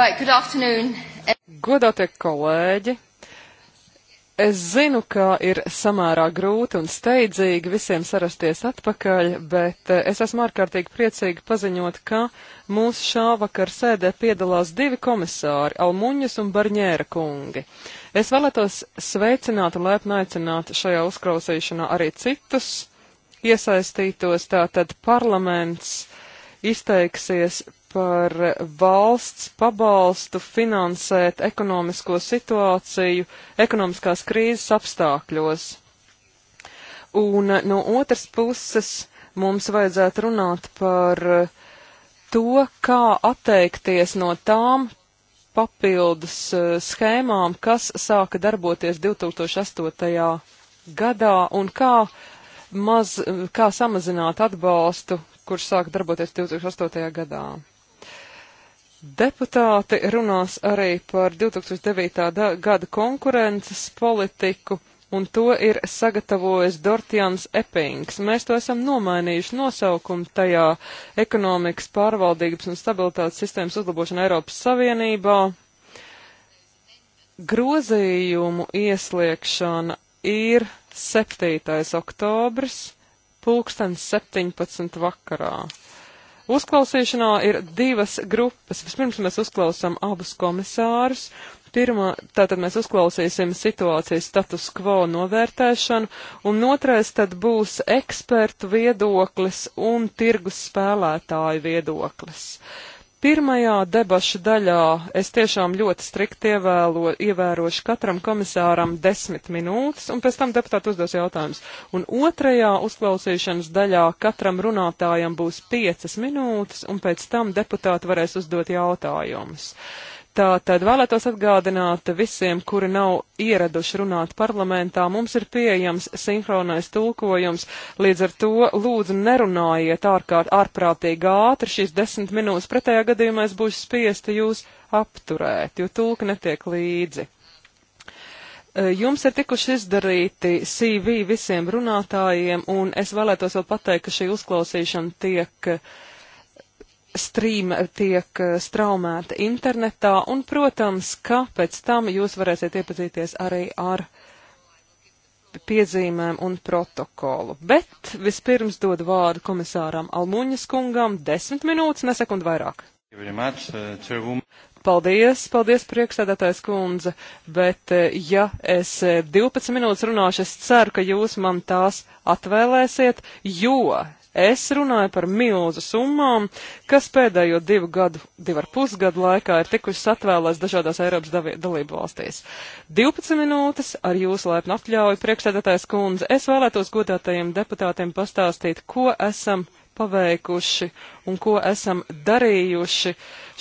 Right, good afternoon. Godātie kolēģi, es zinu, ka ir samērā grūti un steidzīgi visiem sarasties atpakaļ, bet eh, es esmu ārkārtīgi priecīgi paziņot, ka mūsu šāvakar sēdē piedalās divi komisāri - Almuņas un Barņēra kungi. Es vēlētos sveicināt un laipni aicināt šajā uzklausīšanā arī citus iesaistītos, tātad parlaments izteiksies par valsts pabalstu finansēt ekonomisko situāciju ekonomiskās krīzes apstākļos. Un no otras puses mums vajadzētu runāt par to, kā atteikties no tām papildus eh, schēmām, kas sāka darboties 2008. gadā un kā, maz, eh, kā samazināt atbalstu, kurš sāka darboties 2008. gadā. Deputāti runās arī par 2009. gada konkurences politiku, un to ir sagatavojis Dortjans Epings. Mēs to esam nomainījuši nosaukumu tajā ekonomikas pārvaldības un stabilitātes sistēmas uzlabošana Eiropas Savienībā. Grozījumu iesliekšana ir 7. oktobris, pulkstens 17. vakarā. Uzklausīšanā ir divas grupas. Vispirms mēs uzklausām abus komisārus. Pirmā, tātad mēs uzklausīsim situācijas status quo novērtēšanu, un otrais tad būs ekspertu viedoklis un tirgus spēlētāju viedoklis. Uh, Pirmajā debašu daļā es tiešām ļoti strikti ievēlo, ievērošu katram komisāram desmit minūtes, un pēc tam deputāti uzdos jautājumus. Un otrajā uzklausīšanas daļā katram runātājam būs piecas minūtes, un pēc tam deputāti varēs uzdot jautājumus. Tā tad vēlētos atgādināt visiem, kuri nav ieraduši runāt parlamentā, mums ir pieejams sinhronais tulkojums, līdz ar to lūdzu nerunājiet ārkārt ārprātīgi ātri šīs desmit minūtes, pretējā gadījumā es būšu spiesti jūs apturēt, jo tulka netiek līdzi. E, jums ir tikuši izdarīti CV visiem runātājiem, un es vēlētos vēl pateikt, ka šī uzklausīšana tiek uh, stream tiek eh, straumēta internetā, un, protams, ka pēc tam jūs varēsiet iepazīties arī ar piezīmēm un protokolu. Bet vispirms dodu vārdu komisāram Almuņas kungam - desmit minūtes, nesekund vairāk. Uh, paldies, paldies priekšsēdētājs kundze, bet eh, ja es 12 eh, minūtes runāšu, es ceru, ka jūs man tās atvēlēsiet, jo Es runāju par milzu summām, kas pēdējo divu gadu, divu ar pusgadu laikā ir tikušas atvēlēts dažādās Eiropas dalību valstīs. 12 minūtes ar jūsu laipnu atļauju, priekšsēdētājs kundze, es vēlētos godātajiem deputātiem pastāstīt, ko esam paveikuši un ko esam darījuši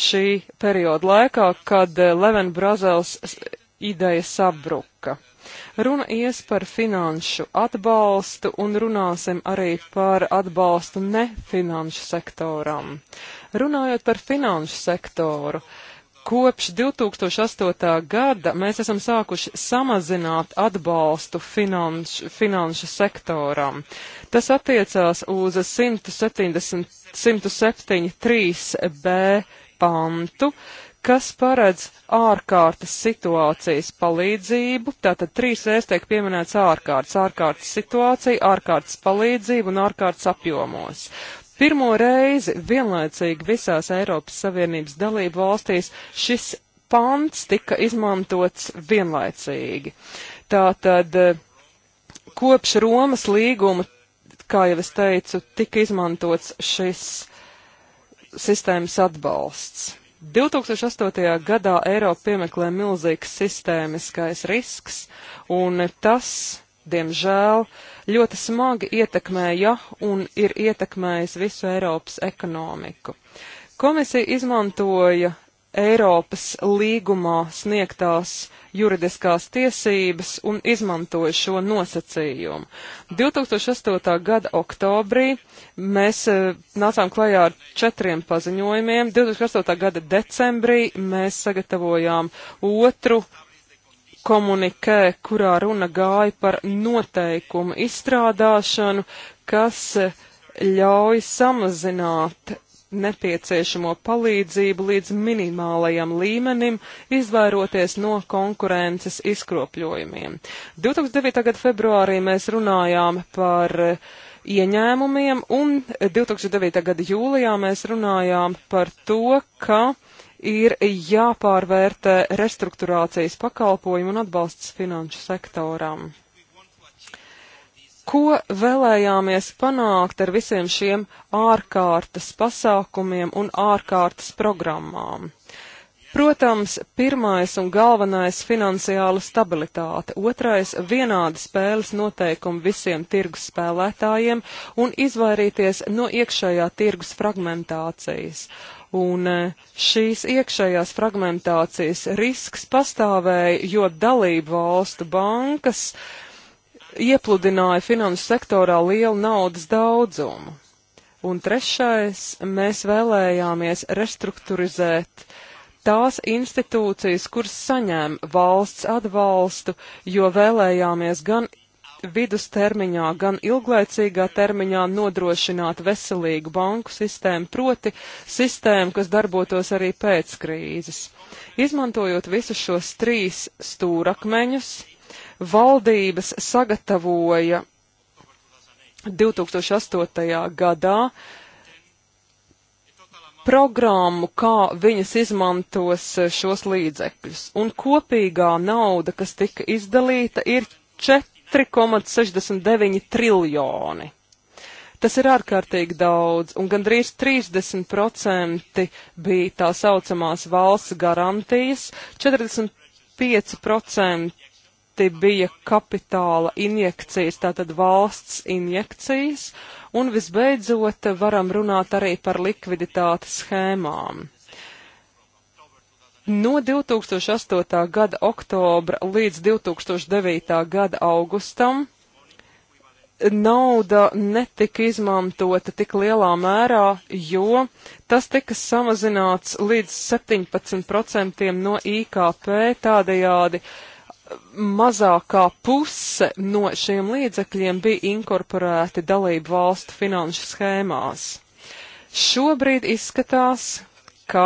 šī perioda laikā, kad Leven Brazels ideja sabruka. Runa ies par finanšu atbalstu un runāsim arī par atbalstu nefinanšu sektoram. Runājot par finanšu sektoru, kopš 2008. gada mēs esam sākuši samazināt atbalstu finanšu, finanšu sektoram. Tas attiecās uz 170, 173b pantu, kas paredz ārkārtas situācijas palīdzību. Tātad trīs reizes tiek pieminēts ārkārtas, ārkārtas situācija, ārkārtas palīdzība un ārkārtas apjomos. Pirmo reizi vienlaicīgi visās Eiropas Savienības dalību valstīs šis pants tika izmantots vienlaicīgi. Tātad eh, kopš Romas līguma, kā jau es teicu, tika izmantots šis sistēmas atbalsts. 2008. gadā Eiropu piemeklē milzīgs sistēmiskais risks, un tas, diemžēl, ļoti smagi ietekmēja un ir ietekmējis visu Eiropas ekonomiku. Komisija izmantoja Eiropas līgumā sniegtās juridiskās tiesības un izmantoja šo nosacījumu. 2008. gada oktobrī mēs e, nācām klajā ar četriem paziņojumiem. 2008. gada decembrī mēs sagatavojām otru komunikē, kurā runa gāja par noteikumu izstrādāšanu, kas ļauj samazināt nepieciešamo palīdzību līdz minimālajam līmenim, izvairoties no konkurences izkropļojumiem. 2009. gada februārī mēs runājām par ieņēmumiem, un 2009. gada jūlijā mēs runājām par to, ka ir jāpārvērtē restruktūrācijas pakalpojumu un atbalsts finanšu sektoram ko vēlējāmies panākt ar visiem šiem ārkārtas pasākumiem un ārkārtas programmām. Protams, pirmais un galvenais - finansiāla stabilitāte, otrais - vienāda spēles noteikumi visiem tirgus spēlētājiem un izvairīties no iekšējā tirgus fragmentācijas. Un e, šīs iekšējās fragmentācijas risks pastāvēja, jo dalību valstu bankas uh, iepludināja finanšu sektorā lielu naudas daudzumu. Un trešais, mēs vēlējāmies restruktūrizēt tās institūcijas, kuras saņēma valsts atbalstu, jo vēlējāmies gan vidustermiņā, gan ilglaicīgā termiņā nodrošināt veselīgu banku sistēmu, proti sistēmu, kas darbotos arī pēc krīzes. Izmantojot visus šos trīs stūrakmeņus, Valdības sagatavoja 2008. gadā programmu, kā viņas izmantos šos līdzekļus. Un kopīgā nauda, kas tika izdalīta, ir 4,69 triljoni. Tas ir ārkārtīgi daudz, un gandrīz 30% bija tā saucamās valsts garantijas, 45% parasti bija kapitāla injekcijas, tātad valsts injekcijas, un visbeidzot varam runāt arī par likviditātes schēmām. No 2008. gada oktobra līdz 2009. gada augustam nauda netika izmantota tik lielā mērā, jo tas tika samazināts līdz 17% no IKP, tādējādi mazākā puse no šiem līdzekļiem bija inkorporēti dalību valstu finanšu schēmās. Šobrīd izskatās, ka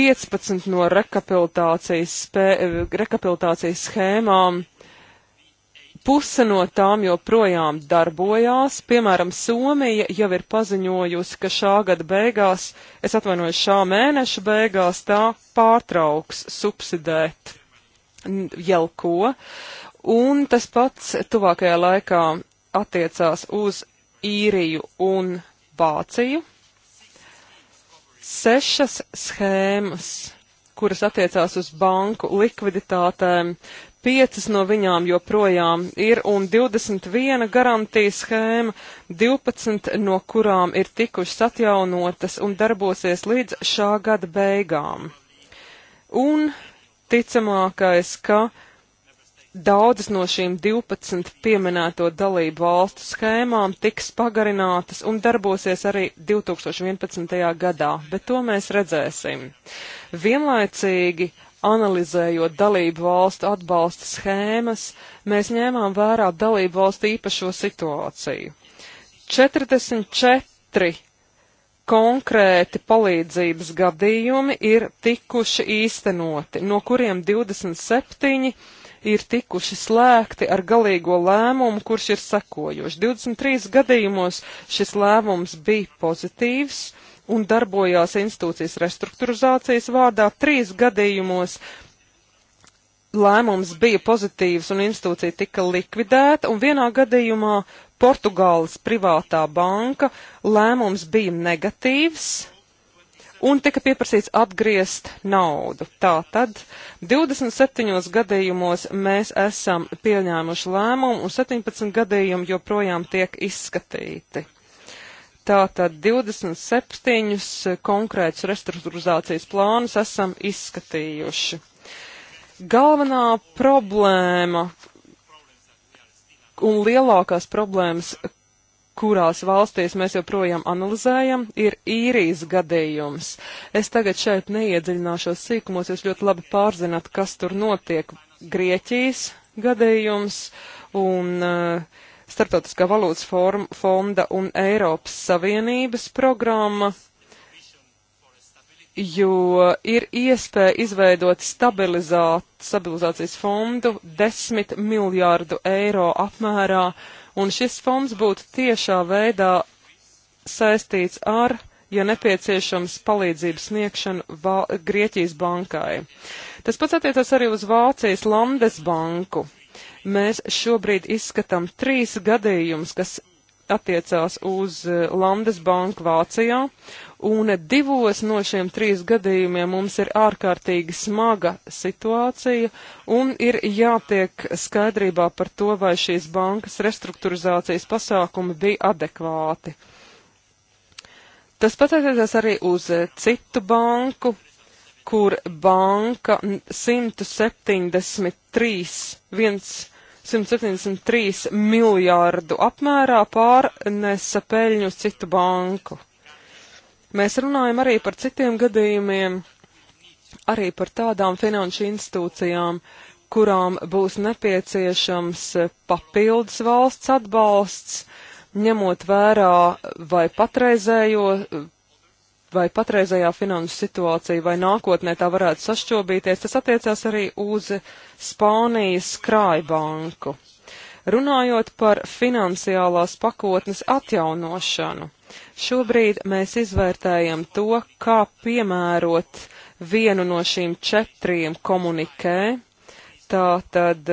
15 no rekapitalizācijas, spē, rekapitalizācijas schēmām puse no tām joprojām darbojās. Piemēram, Somija jau ir paziņojusi, ka šā gada beigās, es atvainojos, šā mēneša beigās tā pārtrauks subsidēt jau ko, un tas pats tuvākajā laikā attiecās uz īriju un Vāciju. Sešas schēmas, kuras attiecās uz banku likviditātēm, piecas no viņām joprojām ir un 21 garantijas schēma, 12 no kurām ir tikušas atjaunotas un darbosies līdz šā gada beigām. Un visticamākais, ka daudzas no šīm 12 pieminēto dalību valstu schēmām tiks pagarinātas un darbosies arī 2011. gadā, bet to mēs redzēsim. Vienlaicīgi, analizējot dalību valstu atbalsta schēmas, mēs ņēmām vērā dalību valstu īpašo situāciju. 44 konkrēti palīdzības gadījumi ir tikuši īstenoti, no kuriem 27 ir tikuši slēgti ar galīgo lēmumu, kurš ir sekojošs. 23 gadījumos šis lēmums bija pozitīvs un darbojās institūcijas restruktūrizācijas vārdā. Trīs gadījumos lēmums bija pozitīvs un institūcija tika likvidēta, un vienā gadījumā Portugāles privātā banka lēmums bija negatīvs un tika pieprasīts atgriezt naudu. Tātad 27 gadījumos mēs esam pieņēmuši lēmumu un 17 gadījumi joprojām tiek izskatīti. Tātad 27 konkrētus restruktūrizācijas plānus esam izskatījuši. Galvenā problēma, un lielākās problēmas, kurās valstīs mēs joprojām analizējam, ir īrijas gadījums. Es tagad šeit neiedziļināšos sīkumos, jūs ļoti labi pārzināt, kas tur notiek. Grieķijas gadījums un uh, Startautiskā valūtas form, fonda un Eiropas Savienības programma jo ir iespēja izveidot stabilizācijas fondu 10 miljārdu eiro apmērā, un šis fonds būtu tiešā veidā saistīts ar, ja nepieciešams, palīdzības sniegšanu Val Grieķijas bankai. Tas pats attiecas arī uz Vācijas Landesbanku. Mēs šobrīd izskatām trīs gadījumus, kas attiecās uz eh, Landesbanku Vācijā, un divos no šiem trīs gadījumiem mums ir ārkārtīgi smaga situācija, un ir jātiek skaidrībā par to, vai šīs bankas restruktūrizācijas pasākumi bija adekvāti. Tas pateicies arī uz eh, citu banku, kur banka 173, viens 173 miljārdu apmērā pārnesa peļņu uz citu banku. Mēs runājam arī par citiem gadījumiem, arī par tādām finanšu institūcijām, kurām būs nepieciešams papildus valsts atbalsts, ņemot vērā vai patreizējo vai patreizējā finanšu situācija vai nākotnē tā varētu sašķobīties, tas attiecās arī uz Spānijas krājbanku. Runājot par finansiālās pakotnes atjaunošanu, šobrīd mēs izvērtējam to, kā piemērot vienu no šīm četriem komunikē, tā tad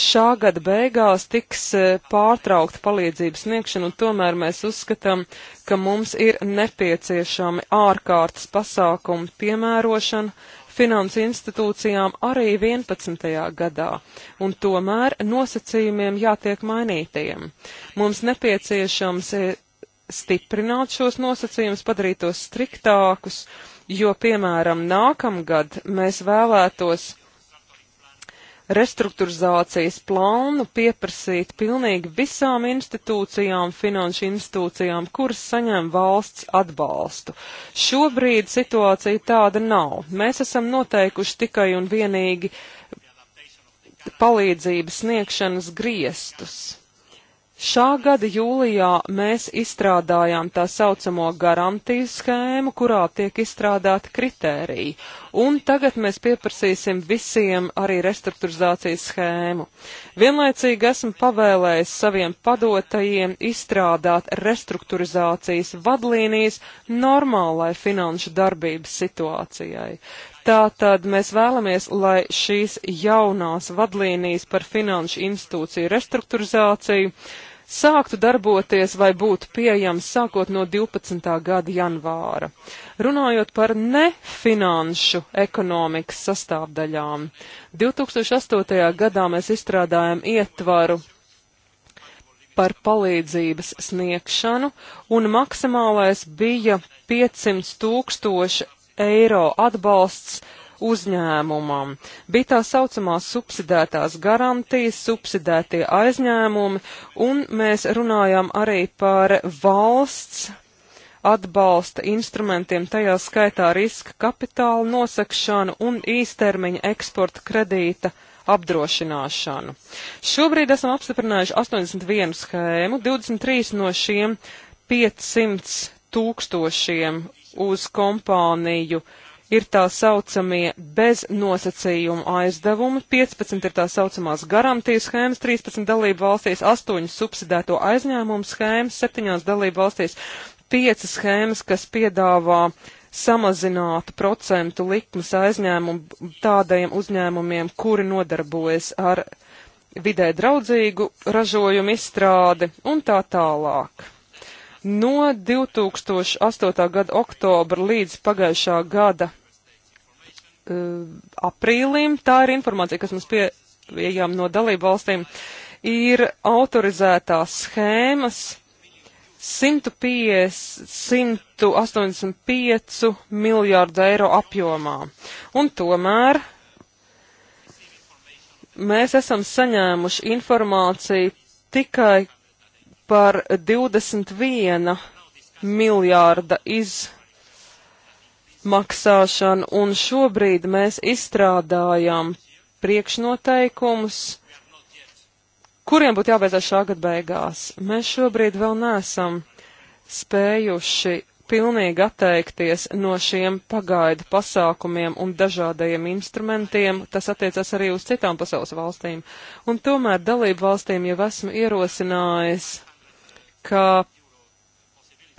šā gada beigās tiks e, pārtraukta palīdzības sniegšana, un tomēr mēs uzskatām, ka mums ir nepieciešami ārkārtas pasākumi piemērošana finansu institūcijām arī 11. gadā, un tomēr nosacījumiem jātiek mainītiem. Mums nepieciešams e, stiprināt šos nosacījumus, padarīt tos striktākus, jo, piemēram, nākamgad mēs vēlētos restruktūrizācijas plānu pieprasīt pilnīgi visām institūcijām, finanšu institūcijām, kuras saņem valsts atbalstu. Šobrīd situācija tāda nav. Mēs esam noteikuši tikai un vienīgi palīdzības sniegšanas griestus. Šā gada jūlijā mēs izstrādājām tā saucamo garantiju schēmu, kurā tiek izstrādāti kritēriji, un tagad mēs pieprasīsim visiem arī restruktūrizācijas schēmu. Vienlaicīgi esmu pavēlējis saviem padotajiem izstrādāt restruktūrizācijas vadlīnijas normālai finanšu darbības situācijai. Tātad mēs vēlamies, lai šīs jaunās vadlīnijas par finanšu institūciju restruktūrizāciju sāktu darboties vai būtu pieejams sākot no 12. gada janvāra. Runājot par nefinanšu ekonomikas sastāvdaļām, 2008. gadā mēs izstrādājam ietvaru par palīdzības sniegšanu, un maksimālais bija 500 tūkstoši eiro atbalsts uzņēmumam. Bija tā saucamās subsidētās garantijas, subsidētie aizņēmumi, un mēs runājām arī par valsts atbalsta instrumentiem, tajā skaitā riska kapitāla nosakšanu un īstermiņa eksporta kredīta apdrošināšanu. Šobrīd esam apstiprinājuši 81 schēmu, 23 no šiem 500 tūkstošiem uz kompāniju uh, ir tā saucamie beznosacījumu aizdevumi, 15 ir tā saucamās garantijas schēmas, 13 dalību valstīs, 8 subsidēto aizņēmumu schēmas, 7 dalību valstīs, 5 schēmas, kas piedāvā samazinātu procentu likmes aizņēmumu tādajiem uzņēmumiem, kuri nodarbojas ar vidē draudzīgu ražojumu izstrādi un tā tālāk. No 2008. gada oktobra līdz pagājušā gada Eh, aprīlim, tā ir informācija, kas mums pieejama no dalību valstīm, ir autorizētās schēmas 150, 185 miljārdu eiro apjomā. Un tomēr mēs esam saņēmuši informāciju tikai par 21 miljārda izdevumu maksāšanu, un šobrīd mēs izstrādājam priekšnoteikumus, kuriem būtu jābeidzās šā gada beigās. Mēs šobrīd vēl nesam spējuši pilnīgi atteikties no šiem pagaidu pasākumiem un dažādajiem instrumentiem, tas attiecas arī uz citām pasaules valstīm. Un tomēr dalību valstīm jau esmu ierosinājis, ka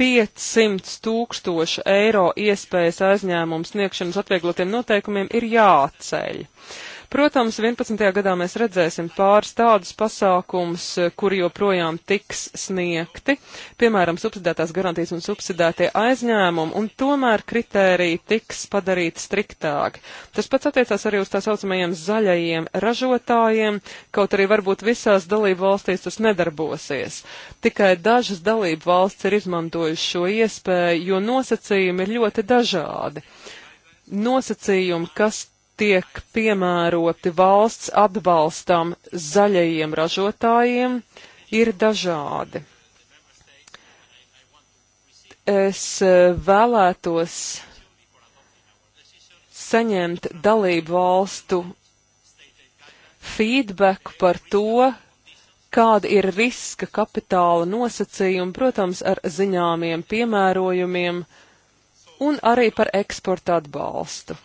500 tūkstoši eiro iespējas aizņēmumu sniegšanas atvieglotiem noteikumiem ir jāatceļ. Uh, Protams, 11. gadā mēs redzēsim pāris tādus pasākumus, eh, kuri joprojām tiks sniegti, piemēram, subsidētās garantijas un subsidētie aizņēmumi, un tomēr kritēriji tiks padarīti striktāki. Tas pats attiecās arī uz tā saucamajiem zaļajiem ražotājiem, kaut arī varbūt visās dalību valstīs tas nedarbosies. Tikai dažas dalību valsts ir izmantojuši šo iespēju, jo nosacījumi ir ļoti dažādi nosacījumi, kas tiek piemēroti valsts atbalstam zaļajiem ražotājiem, ir dažādi. Es e, vēlētos saņemt dalību valstu feedback par to, kāda ir riska kapitāla nosacījumi, protams, ar ziņāmiem piemērojumiem un arī par eksporta atbalstu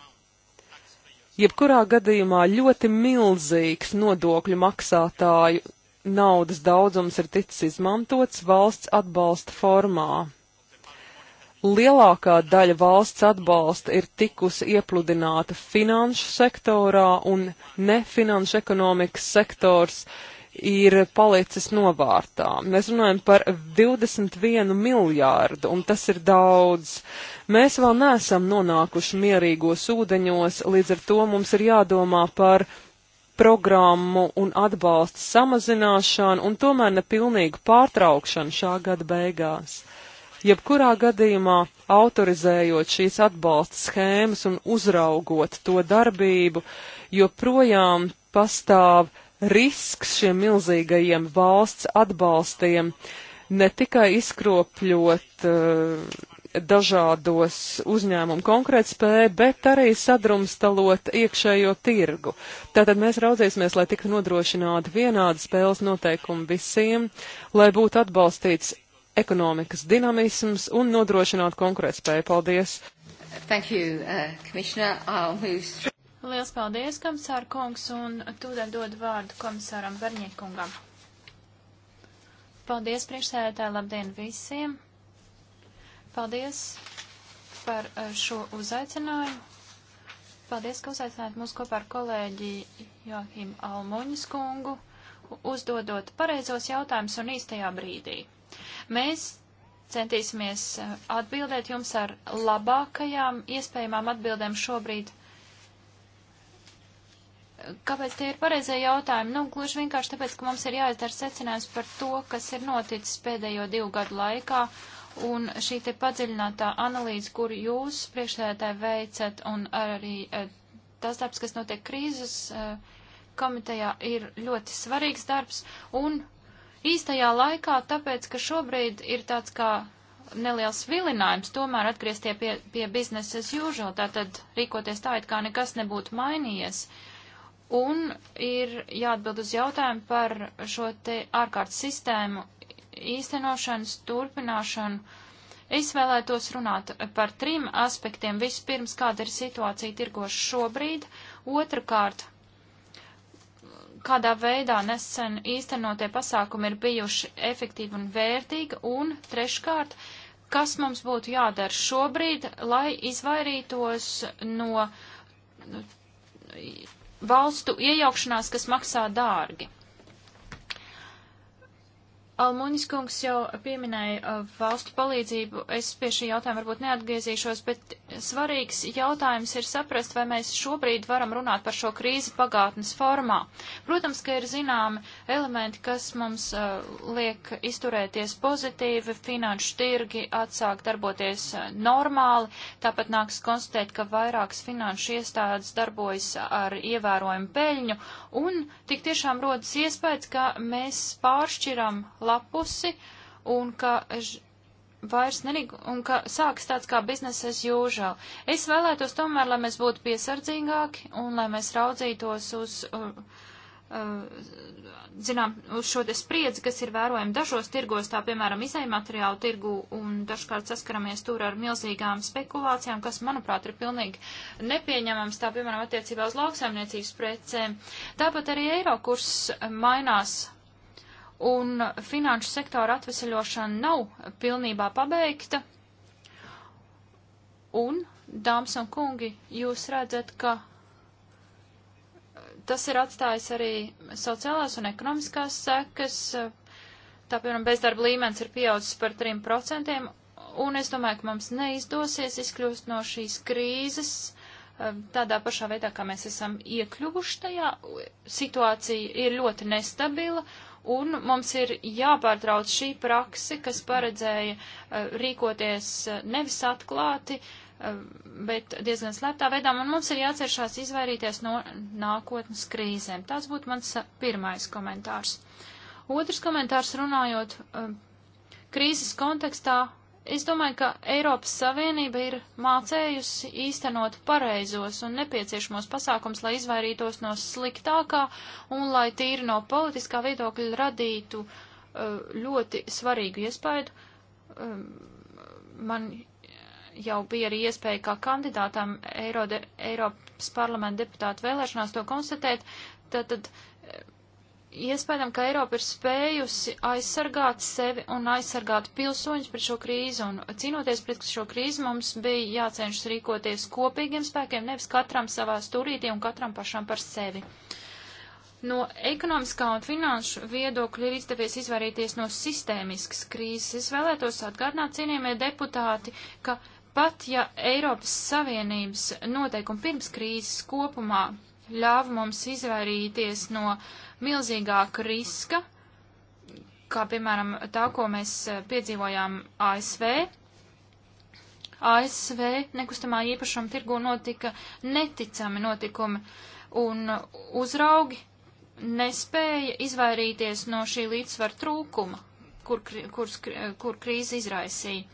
jebkurā gadījumā ļoti milzīgs nodokļu maksātāju naudas daudzums ir ticis izmantots valsts atbalsta formā. Lielākā daļa valsts atbalsta ir tikusi iepludināta finanšu sektorā un nefinanšu ekonomikas sektors ir palicis novārtā. Mēs runājam par 21 miljārdu, un tas ir daudz. Mēs vēl neesam nonākuši mierīgos ūdeņos, līdz ar to mums ir jādomā par programmu un atbalsta samazināšanu un tomēr nepilnīgu pārtraukšanu šā gada beigās. Jebkurā gadījumā autorizējot šīs atbalsta schēmas un uzraugot to darbību, joprojām pastāv risks šiem milzīgajiem valsts atbalstiem ne tikai izkropļot uh, dažādos uzņēmumu konkrētspēju, bet arī sadrumstalot iekšējo tirgu. Tātad mēs raudzēsimies, lai tiktu nodrošināti vienādi spēles noteikumi visiem, lai būtu atbalstīts ekonomikas dinamisms un nodrošināt konkurētspēju. Paldies! Thank you, uh, Commissioner. I'll move straight. Liels paldies, komisāra kungs, un tūdaļ dod vārdu komisāram Verņiekungam. Paldies, priekšsēdētāji, labdien visiem! Paldies par eh, šo uzaicinājumu. Paldies, ka uzaicinājāt mūs kopā ar kolēģi Joakim Almuņas kungu, uzdodot pareizos jautājumus un īstajā brīdī. Mēs centīsimies eh, atbildēt jums ar labākajām iespējamām atbildēm šobrīd. Kāpēc tie ir pareizie jautājumi? Nu, gluži vienkārši tāpēc, ka mums ir jāizdara secinājums par to, kas ir noticis pēdējo divu gadu laikā, un šī te padziļinātā analīze, kur jūs priekšsēdētāji veicat, un arī eh, tas darbs, kas notiek krīzes eh, komitejā, ir ļoti svarīgs darbs, un īstajā laikā, tāpēc, ka šobrīd ir tāds kā neliels vilinājums tomēr atgriezties pie, pie business as usual, tātad rīkoties tā, it kā nekas nebūtu mainījies. Uh, Un ir jāatbild uz jautājumu par šo te ārkārtas sistēmu īstenošanas, turpināšanu. Es vēlētos runāt par trim aspektiem. Vispirms, kāda ir situācija tirgoši šobrīd. Otrakārt, kādā veidā nesen īstenotie pasākumi ir bijuši efektīvi un vērtīgi. Un treškārt, kas mums būtu jādara šobrīd, lai izvairītos no valstu iejaukšanās, kas maksā dārgi. Almuņas kungs jau pieminēja uh, valstu palīdzību. Es pie šī jautājuma varbūt neatgriezīšos, bet svarīgs jautājums ir saprast, vai mēs šobrīd varam runāt par šo krīzi pagātnes formā. Protams, ka ir zināmi elementi, kas mums uh, liek izturēties pozitīvi, finanšu tirgi atsāk darboties uh, normāli, tāpat nāks konstatēt, ka vairākas finanšu iestādes darbojas ar ievērojumu peļņu, un tik tiešām rodas iespējas, ka mēs pāršķiram lapusi un ka vairs nerīk, un ka sāks tāds kā business as usual. Es vēlētos tomēr, lai mēs būtu piesardzīgāki un lai mēs raudzītos uz, uh, uh, zinām, uz šo te spriedzi, kas ir vērojama dažos tirgos, tā piemēram, izējumateriālu tirgu, un dažkārt saskaramies tur ar milzīgām spekulācijām, kas, manuprāt, ir pilnīgi nepieņemams, tā piemēram, attiecībā uz lauksaimniecības precēm. Tāpat arī eiro kurs mainās un finanšu sektora atvesaļošana nav pilnībā pabeigta. Un, dāmas un kungi, jūs redzat, ka eh, tas ir atstājis arī sociālās un ekonomiskās sekas. Tā, piemēram, bezdarba līmenis ir pieaudzis par 3%, un es domāju, ka mums neizdosies izkļūst no šīs krīzes tādā pašā veidā, kā mēs esam iekļuvuši tajā. Situācija ir ļoti nestabila, un mums ir jāpārtrauc šī praksi, kas paredzēja uh, rīkoties uh, nevis atklāti, uh, bet diezgan slēptā veidā, un mums ir jāceršās izvairīties no nākotnes krīzēm. Tas būtu mans pirmais komentārs. Otrs komentārs runājot krīzes kontekstā Es domāju, ka Eiropas Savienība ir mācējusi īstenot pareizos un nepieciešamos pasākums, lai izvairītos no sliktākā un lai tīri no politiskā viedokļa radītu eh, ļoti svarīgu iespēju. Ehm, man jau bija arī iespēja kā kandidātam Eirode, Eiropas parlamenta deputātu vēlēšanās to konstatēt. Tātad iespējam, ka Eiropa ir spējusi aizsargāt sevi un aizsargāt pilsoņus pret šo krīzi, un cīnoties pret šo krīzi mums bija jācenšas rīkoties kopīgiem spēkiem, nevis katram savā stūrītī un katram pašam par sevi. No ekonomiskā un finanšu viedokļa ir izdevies izvairīties no sistēmiskas krīzes. Es vēlētos atgādināt, cienījamie deputāti, ka pat ja Eiropas Savienības noteikumi pirms krīzes kopumā ļāva mums izvairīties no milzīgāka riska, kā piemēram tā, ko mēs eh, piedzīvojām ASV. ASV nekustamā īpašuma tirgu notika neticami notikumi, un uzraugi nespēja izvairīties no šī līdzsvar trūkuma, kur, kur, kur krīze izraisīja.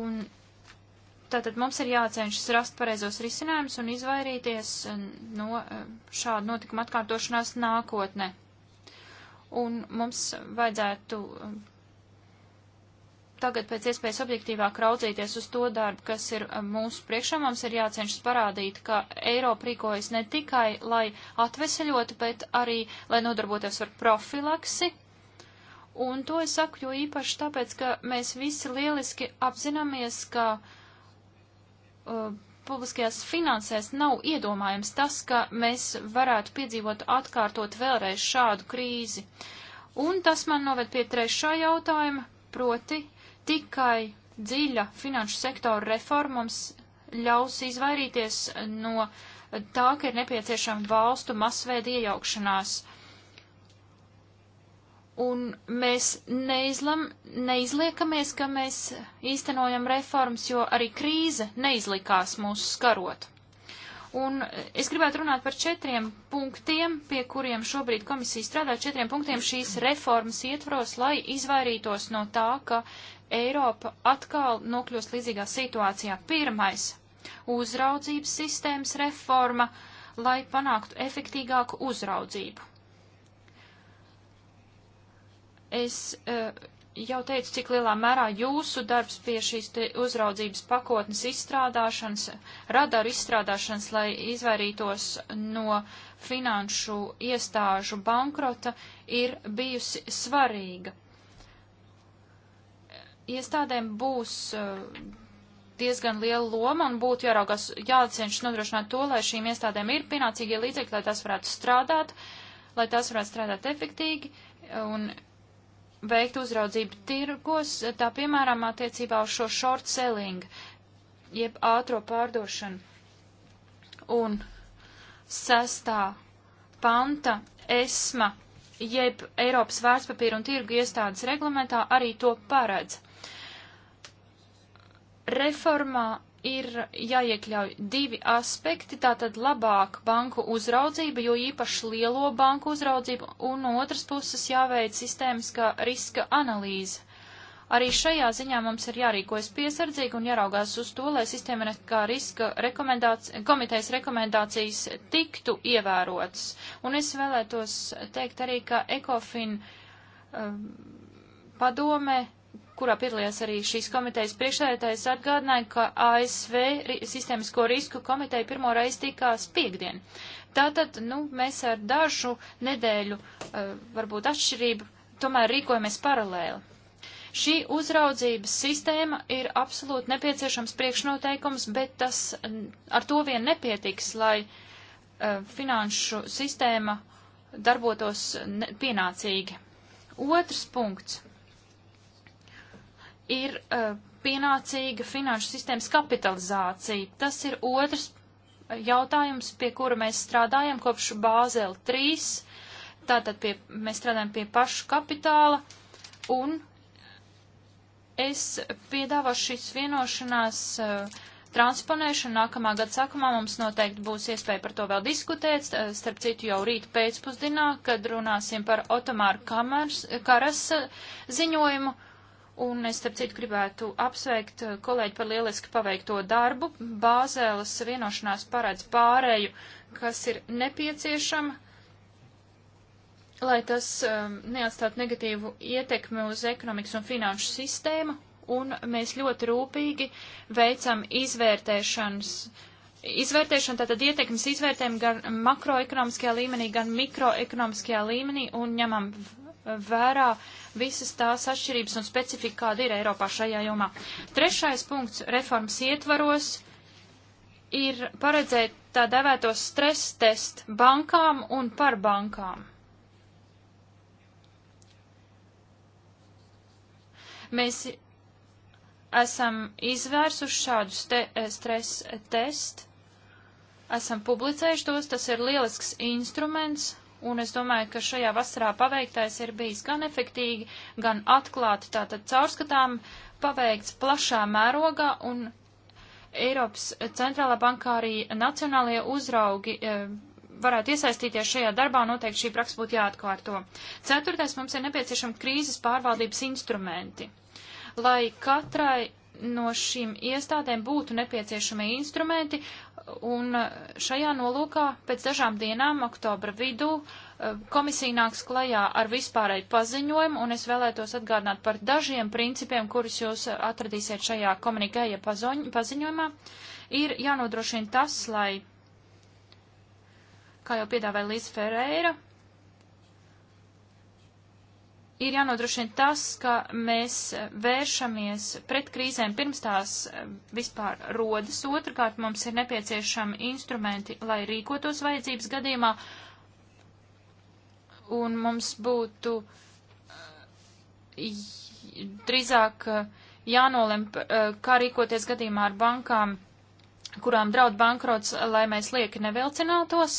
Un Tātad mums ir jācenšas rast pareizos risinājumus un izvairīties eh, no eh, šādu notikumu atkārtošanās nākotnē. Un mums vajadzētu eh, tagad pēc iespējas objektīvāk raudzīties uz to darbu, kas ir mūsu priekšā. Mums ir jācenšas parādīt, ka Eiropa rīkojas ne tikai, lai atveseļotu, bet arī, lai nodarbotos ar profilaksi. Un to es saku jo īpaši tāpēc, ka mēs visi lieliski apzināmies, ka uh, uh, publiskajās finansēs nav iedomājams tas, ka mēs varētu piedzīvot atkārtot vēlreiz šādu krīzi. Un tas man noved pie trešā jautājuma, proti tikai dziļa finanšu sektora reforma mums ļaus izvairīties no tā, ka ir nepieciešama valstu masveida iejaukšanās. Uh, Un mēs neizlam, neizliekamies, ka mēs īstenojam reformas, jo arī krīze neizlikās mūsu skarot. Un es gribētu runāt par četriem punktiem, pie kuriem šobrīd komisija strādā, četriem punktiem šīs reformas ietvaros, lai izvairītos no tā, ka Eiropa atkal nokļūst līdzīgā situācijā. Pirmais - uzraudzības sistēmas reforma, lai panāktu efektīgāku uzraudzību. Es uh, jau teicu, cik lielā mērā jūsu darbs pie šīs uzraudzības pakotnes izstrādāšanas, radaru izstrādāšanas, lai izvairītos no finanšu iestāžu bankrota, ir bijusi svarīga. Iestādēm būs eh, diezgan liela loma un būtu jāraugās, jācenšas nodrošināt to, lai šīm iestādēm ir pienācīgie līdzekļi, lai tās varētu strādāt, lai tās varētu strādāt efektīgi un veikt uzraudzību tirgos, tā piemēram attiecībā uz šo short selling, jeb ātro pārdošanu. Un sestā panta esma, jeb Eiropas vērtspapīra un tirgu iestādes reglamentā arī to paredz. Reformā ir jāiekļauj divi aspekti, tātad labāk banku uzraudzība, jo īpaši lielo banku uzraudzība, un no otras puses jāveic sistēmiskā riska analīze. Arī šajā ziņā mums ir jārīkojas piesardzīgi un jāraugās uz to, lai sistēmiskā riska rekomendāci komitejas rekomendācijas tiktu ievērotas. Un es vēlētos teikt arī, ka ECOFIN um, padome kurā piedalījās arī šīs komitejas priekšsēdētājs, atgādināja, ka ASV sistēmisko risku komiteja pirmo reizi tikās piekdien. Tātad, nu, mēs ar dažu nedēļu, uh, varbūt atšķirību, tomēr rīkojamies paralēli. Šī uzraudzības sistēma ir absolūti nepieciešams priekšnoteikums, bet tas ar to vien nepietiks, lai uh, finanšu sistēma darbotos ne, pienācīgi. Otrs punkts ir uh, pienācīga finanšu sistēmas kapitalizācija. Tas ir otrs eh, jautājums, pie kura mēs strādājam kopš Bāzela 3. Tātad pie, mēs strādājam pie pašu kapitāla un es piedāvāšu šīs vienošanās uh, transponēšanu. Nākamā gada sākumā mums noteikti būs iespēja par to vēl diskutēt. Starp citu, jau rīt pēcpusdienā, kad runāsim par Otomāru Karas ziņojumu, Un es, starp citu, gribētu apsveikt uh, kolēģi par lieliski paveikto darbu. Bāzēlas vienošanās paredz pārēju, kas ir nepieciešama, lai tas um, neatstātu negatīvu ietekmi uz ekonomikas un finanšu sistēmu. Un mēs ļoti rūpīgi veicam izvērtēšanas. Izvērtēšana tātad ietekmes izvērtējumu gan makroekonomiskajā līmenī, gan mikroekonomiskajā līmenī un ņemam vērā visas tās atšķirības un specifika, kāda ir Eiropā šajā jomā. Trešais punkts reformas ietvaros ir paredzēt tā devētos stres testu bankām un par bankām. Mēs esam izvērsuši šādus te, eh, stres testu, esam publicējuši tos, tas ir lielisks instruments, un es domāju, ka šajā vasarā paveiktais ir bijis gan efektīgi, gan atklāti, tātad caurskatām paveikts plašā mērogā, un Eiropas centrālā bankā arī nacionālajie uzraugi e, varētu iesaistīties šajā darbā, noteikti šī praksa būtu jāatkārto. Ceturtais mums ir nepieciešama krīzes pārvaldības instrumenti, lai katrai no šīm iestādēm būtu nepieciešami instrumenti, Un eh, šajā nolūkā pēc dažām dienām, oktobra vidū, eh, komisija nāks klajā ar vispārēju paziņojumu, un es vēlētos atgādināt par dažiem principiem, kurus jūs eh, atradīsiet šajā komunikēja paziņojumā. Ir jānodrošina tas, lai, kā jau piedāvāja Līza Ferreira, ir jānodrošina tas, ka mēs vēršamies pret krīzēm pirms tās eh, vispār rodas. Otrakārt, mums ir nepieciešami instrumenti, lai rīkotos vajadzības gadījumā, un mums būtu eh, drīzāk eh, jānolem, kā rīkoties gadījumā ar bankām, kurām draud bankrots, lai mēs lieki nevilcinātos.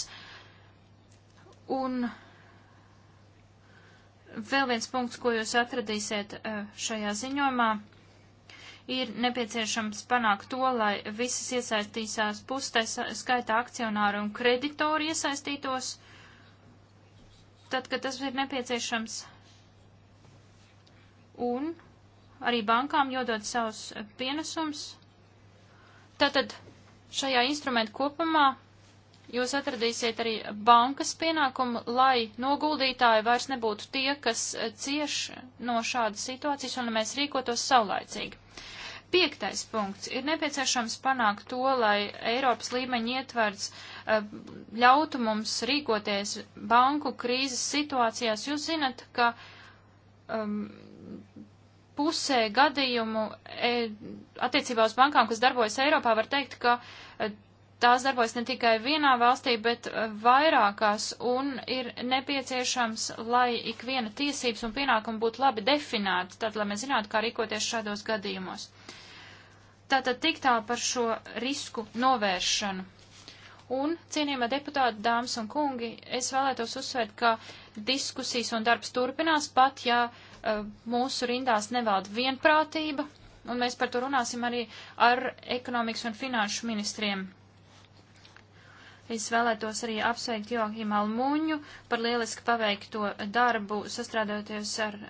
Un Vēl viens punkts, ko jūs atradīsiet eh, šajā ziņojumā, ir nepieciešams panākt to, lai visas iesaistīsās pustais skaitā akcionāri un kreditori iesaistītos, tad, kad tas ir nepieciešams, un arī bankām jodot savus pienesums. Tātad šajā instrumentu kopumā Jūs atradīsiet arī bankas pienākumu, lai noguldītāji vairs nebūtu tie, kas eh, cieš no šādas situācijas un mēs rīkotos saulaicīgi. Piektais punkts. Ir nepieciešams panākt to, lai Eiropas līmeņa ietverts eh, ļautu mums rīkoties banku krīzes situācijās. Jūs zinat, ka um, pusē gadījumu e, attiecībā uz bankām, kas darbojas Eiropā, var teikt, ka e, tās darbojas ne tikai vienā valstī, bet uh, vairākās, un ir nepieciešams, lai ikviena tiesības un pienākumi būtu labi definēti, tad, lai mēs zinātu, kā rīkoties šādos gadījumos. Tātad tik tā par šo risku novēršanu. Un, cienījamā deputāta, dāmas un kungi, es vēlētos uzsvērt, ka diskusijas un darbs turpinās, pat ja uh, mūsu rindās nevalda vienprātība, un mēs par to runāsim arī ar ekonomikas un finanšu ministriem Es vēlētos arī apsveikt Joakim Almuņu par lieliski paveikto darbu sastrādājoties ar uh,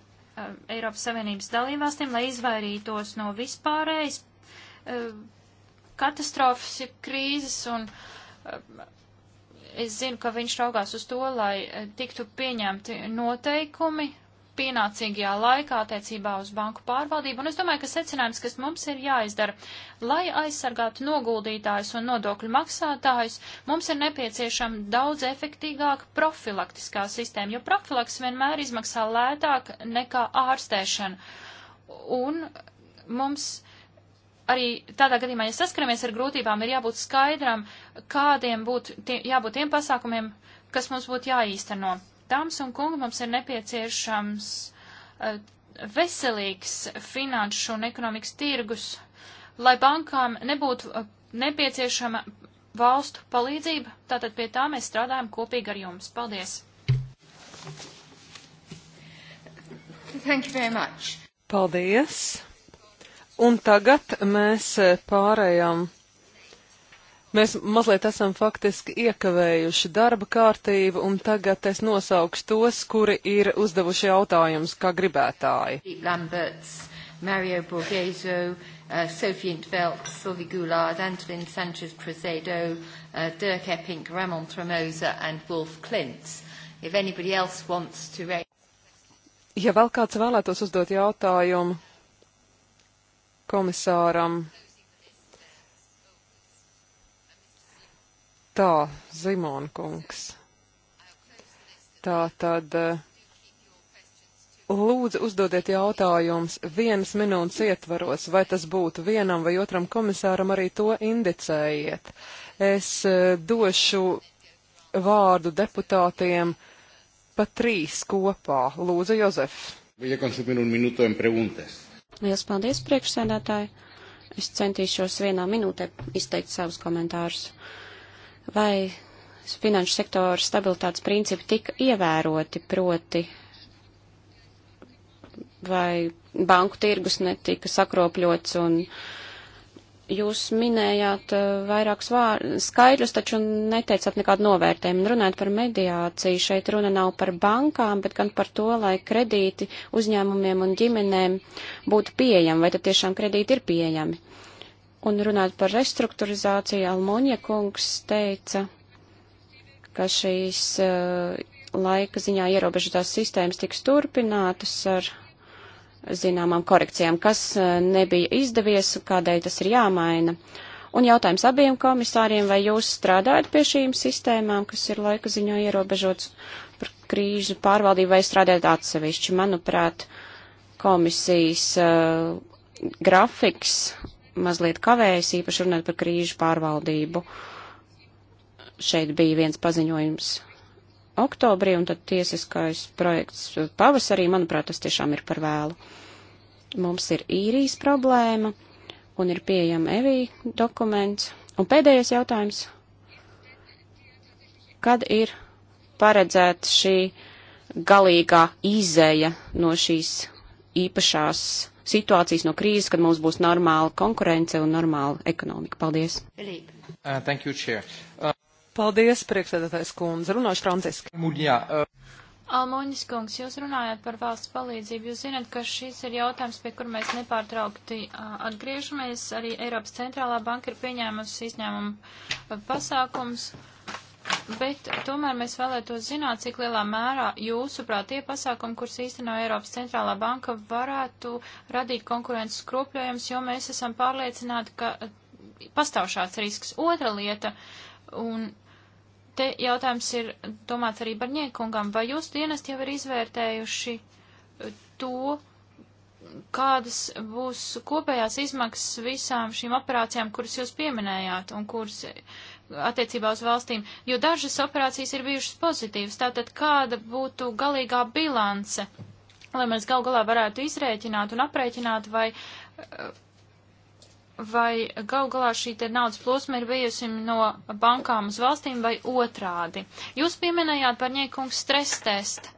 Eiropas Savienības dalībvalstīm, lai izvairītos no vispārējas uh, eh, katastrofas, krīzes un uh, es zinu, ka viņš raugās uz to, lai eh, tiktu pieņemti noteikumi pienācīgajā laikā attiecībā uz banku pārvaldību, un es domāju, ka secinājums, kas mums ir jāizdara, lai aizsargātu noguldītājus un nodokļu maksātājus, mums ir nepieciešama daudz efektīgāka profilaktiskā sistēma, jo profilaks vienmēr izmaksā lētāk nekā ārstēšana. Un mums arī tādā gadījumā, ja saskaramies ar grūtībām, ir jābūt skaidram, kādiem būtu tie, jābūt tiem pasākumiem, kas mums būtu jāīsteno. Dāmas un kungi, mums ir nepieciešams uh, veselīgs finanšu un ekonomikas tirgus, lai bankām nebūtu uh, nepieciešama valstu palīdzība. Tātad pie tā mēs strādājam kopīgi ar jums. Paldies! Thank you very much. Paldies! Un tagad mēs eh, pārējām Mēs mazliet esam faktiski iekavējuši darba kārtību, un tagad es nosaukšu tos, kuri ir uzdevuši jautājumus kā gribētāji. Lamberts, Mario Borgezo, uh, Sophie Intveld, Sylvie Goulard, Antolin Sanchez Prezedo, uh, Dirk Epping, Ramon Tremosa and Wolf Klintz. If anybody else wants to raise... Ja vēl kāds vēlētos uzdot jautājumu komisāram. Tā, Zimonkungs. Tā tad. Eh, lūdzu, uzdodiet jautājumus vienas minūtes ietvaros, vai tas būtu vienam vai otram komisāram, arī to indicējiet. Es eh, došu vārdu deputātiem pa trīs kopā. Lūdzu, Jozef. Lielas paldies, priekšsēdētāji. Es centīšos vienā minūtē izteikt savus komentārus. Uh, vai finanšu sektora stabilitātes principi tika ievēroti, proti vai banku tirgus netika sakropļots un jūs minējāt uh, vairākus skaidrus, taču neteicāt nekādu novērtējumu. Runājot par mediāciju, šeit runa nav par bankām, bet gan par to, lai kredīti uzņēmumiem un ģimenēm būtu pieejami, vai tad tiešām kredīti ir pieejami. Uh, Un runāt par restruktūrizāciju, Almoņa kungs teica, ka šīs uh, laika ziņā ierobežotās sistēmas tiks turpinātas ar zināmām korekcijām, kas uh, nebija izdevies, kādēļ tas ir jāmaina. Un jautājums abiem komisāriem, vai jūs strādājat pie šīm sistēmām, kas ir laika ziņā ierobežots par krīžu pārvaldību, vai strādājat atsevišķi? Manuprāt, komisijas uh, grafiks mazliet kavējas, īpaši runāt par krīžu pārvaldību. Šeit bija viens paziņojums oktobrī, un tad tiesiskais projekts pavasarī, manuprāt, tas tiešām ir par vēlu. Mums ir īrijas problēma, un ir pieejama EVI dokuments. Un pēdējais jautājums. Kad ir paredzēta šī galīgā izēja no šīs īpašās situācijas, no krīzes, kad mums būs normāla konkurence un normāla ekonomika. Paldies! Uh, thank you, Chair. Uh... Paldies, priekšsēdētājs kundze. Runāšu franciski. Muļjā, uh... Almoņas kungs, jūs runājat par valsts palīdzību. Jūs zināt, ka šis ir jautājums, pie kur mēs nepārtraukti uh, atgriežamies. Arī Eiropas centrālā banka ir pieņēmusi izņēmumu uh, pasākums. Uh, bet tomēr mēs vēlētos zināt, cik lielā mērā jūsuprāt tie pasākumi, kuras īsteno Eiropas centrālā banka, varētu radīt konkurences skropļojums, jo mēs esam pārliecināti, ka eh, pastāv šāds risks. Otra lieta, un te jautājums ir domāts arī Barņiekungam, vai jūs dienest jau ir izvērtējuši eh, to, kādas būs kopējās izmaksas visām šīm operācijām, kuras jūs pieminējāt un kuras attiecībā uz valstīm, jo dažas operācijas ir bijušas pozitīvas. Tātad kāda būtu galīgā bilance, lai mēs gal galā varētu izrēķināt un aprēķināt, vai, vai gal galā šī te naudas plūsma ir bijusi no bankām uz valstīm vai otrādi. Jūs pieminējāt par ņēkungs stres testu.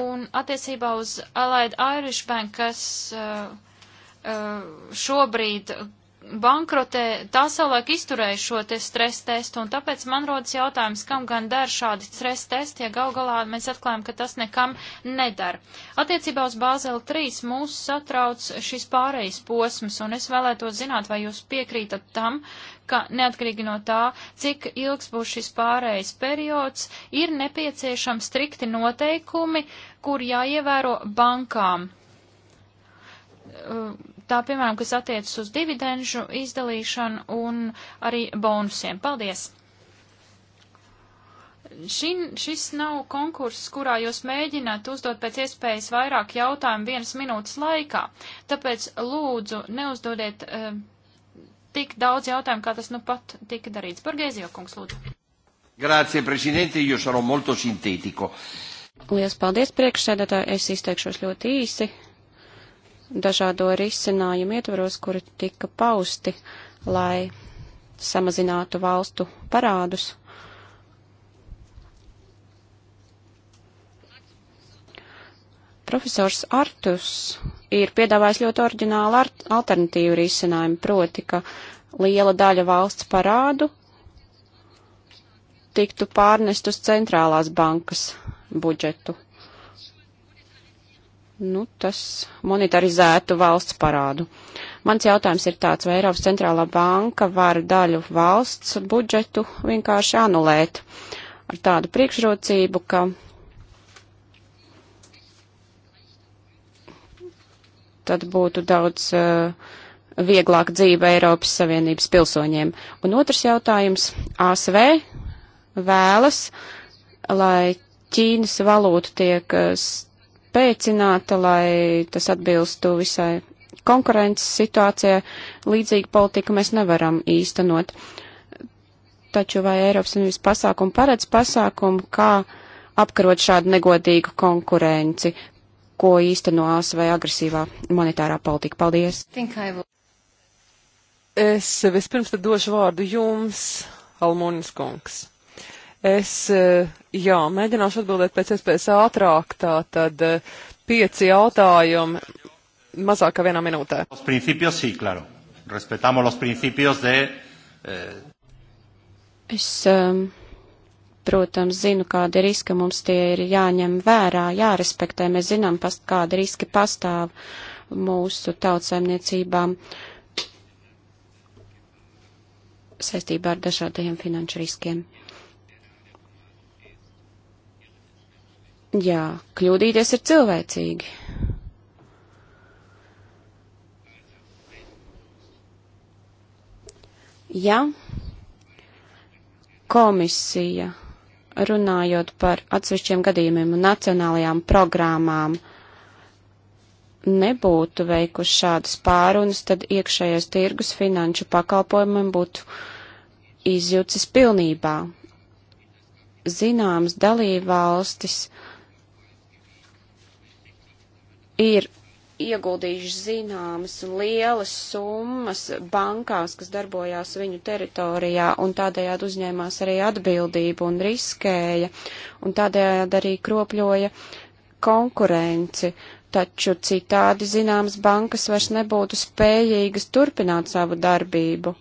Un attiecībā uz Allied Irish Bank, kas uh, uh šobrīd bankrotē, tā savulaik izturēja šo te stres testu, un tāpēc man rodas jautājums, kam gan der šādi stres testi, ja gal galā mēs atklājam, ka tas nekam nedar. Attiecībā uz Bāzeli 3 mūs satrauc šis pārejas posms, un es vēlētos zināt, vai jūs piekrītat tam, ka neatkarīgi no tā, cik ilgs būs šis pārejas periods, ir nepieciešami strikti noteikumi, kur jāievēro bankām. Uh, tā piemēram, kas attiecas uz dividenžu izdalīšanu un arī bonusiem. Paldies! Šin, šis nav konkurss, kurā jūs mēģināt uzdot pēc iespējas vairāk jautājumu vienas minūtes laikā, tāpēc lūdzu neuzdodiet uh, tik daudz jautājumu, kā tas nu pat tika darīts. Par Gēzijo kungs, lūdzu. Grācie, prezidente, jūs esat molto sintētiko. Lielas paldies, priekšsēdētāji, es izteikšos ļoti īsi dažādo risinājumu ietvaros, kuri tika pausti, lai samazinātu valstu parādus. Profesors Artus ir piedāvājis ļoti oriģinālu alternatīvu risinājumu, proti, ka liela daļa valsts parādu tiktu pārnest uz centrālās bankas budžetu nu, tas monitorizētu valsts parādu. Mans jautājums ir tāds, vai Eiropas centrālā banka var daļu valsts budžetu vienkārši anulēt ar tādu priekšrocību, ka tad būtu daudz uh, eh, vieglāk dzīve Eiropas Savienības pilsoņiem. Un otrs jautājums - ASV vēlas, lai Ķīnas valūta tiek uh, pēcināta, lai tas atbilstu visai konkurences situācijai. Līdzīgu politiku mēs nevaram īstenot. Taču vai Eiropas Savienības pasākumu paredz pasākumu, kā apkarot šādu negodīgu konkurenci, ko īsteno ASV agresīvā monetārā politika? Paldies! Es vispirms tad došu vārdu jums, Almonis Kungs. Es, eh, jā, mēģināšu atbildēt pēc iespējas ātrāk, tā tad eh, pieci jautājumi mazāk kā vienā minūtē. Eh, es, protams, zinu, kādi riski mums tie ir jāņem vērā, jārespektē. Mēs zinām, past, kādi riski pastāv mūsu tautsēmniecībām saistībā ar dažādiem finanšu riskiem. Jā, kļūdīties ir cilvēcīgi. Ja komisija, runājot par atsevišķiem gadījumiem un nacionālajām programmām, nebūtu veikuši šādas pārunas, tad iekšējais tirgus finanšu pakalpojumiem būtu izjūcis pilnībā. Zināms, dalībvalstis valstis ir ieguldījuši zināmas un lielas summas bankās, kas darbojās viņu teritorijā, un tādējādi uzņēmās arī atbildību un riskēja, un tādējādi arī kropļoja konkurenci. Taču citādi zināmas bankas vairs nebūtu spējīgas turpināt savu darbību.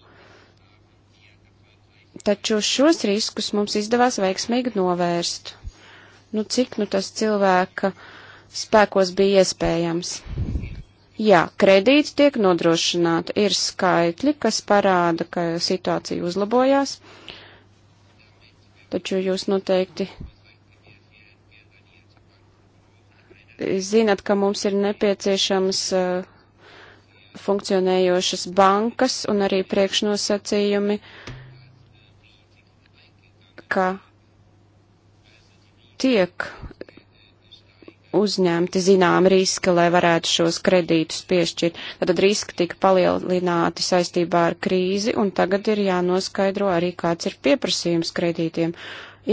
Taču šos riskus mums izdevās veiksmīgi novērst. Nu, cik nu tas cilvēka uh, spēkos bija iespējams. Jā, kredīti tiek nodrošināti, ir skaitļi, kas parāda, ka situācija uzlabojās, taču jūs noteikti zinat, ka mums ir nepieciešams uh, funkcionējošas bankas un arī priekšnosacījumi, ka tiek uzņemti zinām riska, lai varētu šos kredītus piešķirt. Tad riski tika palielināti saistībā ar krīzi, un tagad ir jānoskaidro arī, kāds ir pieprasījums kredītiem.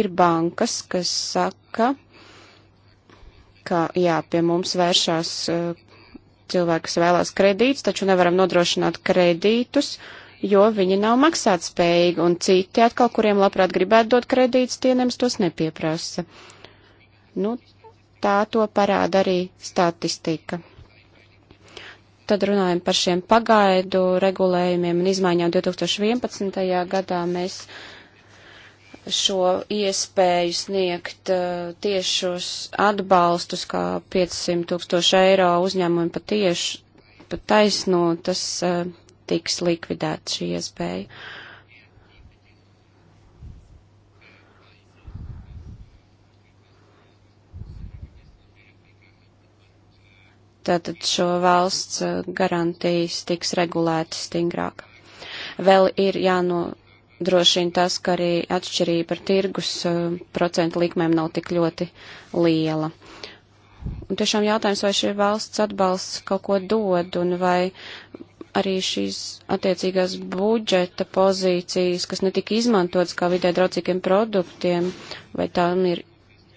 Ir bankas, kas saka, ka jā, pie mums vēršās eh, cilvēki, kas vēlās kredītus, taču nevaram nodrošināt kredītus, jo viņi nav maksāt spējīgi, un citi atkal, kuriem labprāt gribētu dot kredītus, tie nemaz tos nepieprasa. Nu, Tā to parāda arī statistika. Tad runājam par šiem pagaidu regulējumiem un izmaiņām 2011. gadā. Mēs šo iespēju sniegt uh, tiešus atbalstus, kā 500 tūkstoši eiro uzņēmumu pat tieši, pat taisno, tas uh, tiks likvidēts šī iespēja. Uh, tātad šo valsts eh, garantijas tiks regulētas stingrāk. Vēl ir jānodrošina tas, ka arī atšķirība ar tirgus eh, procentu likmēm nav tik ļoti liela. Un tiešām jautājums, vai šī valsts atbalsts kaut ko dod un vai arī šīs attiecīgās budžeta pozīcijas, kas netika izmantotas kā vidē draudzīgiem produktiem, vai tām ir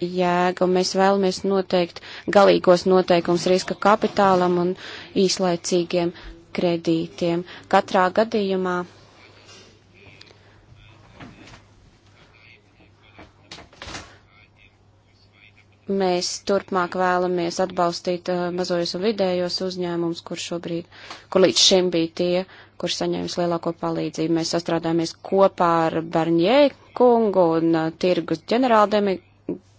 jēga, un mēs vēlamies noteikt galīgos noteikums riska kapitālam un īslaicīgiem kredītiem. Katrā gadījumā mēs turpmāk vēlamies atbalstīt uh, eh, mazojus un vidējos uzņēmumus, kur šobrīd, kur līdz šim bija tie, kur saņēmis lielāko palīdzību. Mēs sastrādājamies kopā ar Barņē kungu un uh, tirgus ģenerāldemi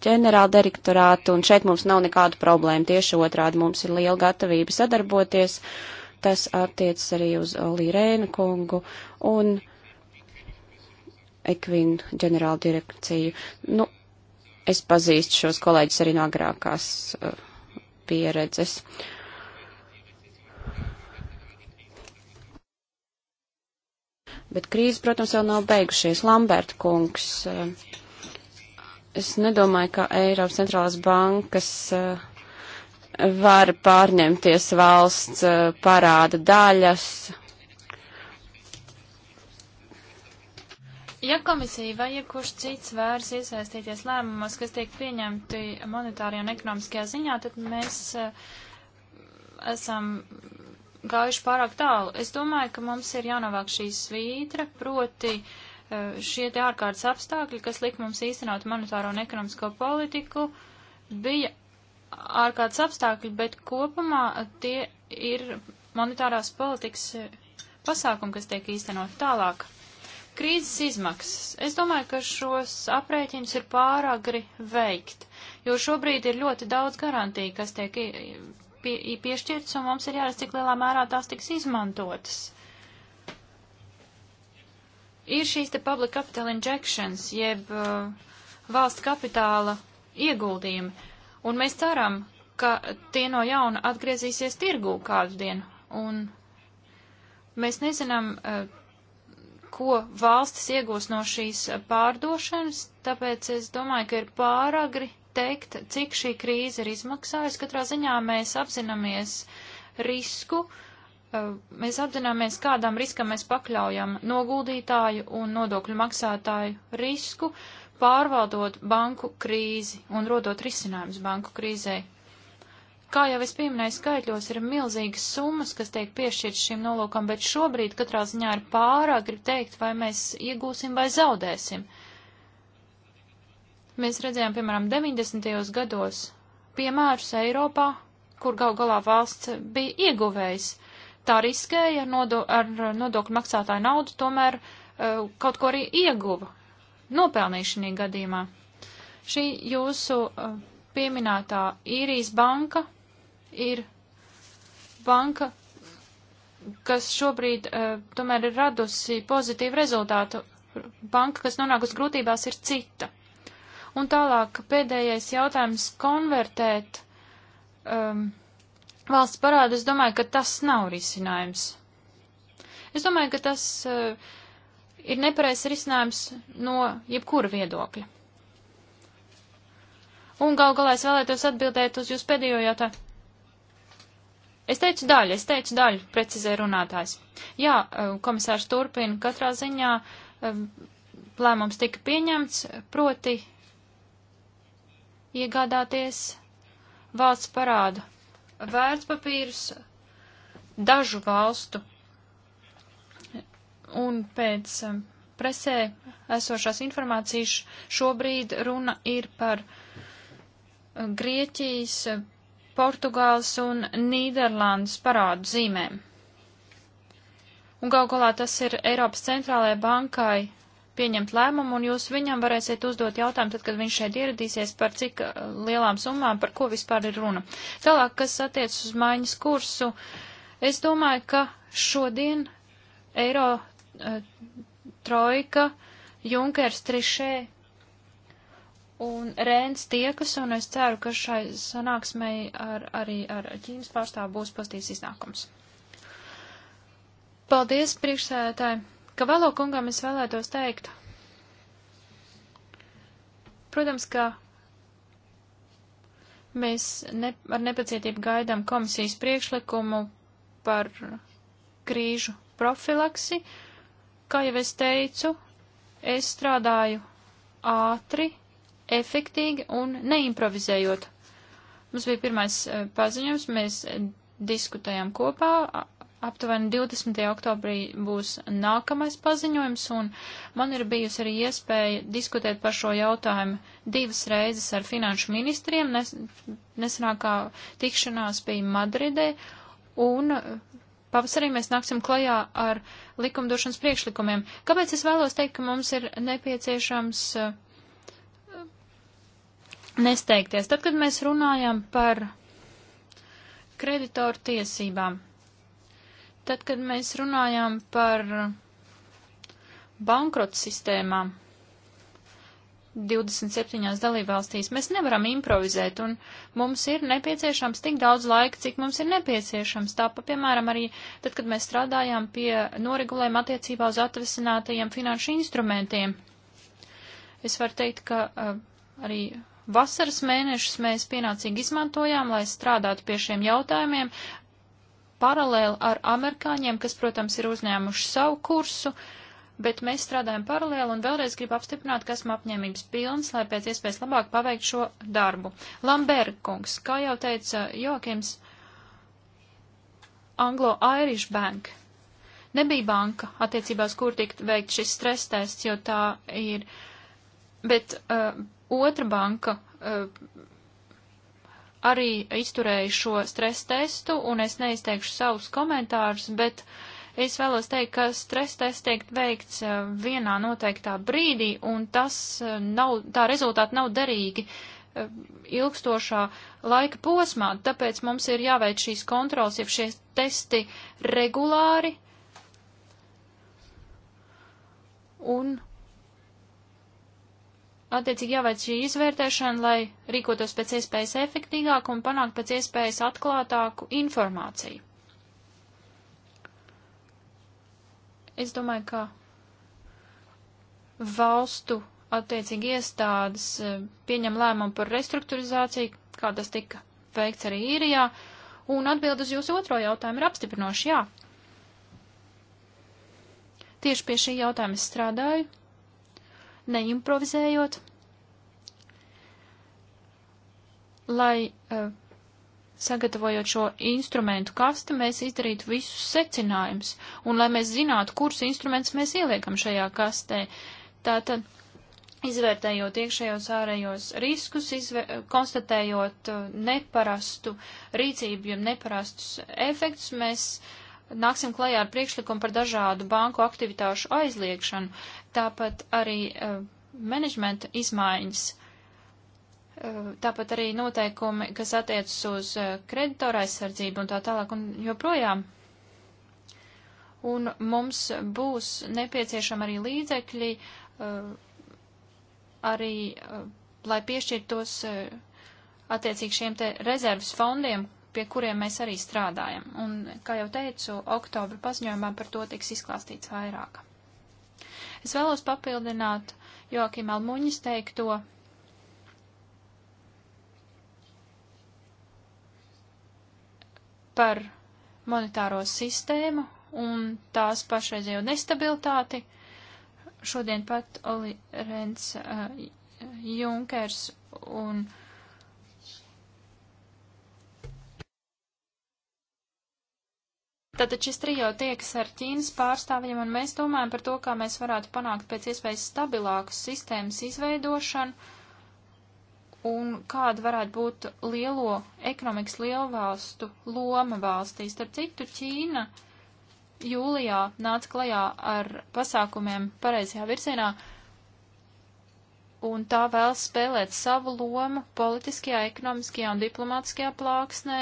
ģenerāla direktorātu, un šeit mums nav nekādu problēmu. Tieši otrādi mums ir liela gatavība sadarboties. Tas attiecas arī uz Olī Rēna kungu un Ekvinu ģenerāla direkciju. Nu, es pazīstu šos kolēģus arī no agrākās uh, pieredzes. Bet krīze, protams, vēl nav beigušies. Lamberta kungs. Uh, es nedomāju, ka Eiropas centrālās bankas eh, var pārņemties valsts eh, parāda daļas. Ja komisija vai jebkurš ja cits vērs iesaistīties lēmumos, kas tiek pieņemti monetārajā un ekonomiskajā ziņā, tad mēs eh, esam gājuši pārāk tālu. Es domāju, ka mums ir jānovāk šī svītra, proti uh, Eh, šie te ārkārtas apstākļi, kas lika mums īstenot monetāro un ekonomisko politiku, bija ārkārtas apstākļi, bet kopumā tie ir monetārās politikas eh, pasākumi, kas tiek īstenot tālāk. Krīzes izmaksas. Es domāju, ka šos aprēķinus ir pāragri veikt, jo šobrīd ir ļoti daudz garantija, kas tiek pie, piešķirts, un mums ir jāredz, cik lielā mērā tās tiks izmantotas. Ir šīs te public capital injections, jeb uh, valsts kapitāla ieguldījumi, un mēs ceram, ka tie no jauna atgriezīsies tirgū kādu dienu, un mēs nezinām, uh, ko valstis iegūs no šīs uh, pārdošanas, tāpēc es domāju, ka ir pāragri teikt, cik šī krīze ir izmaksājusi. Katrā ziņā mēs apzināmies risku, uh, mēs apzināmies, kādam riskam mēs pakļaujam noguldītāju un nodokļu maksātāju risku, pārvaldot banku krīzi un rodot risinājumus banku krīzē. Kā jau es pieminēju, skaitļos ir milzīgas summas, kas tiek piešķirtas šim nolūkam, bet šobrīd katrā ziņā ir pārāk grib teikt, vai mēs iegūsim vai zaudēsim. Mēs redzējām, piemēram, 90. gados piemērus Eiropā, kur gal galā valsts bija ieguvējis tā riskēja ar, nodo, ar nodokļu maksātāju naudu, tomēr uh, kaut ko arī ieguva, nopelnīja šī gadījumā. Šī jūsu uh, pieminētā īrijas banka ir banka, kas šobrīd uh, tomēr ir radusi pozitīvu rezultātu. Banka, kas nonāk uz grūtībās, ir cita. Un tālāk pēdējais jautājums konvertēt. Um, valsts parādu, es domāju, ka tas nav risinājums. Es domāju, ka tas uh, ir nepareizs risinājums no jebkura viedokļa. Un gal galā es vēlētos atbildēt uz jūsu pēdējo jautājumu. Es teicu daļu, es teicu daļu, precizē runātājs. Jā, eh, komisārs turpina, katrā ziņā eh, lēmums tika pieņemts, proti iegādāties valsts parādu vērtspapīrus dažu valstu. Un pēc um, presē esošās informācijas šobrīd runa ir par um, Grieķijas, um, Portugāles un Nīderlandes parādu zīmēm. Un gal galā tas ir Eiropas centrālajai bankai pieņemt lēmumu, un jūs viņam varēsiet uzdot jautājumu, tad, kad viņš šeit ieradīsies, par cik uh, lielām summām, par ko vispār ir runa. Tālāk, kas attiec uz maiņas kursu, es domāju, ka šodien eiro uh, trojka, Junkers trišē un Rēns tiekas, un es ceru, ka šai sanāksmei ar, arī ar Ķīnas pārstāvu būs pozitīvs iznākums. Paldies, priekšsēdētāji! Kavalo kungam es vēlētos teikt, protams, ka mēs ne, ar nepacietību gaidām komisijas priekšlikumu par krīžu profilaksi. Kā jau es teicu, es strādāju ātri, efektīgi un neimprovizējot. Mums bija pirmais eh, paziņojums, mēs diskutējām kopā aptuveni 20. oktobrī būs nākamais paziņojums, un man ir bijusi arī iespēja diskutēt par šo jautājumu divas reizes ar finanšu ministriem. Nes, nesenākā tikšanās bija Madridē, un pavasarī mēs nāksim klajā ar likumdošanas priekšlikumiem. Kāpēc es vēlos teikt, ka mums ir nepieciešams uh, nesteigties? Tad, kad mēs runājam par kreditoru tiesībām Tad, kad mēs runājām par bankrotu sistēmām 27. dalībvalstīs, mēs nevaram improvizēt, un mums ir nepieciešams tik daudz laika, cik mums ir nepieciešams. Tāpa, piemēram, arī tad, kad mēs strādājām pie noregulējuma attiecībā uz atvesinātajiem finanšu instrumentiem. Es varu teikt, ka uh, arī vasaras mēnešus mēs pienācīgi izmantojām, lai strādātu pie šiem jautājumiem, paralēli ar amerikāņiem, kas, protams, ir uzņēmuši savu kursu, bet mēs strādājam paralēli un vēlreiz gribu apstiprināt, ka esmu apņēmības pilns, lai pēc iespējas labāk paveikt šo darbu. Lambert kungs, kā jau teica Jokims, Anglo-Irish Bank nebija banka, attiecībās, kur tikt veikt šis stres tests, jo tā ir, bet uh, otra banka, uh, arī izturēju šo stres testu, un es neizteikšu savus komentārus, bet es vēlos teikt, ka stres tests tiek veikts eh, vienā noteiktā brīdī, un tas eh, nav, tā rezultāti nav derīgi eh, ilgstošā laika posmā, tāpēc mums ir jāveic šīs kontrols, ja šie testi regulāri un attiecīgi jāveic šī izvērtēšana, lai rīkotos pēc iespējas efektīgāk un panākt pēc iespējas atklātāku informāciju. Es domāju, ka valstu attiecīgi iestādes eh, pieņem lēmumu par restruktūrizāciju, kā tas tika veikts arī īrijā, un atbild uz jūsu otro jautājumu ir apstiprinoši jā. Tieši pie šī jautājuma es strādāju, neimprovizējot, lai uh, sagatavojot šo instrumentu kasti, mēs izdarītu visus secinājumus, un lai mēs zinātu, kurus instrumentus mēs ieliekam šajā kastē. Tātad, izvērtējot iekšējos ārējos riskus, izvēr, eh, konstatējot eh, neparastu rīcību, neparastu efektus, mēs nāksim klajā ar priekšlikumu par dažādu banku aktivitāšu aizliekšanu, tāpat arī uh, menedžmenta izmaiņas, uh, tāpat arī noteikumi, kas attiecas uz uh, eh, kreditoru aizsardzību un tā tālāk un joprojām. Un mums būs nepieciešama arī līdzekļi, arī, lai piešķirtos attiecīgi šiem te rezervas fondiem, pie kuriem mēs arī strādājam. Un, kā jau teicu, oktobra paziņojumā par to tiks izklāstīts vairāk. Es vēlos papildināt Joakim Almuņas teikto. par monetāro sistēmu un tās pašreizējo nestabilitāti. Šodien pat Oli Rens, uh, Junkers un uh, Tātad šis trijo tiekas ar Ķīnas pārstāvjiem, un mēs domājam par to, kā mēs varētu panākt pēc iespējas stabilākas sistēmas izveidošanu, un kāda varētu būt lielo ekonomikas lielvalstu loma valstīs. Starp citu, Ķīna jūlijā nāca klajā ar pasākumiem pareizajā virzienā, uh, un tā vēl spēlēt savu lomu politiskajā, ekonomiskajā un diplomātiskajā plāksnē,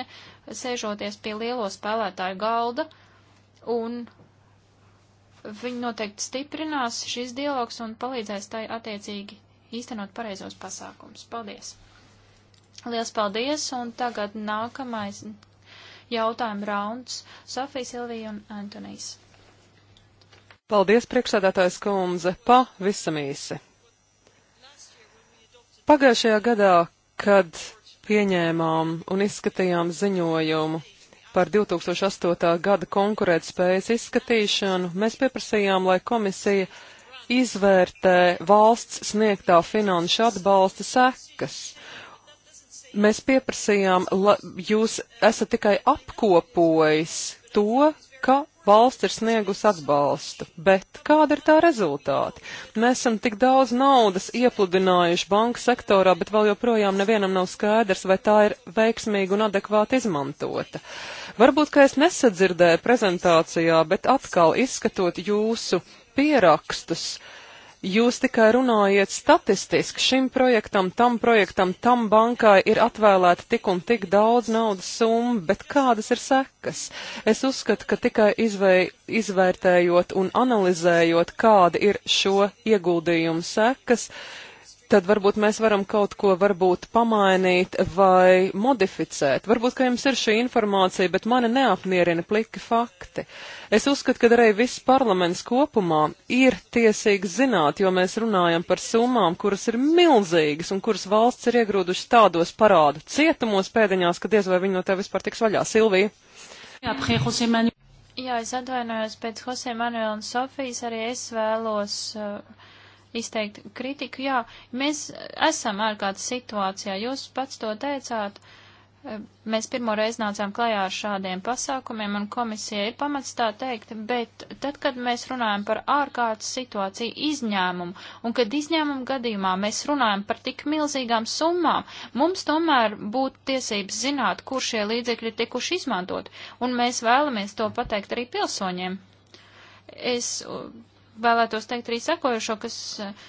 sēžoties pie lielo spēlētāju galda, un viņi noteikti stiprinās šis dialogs un palīdzēs tai attiecīgi īstenot pareizos pasākums. Paldies! Liels paldies, un tagad nākamais jautājuma rauns Sofija Silvija un Antonijs. Paldies, priekšsēdētājs kundze, pa visam īsi. Pagājušajā gadā, kad pieņēmām un izskatījām ziņojumu par 2008. gada konkurētspējas izskatīšanu, mēs pieprasījām, lai komisija izvērtē valsts sniegtā finanšu atbalsta sekas. Mēs pieprasījām, la, jūs esat tikai apkopojis to, ka valsts ir sniegus atbalstu, bet kāda ir tā rezultāti? Mēs esam tik daudz naudas iepludinājuši banku sektorā, bet vēl joprojām nevienam nav skaidrs, vai tā ir veiksmīga un adekvāti izmantota. Varbūt, ka es nesadzirdēju prezentācijā, bet atkal izskatot jūsu pierakstus, uh, Jūs tikai runājiet statistiski, šim projektam, tam projektam, tam bankai ir atvēlēta tik un tik daudz naudas summa, bet kādas ir sekas? Es uzskatu, ka tikai izvei, izvērtējot un analizējot, kāda ir šo ieguldījumu sekas, uh, tad varbūt mēs varam kaut ko varbūt pamainīt vai modificēt. Varbūt, ka jums ir šī informācija, bet mani neapmierina pliki fakti. Es uzskatu, ka arī viss parlaments kopumā ir tiesīgs zināt, jo mēs runājam par summām, kuras ir milzīgas un kuras valsts ir iegrūdušas tādos parādu cietumos pēdiņās, ka diez vai viņi no tev vispār tiks vaļā. Silvija. Jā, Jā, es atvainojos pēc Jose Manuela un Sofijas, arī es vēlos uh, izteikt kritiku. Jā, mēs esam ārkārtas situācijā, jūs pats to teicāt. Mēs pirmo reizi nācām klajā ar šādiem pasākumiem, un komisija ir pamats tā teikt, bet tad, kad mēs runājam par ārkārtas situāciju izņēmumu, un kad izņēmumu gadījumā mēs runājam par tik milzīgām summām, mums tomēr būtu tiesības zināt, kur šie līdzekļi tikuši izmantot, un mēs vēlamies to pateikt arī pilsoņiem. Es vēlētos teikt arī sekojošo, kas eh,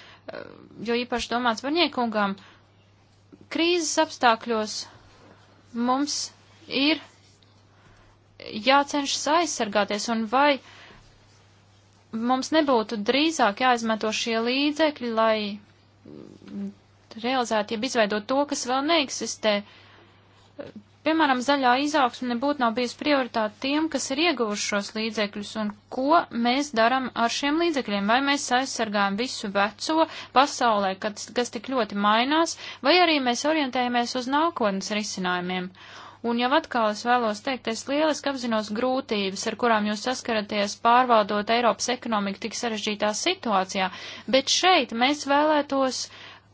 jo īpaši domāts varniekungam. Krīzes apstākļos mums ir jācenšas aizsargāties un vai mums nebūtu drīzāk jāizmanto šie līdzekļi, lai realizētu, jeb izveidot to, kas vēl neeksistē. Piemēram, zaļā izaugsme nebūtu nav bijusi prioritāte tiem, kas ir ieguvuši šos līdzekļus, un ko mēs daram ar šiem līdzekļiem. Vai mēs aizsargājam visu veco pasaulē, kas, kas tik ļoti mainās, vai arī mēs orientējamies uz nākotnes risinājumiem. Un jau atkal es vēlos teikt, es lieliski apzinos grūtības, ar kurām jūs saskaraties pārvaldot Eiropas ekonomiku tik sarežģītā situācijā, bet šeit mēs vēlētos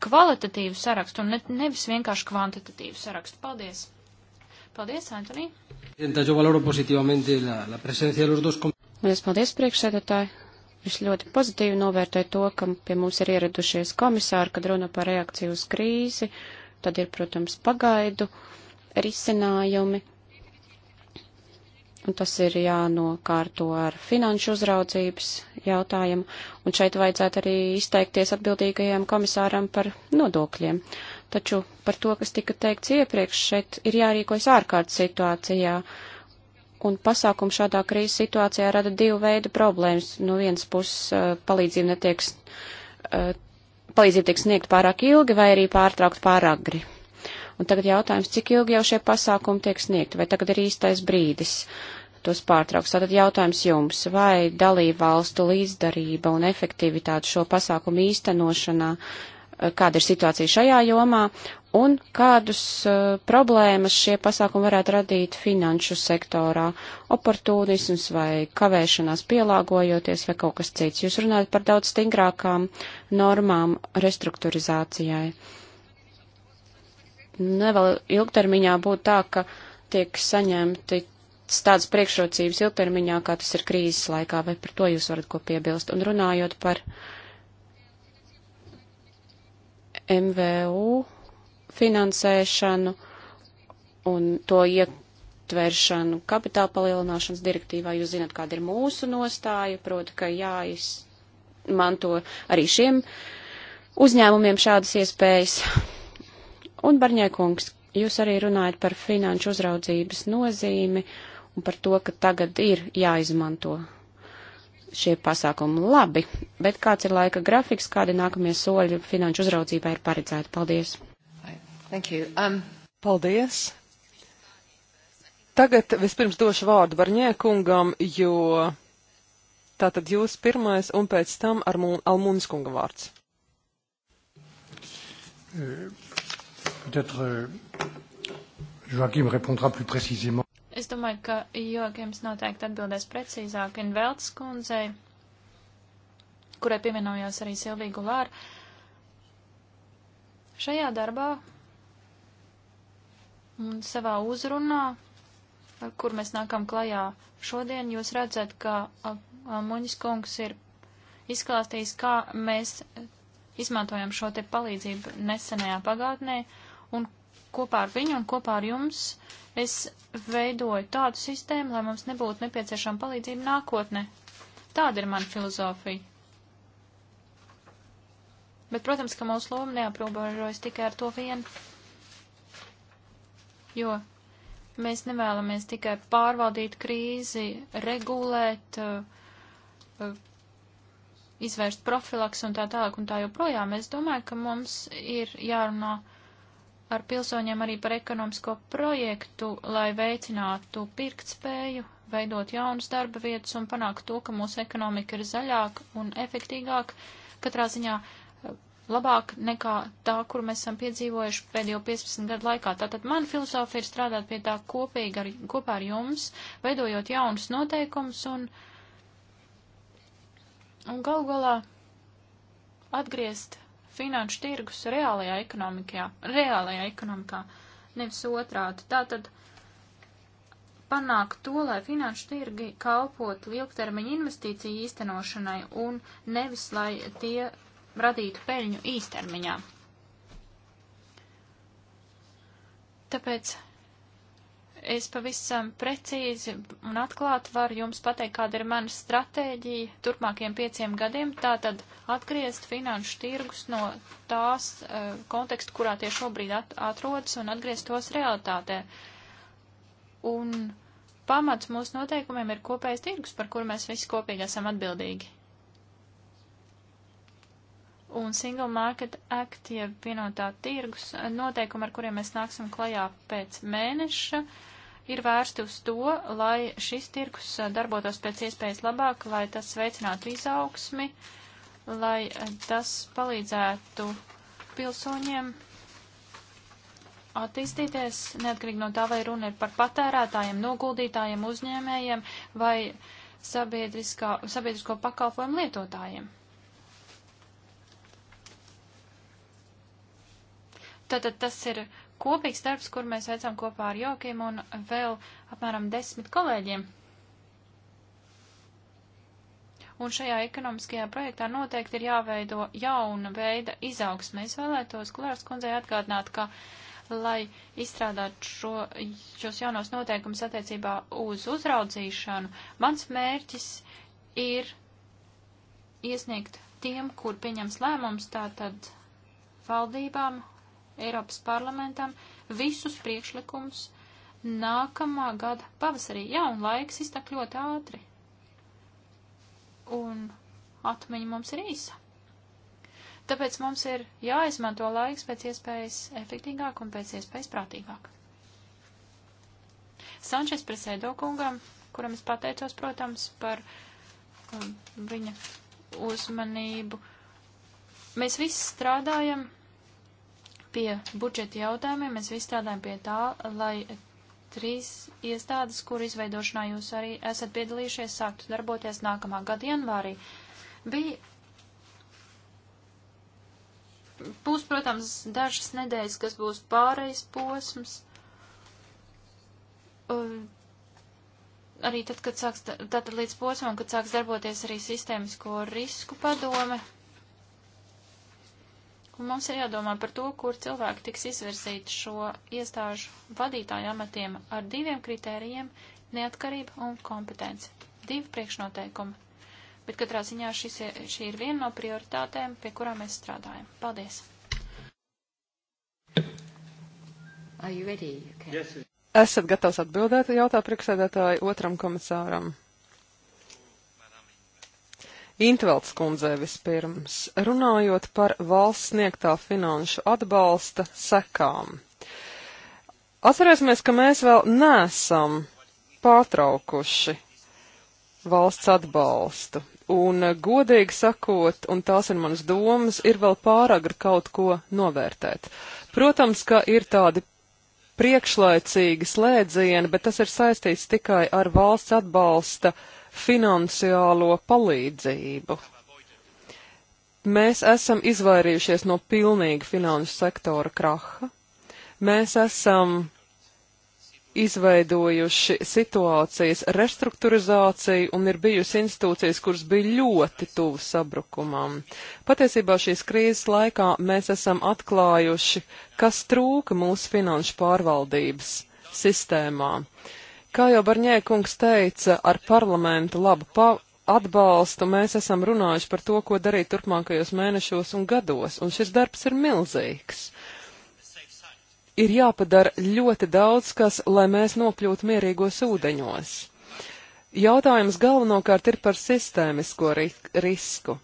kvalitatīvu sarakstu un ne, nevis vienkārši kvantitatīvu sarakstu. Paldies! Paldies, Antoni. Lielas paldies, priekšsēdētāji. Es ļoti pozitīvi novērtēju to, ka pie mums ir ieradušies komisāri, kad runa par reakciju uz krīzi. Tad ir, protams, pagaidu risinājumi. Un tas ir jānokārto ar finanšu uzraudzības jautājumu. Un šeit vajadzētu arī izteikties atbildīgajam komisāram par nodokļiem. Uh, taču par to, kas tika teikts iepriekš, šeit ir jārīkojas ārkārtas situācijā. Un pasākumi šādā krīzes situācijā rada divu veidu problēmas. No vienas puses eh, palīdzība netiek, eh, palīdzība tiek sniegta pārāk ilgi vai arī pārtraukt pārāk gri. Un tagad jautājums, cik ilgi jau šie pasākumi tiek sniegti, vai tagad ir īstais brīdis tos pārtrauks. Tātad jautājums jums, vai dalību valstu līdzdarība un efektivitāte šo pasākumu īstenošanā Eh, kāda ir situācija šajā jomā un kādus uh, problēmas šie pasākumi varētu radīt finanšu sektorā - oportunisms vai kavēšanās pielāgojoties vai kaut kas cits. Jūs runājat par daudz stingrākām normām restruktūrizācijai. Nevēl ilgtermiņā būt tā, ka tiek saņemti tādas priekšrocības ilgtermiņā, kā tas ir krīzes laikā, vai par to jūs varat ko piebilst. Un runājot par uh, MVU finansēšanu un to ietveršanu kapitāla palielināšanas direktīvā. Jūs zināt, kāda ir mūsu nostāja, proti, ka jāizmanto arī šiem uzņēmumiem šādas iespējas. Un, Barņēkungs, jūs arī runājat par finanšu uzraudzības nozīmi un par to, ka tagad ir jāizmanto šie pasākumi labi, bet kāds ir laika grafiks, kādi nākamie soļi finanšu uzraudzībai ir paredzēti? Paldies! Thank you. Um... Paldies! Tagad vispirms došu vārdu Varņēkungam, jo tātad jūs pirmais un pēc tam ar Almūnas kunga vārds. Uh, Peut-être uh, Joachim répondra plus précisément. Es domāju, ka Jogims noteikti atbildēs precīzāk Inveltas kundzei, kurai pievienojās arī Silvīgu Lāru. Šajā darbā un savā uzrunā, ar kur mēs nākam klajā šodien, jūs redzat, ka Muņas kungs ir izklāstījis, kā mēs izmantojam šo te palīdzību nesenajā pagātnē. Uh, kopā ar viņu un kopā ar jums es veidoju tādu sistēmu, lai mums nebūtu nepieciešama palīdzība nākotnē. Tāda ir mana filozofija. Bet, protams, ka mūsu loma neaprobežojas tikai ar to vienu. Jo mēs nevēlamies tikai pārvaldīt krīzi, regulēt, uh, uh, izvērst profilaks un tā tālāk un tā joprojām. Es domāju, ka mums ir jārunā. No ar pilsoņiem arī par ekonomisko projektu, lai veicinātu pirktspēju, veidot jaunas darba vietas un panākt to, ka mūsu ekonomika ir zaļāka un efektīgāka, katrā ziņā eh, labāk nekā tā, kur mēs esam piedzīvojuši pēdējo 15 gadu laikā. Tātad man filozofija ir strādāt pie tā kopīgi ar, kopā ar jums, veidojot jaunus noteikumus un, un gal galā atgriezt finanšu tirgus reālajā ekonomikā, reālajā ekonomikā, nevis otrādi. Tātad panākt to, lai finanšu tirgi kalpot ilgtermiņa investīciju īstenošanai un nevis, lai tie radītu peļņu īstermiņā. Tāpēc es pavisam precīzi un atklāti varu jums pateikt, kāda ir mana stratēģija turpmākiem pieciem gadiem. Tātad atgriezt finanšu tirgus no tās uh, konteksta, kurā tie šobrīd at atrodas, un atgriezt tos realitātē. Un pamats mūsu noteikumiem ir kopējais tirgus, par kuru mēs visi kopīgi esam atbildīgi. Un Single Market Act, jeb vienotā tirgus noteikumi, ar kuriem mēs nāksim klajā pēc mēneša, uh, ir vērsti uz to, lai šis tirkus darbotos pēc iespējas labāk, lai tas veicinātu izaugsmi, lai tas palīdzētu pilsoņiem attīstīties, neatkarīgi no tā, vai runa ir par patērētājiem, noguldītājiem, uzņēmējiem vai sabiedrisko pakalpojumu lietotājiem. Tātad tas ir kopīgs darbs, kur mēs veicām kopā ar Jokiem un vēl apmēram desmit kolēģiem. Un šajā ekonomiskajā projektā noteikti ir jāveido jauna veida izaugsme. Es vēlētos Klārs kundzei atgādināt, ka, lai izstrādātu šo, šos jaunos noteikumus attiecībā uz uzraudzīšanu, mans mērķis ir iesniegt tiem, kur pieņems lēmums, tātad valdībām Eiropas parlamentam visus priekšlikumus nākamā gada pavasarī. Jā, un laiks iztak ļoti ātri. Un atmiņa mums ir īsa. Tāpēc mums ir jāizmanto laiks pēc iespējas efektīgāk un pēc iespējas prātīgāk. Sančes Presēdo kungam, kuram es pateicos, protams, par um, viņa uzmanību. Mēs visi strādājam pie budžeta jautājumiem. Mēs visi strādājam pie tā, lai trīs iestādes, kur izveidošanā jūs arī esat piedalījušies, sāktu darboties nākamā gada janvārī. Bija Būs, protams, dažas nedēļas, kas būs pārejas posms. Un uh, arī tad, kad sāks, tātad līdz posmam, kad sāks darboties arī sistēmisko risku padome, Mums ir jādomā par to, kur cilvēki tiks izvirzīti šo iestāžu vadītāju amatiem ar diviem kritērijiem - neatkarība un kompetence. Divi priekšnoteikumi. Bet katrā ziņā šis, šī ir viena no prioritātēm, pie kurām mēs strādājam. Paldies! Okay. Yes. Esat gatavs atbildēt, jautā priekšsēdētāji otram komisāram. Intvelds kundzē vispirms, runājot par valsts sniegtā finanšu atbalsta sekām. Atcerēsimies, ka mēs vēl nesam pārtraukuši valsts atbalstu, un godīgi sakot, un tās ir manas domas, ir vēl pāragri kaut ko novērtēt. Protams, ka ir tādi priekšlaicīgi slēdzieni, bet tas ir saistīts tikai ar valsts atbalsta uh, finansiālo palīdzību. Mēs esam izvairījušies no pilnīga finanšu sektora kraha. Mēs esam izveidojuši situācijas restruktūrizāciju un ir bijusi institūcijas, kuras bija ļoti tuvu sabrukumam. Patiesībā šīs krīzes laikā mēs esam atklājuši, kas trūka mūsu finanšu pārvaldības sistēmā. Uh, Kā jau Barņēkungs teica, ar parlamentu labu pa atbalstu mēs esam runājuši par to, ko darīt turpmākajos mēnešos un gados, un šis darbs ir milzīgs. Ir jāpadara ļoti daudz kas, lai mēs nokļūtu mierīgos ūdeņos. Jautājums galvenokārt ir par sistēmisko ri risku.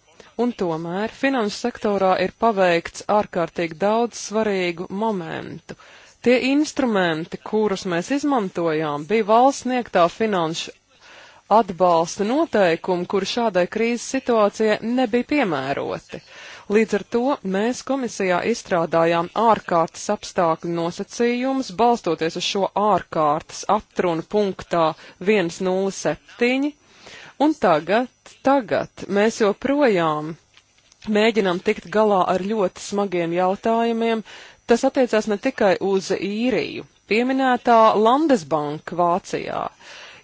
Un tomēr finanšu sektorā ir paveikts ārkārtīgi daudz svarīgu momentu. Uh, Tie instrumenti, kurus mēs izmantojām, bija valsts sniegtā finanšu atbalsta noteikumi, kuri šādai krīzes situācijai nebija piemēroti. Līdz ar to mēs komisijā izstrādājām ārkārtas apstākļu nosacījumus, balstoties uz šo ārkārtas aptrunu punktā 107, un tagad, tagad mēs joprojām mēģinam tikt galā ar ļoti smagiem jautājumiem. Tas attiecās ne tikai uz īriju, pieminētā Landesbanka Vācijā.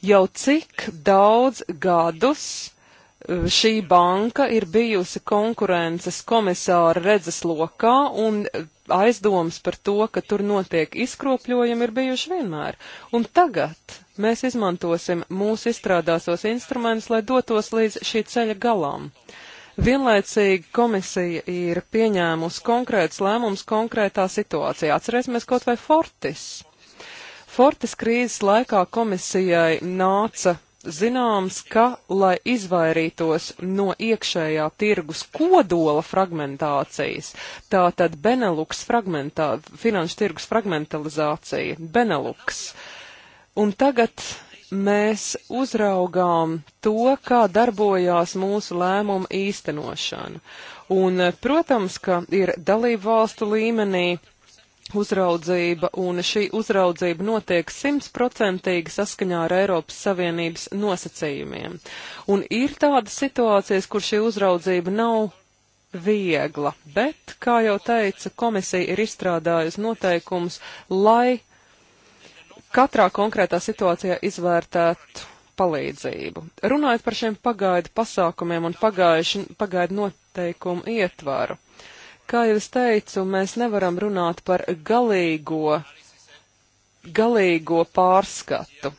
Jau cik daudz gadus uh, šī banka ir bijusi konkurences komisāra redzes lokā un uh, aizdomas par to, ka tur notiek izkropļojumi ir bijuši vienmēr. Un tagad mēs izmantosim mūsu izstrādāsos instrumentus, lai dotos līdz šī ceļa galām. Uh, Vienlaicīgi komisija ir pieņēmusi konkrēts lēmums konkrētā situācijā. Atcerēsimies kaut vai Fortis. Fortis krīzes laikā komisijai nāca zināms, ka, lai izvairītos no iekšējā tirgus kodola fragmentācijas, tātad Benelux fragmentā, finanšu tirgus fragmentalizācija, Benelux. Un tagad mēs uzraugām to, kā darbojās mūsu lēmuma īstenošana. Un, eh, protams, ka ir dalību valstu līmenī uzraudzība, un šī uzraudzība notiek simtprocentīgi saskaņā ar Eiropas Savienības nosacījumiem. Un ir tādas situācijas, kur šī uzraudzība nav viegla, bet, kā jau teica, komisija ir izstrādājusi noteikumus, lai katrā konkrētā situācijā izvērtēt palīdzību. Runājot par šiem pagaidu pasākumiem un pagaidu, pagaidu noteikumu ietvaru, kā jau es teicu, mēs nevaram runāt par galīgo, galīgo pārskatu.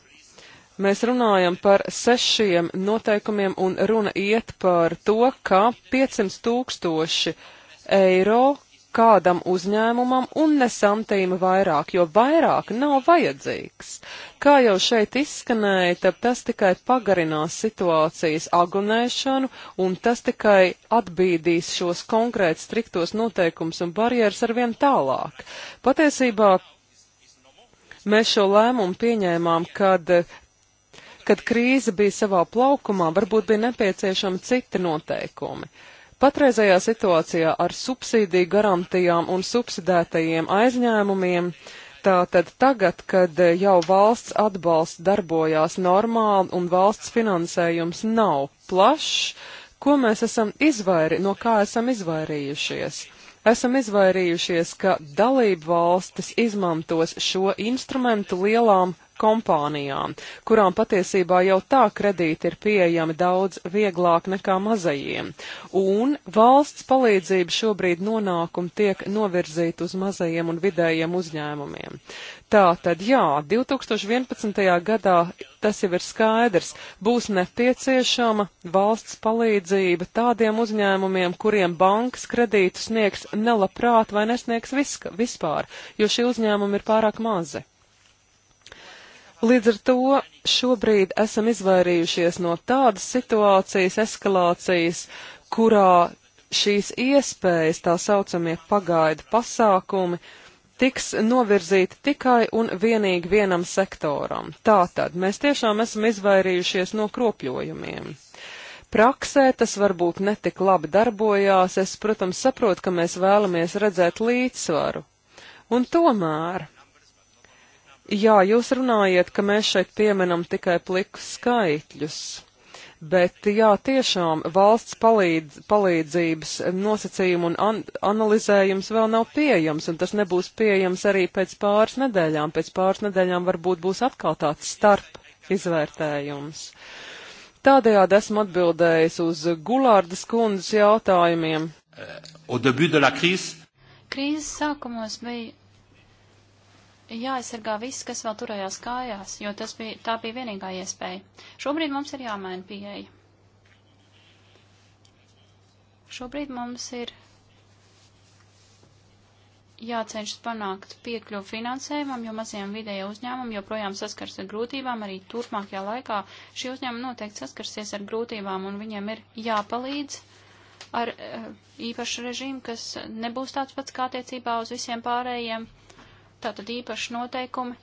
Mēs runājam par sešiem noteikumiem un runa iet par to, ka 500 tūkstoši eiro kādam uzņēmumam un ne santīma vairāk, jo vairāk nav vajadzīgs. Kā jau šeit izskanēja, tad tas tikai pagarinās situācijas agonēšanu un tas tikai atbīdīs šos konkrēti striktos noteikums un barjeras arvien tālāk. Patiesībā mēs šo lēmumu pieņēmām, kad kad krīze bija savā plaukumā, varbūt bija nepieciešami citi noteikumi. Uh, Patreizajā situācijā ar subsīdiju garantijām un subsidētajiem aizņēmumiem Tātad tagad, kad jau valsts atbalsts darbojās normāli un valsts finansējums nav plašs, ko mēs esam izvairi, no kā esam izvairījušies? Esam izvairījušies, ka dalību valstis izmantos šo instrumentu lielām kompānijām, kurām patiesībā jau tā kredīti ir pieejami daudz vieglāk nekā mazajiem. Un valsts palīdzība šobrīd nonākuma tiek novirzīta uz mazajiem un vidējiem uzņēmumiem. Tātad, jā, 2011. gadā tas jau ir skaidrs, būs nepieciešama valsts palīdzība tādiem uzņēmumiem, kuriem bankas kredītu sniegs nelabprāt vai nesniegs viska, vispār, jo šie uzņēmumi ir pārāk mazi. Līdz ar to šobrīd esam izvairījušies no tādas situācijas, eskalācijas, kurā šīs iespējas, tā saucamie pagaidu pasākumi, tiks novirzīti tikai un vienīgi vienam sektoram. Tātad mēs tiešām esam izvairījušies no kropļojumiem. Praksē tas varbūt netik labi darbojās, es, protams, saprotu, ka mēs vēlamies redzēt līdzsvaru. Un tomēr Jā, jūs runājat, ka mēs šeit pieminam tikai plikus skaitļus. Bet jā, tiešām valsts palīdz, palīdzības nosacījumu un an analizējums vēl nav pieejams, un tas nebūs pieejams arī pēc pāris nedēļām. Pēc pāris nedēļām varbūt būs atkal tāds starp izvērtējums. Tādējādi esmu atbildējis uz Gulārdas kundzes jautājumiem. Krīzes sākumos bija jāaizsargā viss, kas vēl turējās kājās, jo tas bija, tā bija vienīgā iespēja. Šobrīd mums ir jāmaina pieeja. Šobrīd mums ir jācenšas panākt piekļuvu finansējumam, jo maziem vidēja uzņēmumi joprojām saskars ar grūtībām. Arī turpmākajā laikā šī uzņēmuma noteikti saskarsies ar grūtībām, un viņiem ir jāpalīdz ar eh, īpašu režīmu, kas nebūs tāds pats kā attiecībā uz visiem pārējiem tātad īpaši noteikumi,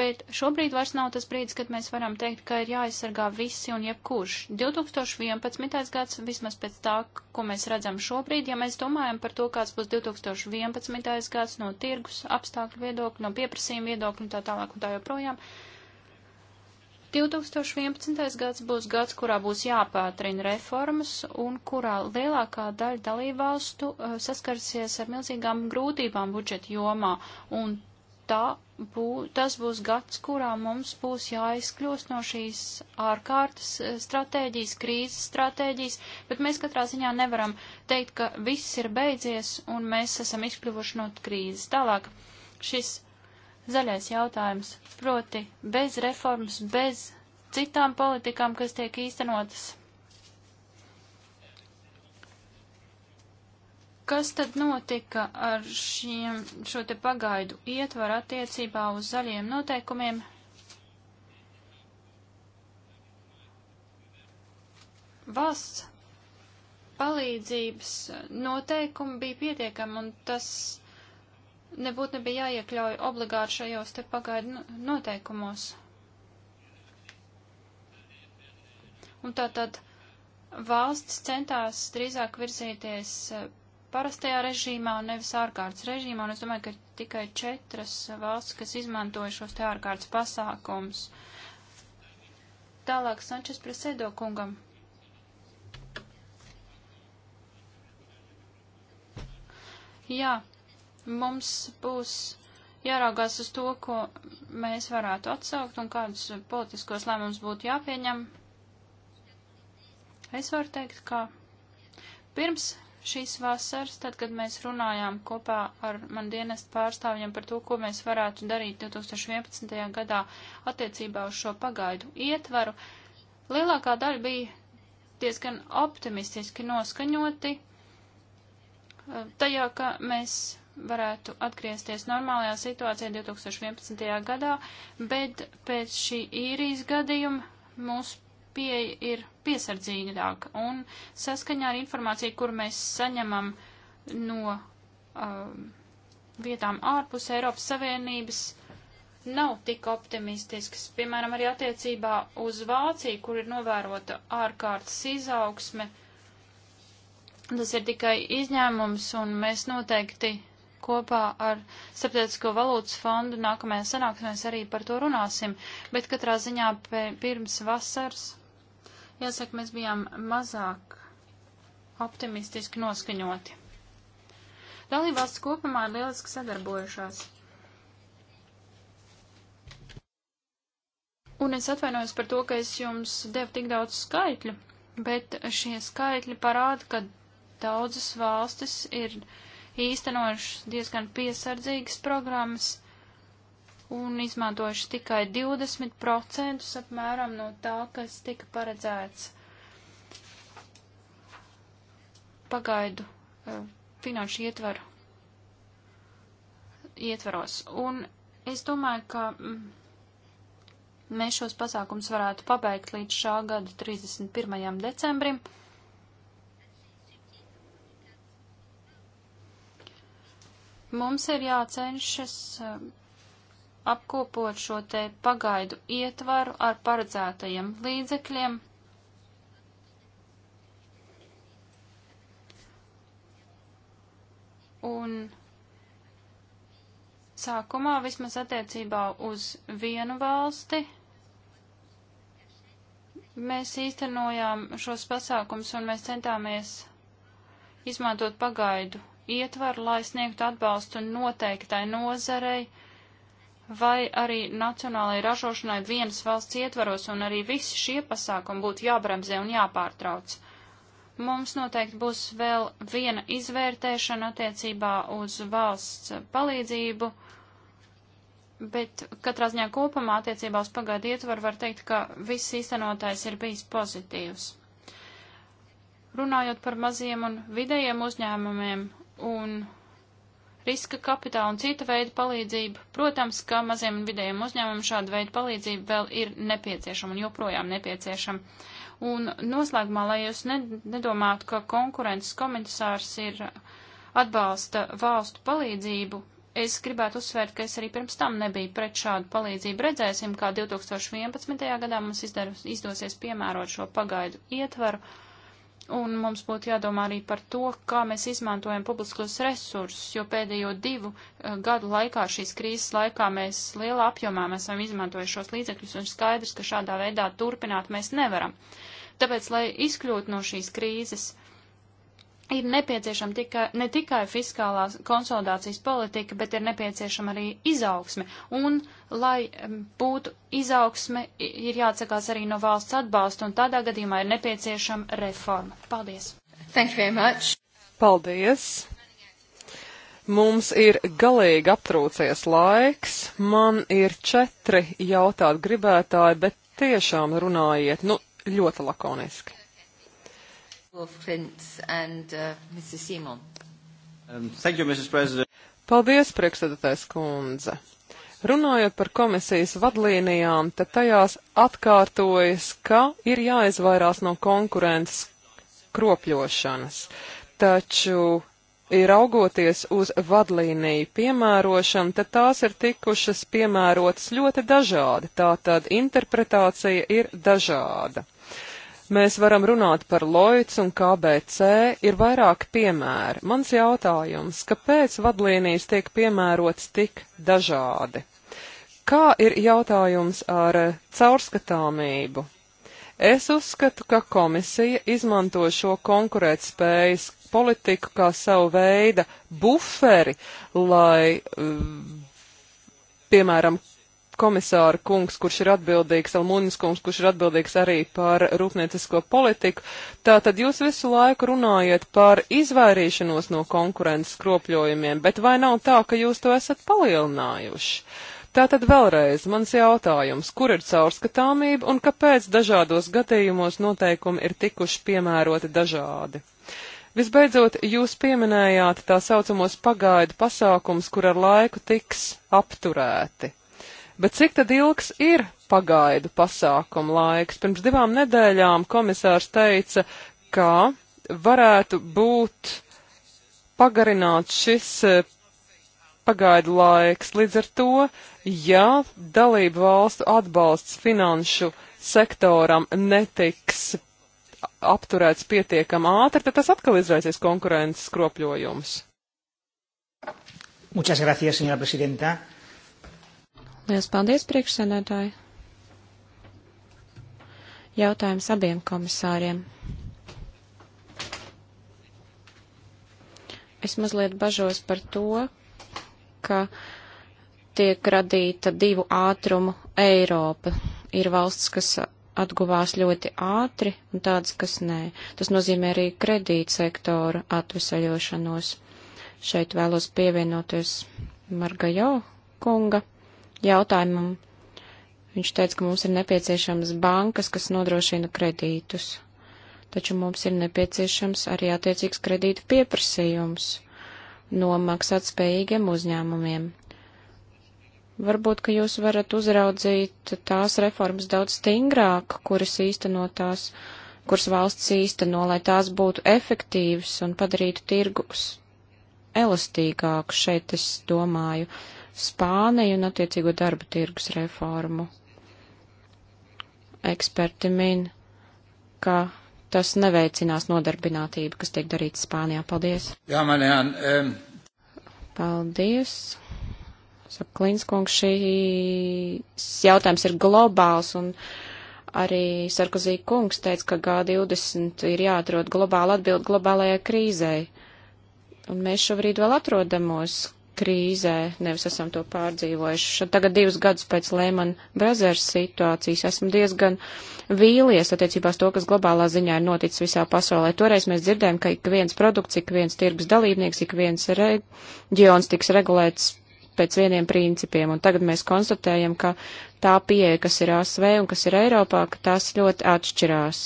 bet šobrīd vairs nav tas brīdis, kad mēs varam teikt, ka ir jāaizsargā visi un jebkurš. 2011. gads, vismaz pēc tā, ko mēs redzam šobrīd, ja mēs domājam par to, kāds būs 2011. gads no tirgus apstākļu viedokļa, no pieprasījuma viedokļa un tā tālāk un tā joprojām, 2011. gads būs gads, kurā būs jāpātrina reformas un kurā lielākā daļa dalībvalstu uh, saskarsies ar milzīgām grūtībām budžeta jomā, un tā bū, tas būs gads, kurā mums būs jāizkļūst no šīs ārkārtas eh, stratēģijas, krīzes stratēģijas, bet mēs katrā ziņā nevaram teikt, ka viss ir beidzies un mēs esam izkļuvuši no krīzes. Tālāk šis zaļais jautājums, proti bez reformas, bez citām politikām, kas tiek īstenotas Kas tad notika ar šiem, šo te pagaidu ietvaru attiecībā uz zaļiem noteikumiem? Valsts palīdzības noteikumi bija pietiekami, un tas nebūtu nebija jāiekļauj obligāti šajos te pagaidu noteikumos. Un tātad valsts centās drīzāk virzīties parastajā režīmā un nevis ārkārtas režīmā, un es domāju, ka tikai četras valsts, kas izmantoja šos te ārkārtas pasākums. Tālāk Sančes Presedo kungam. Jā, mums būs jāraugās uz to, ko mēs varētu atsaukt un kādus politiskos lēmumus būtu jāpieņem. Es varu teikt, ka pirms šīs vasaras, tad, kad mēs runājām kopā ar man dienestu pārstāvjiem par to, ko mēs varētu darīt 2011. gadā attiecībā uz šo pagaidu ietvaru, lielākā daļa bija diezgan optimistiski noskaņoti eh, tajā, ka mēs varētu atgriezties normālajā situācijā 2011. gadā, bet pēc šī īrijas gadījuma mūs pieeja ir piesardzīgāka un saskaņā ar informāciju, kur mēs saņemam no um, vietām ārpus Eiropas Savienības, nav tik optimistisks. Piemēram, arī attiecībā uz Vāciju, kur ir novērota ārkārtas izaugsme, tas ir tikai izņēmums un mēs noteikti kopā ar Starptautisko valūtas fondu nākamajā sanāksmēs arī par to runāsim, bet katrā ziņā pirms vasaras Jāsaka, mēs bijām mazāk optimistiski noskaņoti. Dalībvalsts kopumā ir lieliski sadarbojušās. Un es atvainojos par to, ka es jums devu tik daudz skaitļu, bet šie skaitļi parāda, ka daudzas valstis ir īstenojušas diezgan piesardzīgas programmas, un izmantojuši tikai 20% apmēram no tā, kas tika paredzēts pagaidu eh, finanšu ietvaru ietvaros. Un es domāju, ka mm, mēs šos pasākums varētu pabeigt līdz šā gada 31. decembrim. Mums ir jācenšas eh, apkopot šo te pagaidu ietvaru ar paredzētajiem līdzekļiem. Un sākumā vismaz attiecībā uz vienu valsti mēs īstenojām šos pasākums un mēs centāmies izmantot pagaidu ietvaru, lai sniegtu atbalstu noteiktai nozarei vai arī nacionālajai ražošanai vienas valsts ietvaros, un arī visi šie pasākumi būtu jābremzē un jāpārtrauc. Mums noteikti būs vēl viena izvērtēšana attiecībā uz valsts palīdzību, bet katrā ziņā kopumā attiecībā uz pagaidu ietvaru var teikt, ka viss īstenotājs ir bijis pozitīvs. Runājot par maziem un vidējiem uzņēmumiem un riska kapitāla un cita veida palīdzību. Protams, ka maziem un vidējiem uzņēmumiem šāda veida palīdzība vēl ir nepieciešama un joprojām nepieciešama. Un noslēgumā, lai jūs nedomātu, ka konkurences komisārs ir atbalsta valstu palīdzību, es gribētu uzsvērt, ka es arī pirms tam nebiju pret šādu palīdzību. Redzēsim, kā 2011. gadā mums izdar, izdosies piemērot šo pagaidu ietvaru Un mums būtu jādomā arī par to, kā mēs izmantojam publiskos resursus, jo pēdējo divu uh, gadu laikā, šīs krīzes laikā, mēs lielā apjomā mēs esam izmantojuši šos līdzekļus, un skaidrs, ka šādā veidā turpināt mēs nevaram. Tāpēc, lai izkļūtu no šīs krīzes, ir nepieciešama tika, ne tikai fiskālās konsolidācijas politika, bet ir nepieciešama arī izaugsme. Un, lai būtu izaugsme, ir jāatsakās arī no valsts atbalsta, un tādā gadījumā ir nepieciešama reforma. Paldies! Thank you very much! Paldies! Mums ir galīgi aptrūcies laiks. Man ir četri jautāt gribētāji, bet tiešām runājiet, nu, ļoti lakoniski. Uh, um, Paldies, priekšsēdētājs kundze. Runājot par komisijas vadlīnijām, tad tajās atkārtojas, ka ir jāizvairās no konkurences kropļošanas, taču ir augoties uz vadlīniju piemērošanu, tad tās ir tikušas piemērotas ļoti dažādi, tātad interpretācija ir dažāda. Mēs varam runāt par Lloyds un KBC, ir vairāk piemēri. Mans jautājums, kāpēc vadlīnijas tiek piemērotas tik dažādi? Kā ir jautājums ar caurskatāmību? Es uzskatu, ka komisija izmanto šo konkurētspējas politiku kā savu veidu buferi, lai, uh, piemēram, komisāra kungs, kurš ir atbildīgs, Almuņas kungs, kurš ir atbildīgs arī par rūpniecisko politiku. Tātad jūs visu laiku runājat par izvairīšanos no konkurences kropļojumiem, bet vai nav tā, ka jūs to esat palielinājuši? Tātad vēlreiz mans jautājums, kur ir caurskatāmība un kāpēc dažādos gadījumos noteikumi ir tikuši piemēroti dažādi? Visbeidzot, jūs pieminējāt tā saucamos pagaidu pasākums, kur ar laiku tiks apturēti. Bet cik tad ilgs ir pagaidu pasākumu laiks? Pirms divām nedēļām komisārs teica, ka varētu būt pagarināts šis e, pagaidu laiks. Līdz ar to, ja dalību valstu atbalsts finanšu sektoram netiks apturēts pietiekam ātri, tad tas atkal izraisīs konkurences skropļojumus. Muchas gracias, señora presidenta. Lielas paldies, priekšsēdētāji! Jautājums abiem komisāriem. Es mazliet bažos par to, ka tiek radīta divu ātrumu Eiropa. Ir valsts, kas atguvās ļoti ātri, un tādas, kas nē. Tas nozīmē arī kredītsektoru atvesaļošanos. Šeit vēlos pievienoties Margajo kunga jautājumam. Viņš teica, ka mums ir nepieciešams bankas, kas nodrošina kredītus, taču mums ir nepieciešams arī attiecīgs kredītu pieprasījums no maksātspējīgiem uzņēmumiem. Varbūt, ka jūs varat uzraudzīt tās reformas daudz stingrāk, kuras īstenotās, kuras valsts īsteno, lai tās būtu efektīvas un padarītu tirgus elastīgāku. Šeit es domāju Spāniju un attiecīgo darba tirgus reformu. Eksperti min, ka tas neveicinās nodarbinātību, kas tiek darīts Spānijā. Paldies! Jā, man jā. Um... Paldies! Saklīnskungs, šīs jautājums ir globāls un arī Sarkozī kungs teica, ka G20 ir jāatrod globāla atbild globālajai krīzei. Un mēs šobrīd vēl atrodamos krīzē, nevis esam to pārdzīvojuši. Šad tagad divus gadus pēc Lehman Brothers situācijas esmu diezgan vīlies attiecībās to, kas globālā ziņā ir noticis visā pasaulē. Toreiz mēs dzirdējām, ka ik viens produkts, ik viens tirgus dalībnieks, ik viens reģions tiks regulēts pēc vieniem principiem, un tagad mēs konstatējam, ka tā pieeja, kas ir ASV un kas ir Eiropā, ka tās ļoti atšķirās.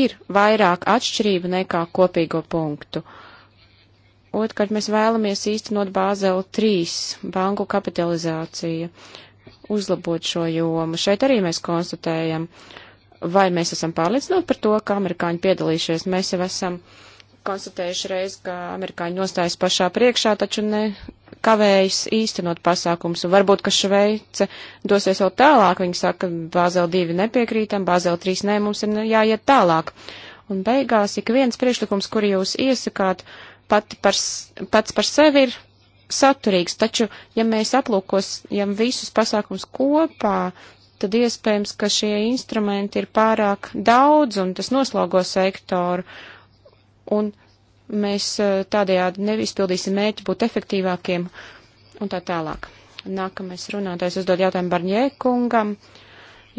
Ir vairāk atšķirība nekā kopīgo punktu. Uh, Otkārt, mēs vēlamies īstenot Bāzeli 3 banku kapitalizāciju, uzlabot šo jomu. Šeit arī mēs konstatējam, vai mēs esam pārliecināti par to, ka amerikāņi piedalīšies. Mēs jau esam konstatējuši reiz, ka amerikāņi nostājas pašā priekšā, taču ne kavējas īstenot pasākums. Un varbūt, ka Šveice dosies vēl tālāk. Viņi saka, Bāzel 2 nepiekrītam, Bāzel 3 nē, mums ir jāiet tālāk. Un beigās ik viens priekšlikums, kuru jūs iesakāt, uh, pati par, pats par sevi ir saturīgs, taču, ja mēs aplūkosjam visus pasākums kopā, tad iespējams, ka šie instrumenti ir pārāk daudz un tas noslogo sektoru, un mēs e, tādējādi neizpildīsim mērķi būt efektīvākiem un tā tālāk. Nākamais runātājs uzdod jautājumu Barņē kungam.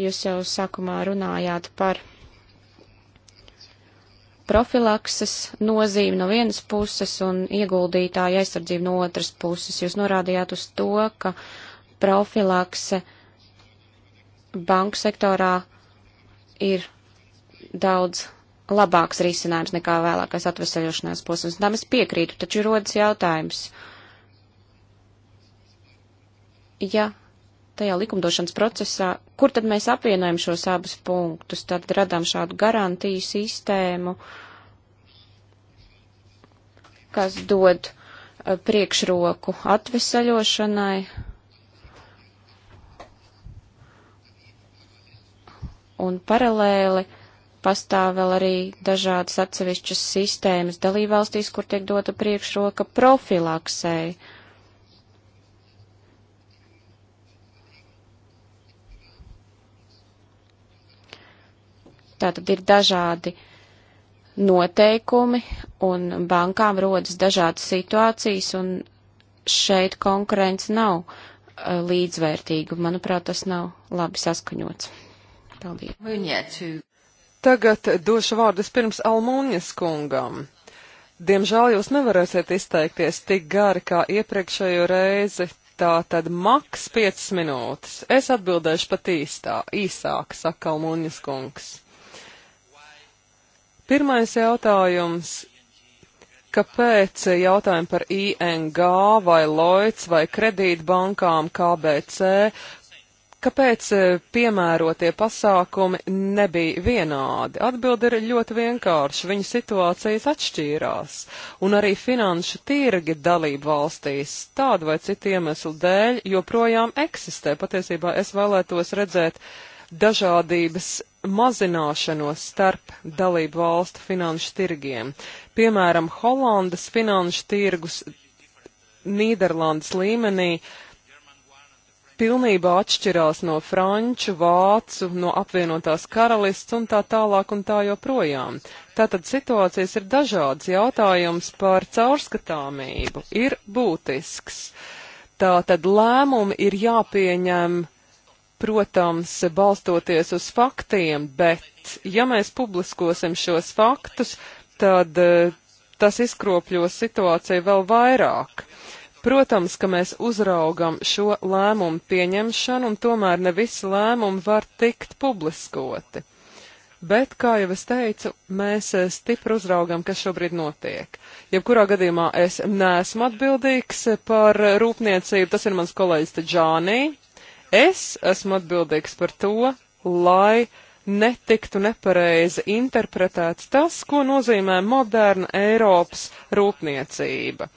Jūs jau sākumā runājāt par profilakses nozīme no vienas puses un ieguldītāja aizsardzība no otras puses. Jūs norādījāt uz to, ka profilakse banku sektorā ir daudz labāks risinājums nekā vēlākais atvesaļošanās posms. Tam es piekrītu, taču rodas jautājums. Ja tajā likumdošanas procesā, kur tad mēs apvienojam šos abus punktus, tad radām šādu garantiju sistēmu, kas dod eh, priekšroku atvesaļošanai. Un paralēli pastāv vēl arī dažādas atsevišķas sistēmas dalībvalstīs, kur tiek dota priekšroka profilaksēji Tātad ir dažādi noteikumi un bankām rodas dažādas situācijas un šeit konkurence nav uh, līdzvērtīga. Manuprāt, tas nav labi saskaņots. Paldies. Tagad došu vārdus pirms Almūņas kungam. Diemžēl jūs nevarēsiet izteikties tik gari kā iepriekšējo reizi, tā tad maks 5 minūtes. Es atbildēšu pat īstā, īsāk, saka Almūņas kungs. Pirmais jautājums. Kāpēc jautājumi par ING vai Lloyds vai kredītbankām KBC? Kāpēc eh, piemērotie pasākumi nebija vienādi? Atbilde ir ļoti vienkārša. Viņa situācijas atšķīrās. Un arī finanšu tirgi dalību valstīs tādu vai citu iemeslu dēļ joprojām eksistē. Patiesībā es vēlētos redzēt dažādības mazināšanos starp dalību valstu finanšu tirgiem. Piemēram, Holandas finanšu tirgus Nīderlandes līmenī pilnībā atšķirās no franču, vācu, no apvienotās karalists un tā tālāk un tā joprojām. Tātad situācijas ir dažādas, jautājums par caurskatāmību ir būtisks. Tātad lēmumi ir jāpieņem protams, balstoties uz faktiem, bet ja mēs publiskosim šos faktus, tad eh, tas izkropļos situāciju vēl vairāk. Protams, ka mēs uzraugam šo lēmumu pieņemšanu, un tomēr ne visi lēmumi var tikt publiskoti. Bet, kā jau es teicu, mēs eh, stipri uzraugam, kas šobrīd notiek. Jebkurā gadījumā es neesmu atbildīgs eh, par rūpniecību, tas ir mans kolēģis Džānī, Es esmu atbildīgs par to, lai netiktu nepareizi interpretēts tas, ko nozīmē moderna Eiropas rūpniecība.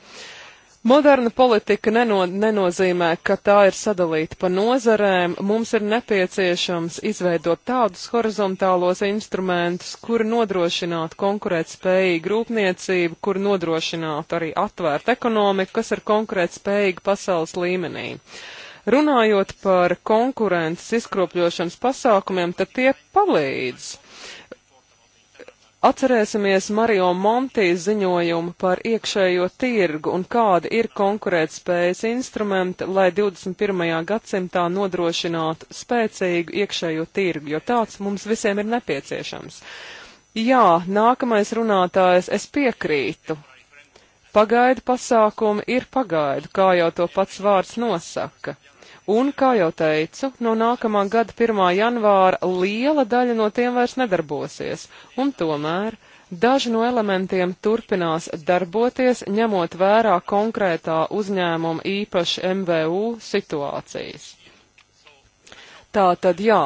Moderna politika neno, nenozīmē, ka tā ir sadalīta pa nozarēm. Mums ir nepieciešams izveidot tādus horizontālos instrumentus, kuri nodrošinātu konkurētspējīgu rūpniecību, kuri nodrošinātu arī atvērtu ekonomiku, kas ir konkurētspējīga pasaules līmenī. Uh, Runājot par konkurences izkropļošanas pasākumiem, tad tie palīdz. Atcerēsimies Mario Monti ziņojumu par iekšējo tirgu un kāda ir konkurētspējas instrumenti, lai 21. gadsimtā nodrošinātu spēcīgu iekšējo tirgu, jo tāds mums visiem ir nepieciešams. Jā, nākamais runātājs, es piekrītu. Pagaidu pasākumi ir pagaidu, kā jau to pats vārds nosaka. Un, kā jau teicu, no nākamā gada 1. janvāra liela daļa no tiem vairs nedarbosies. Un tomēr daži no elementiem turpinās darboties, ņemot vērā konkrētā uzņēmuma īpaši MVU situācijas. Tā tad jā,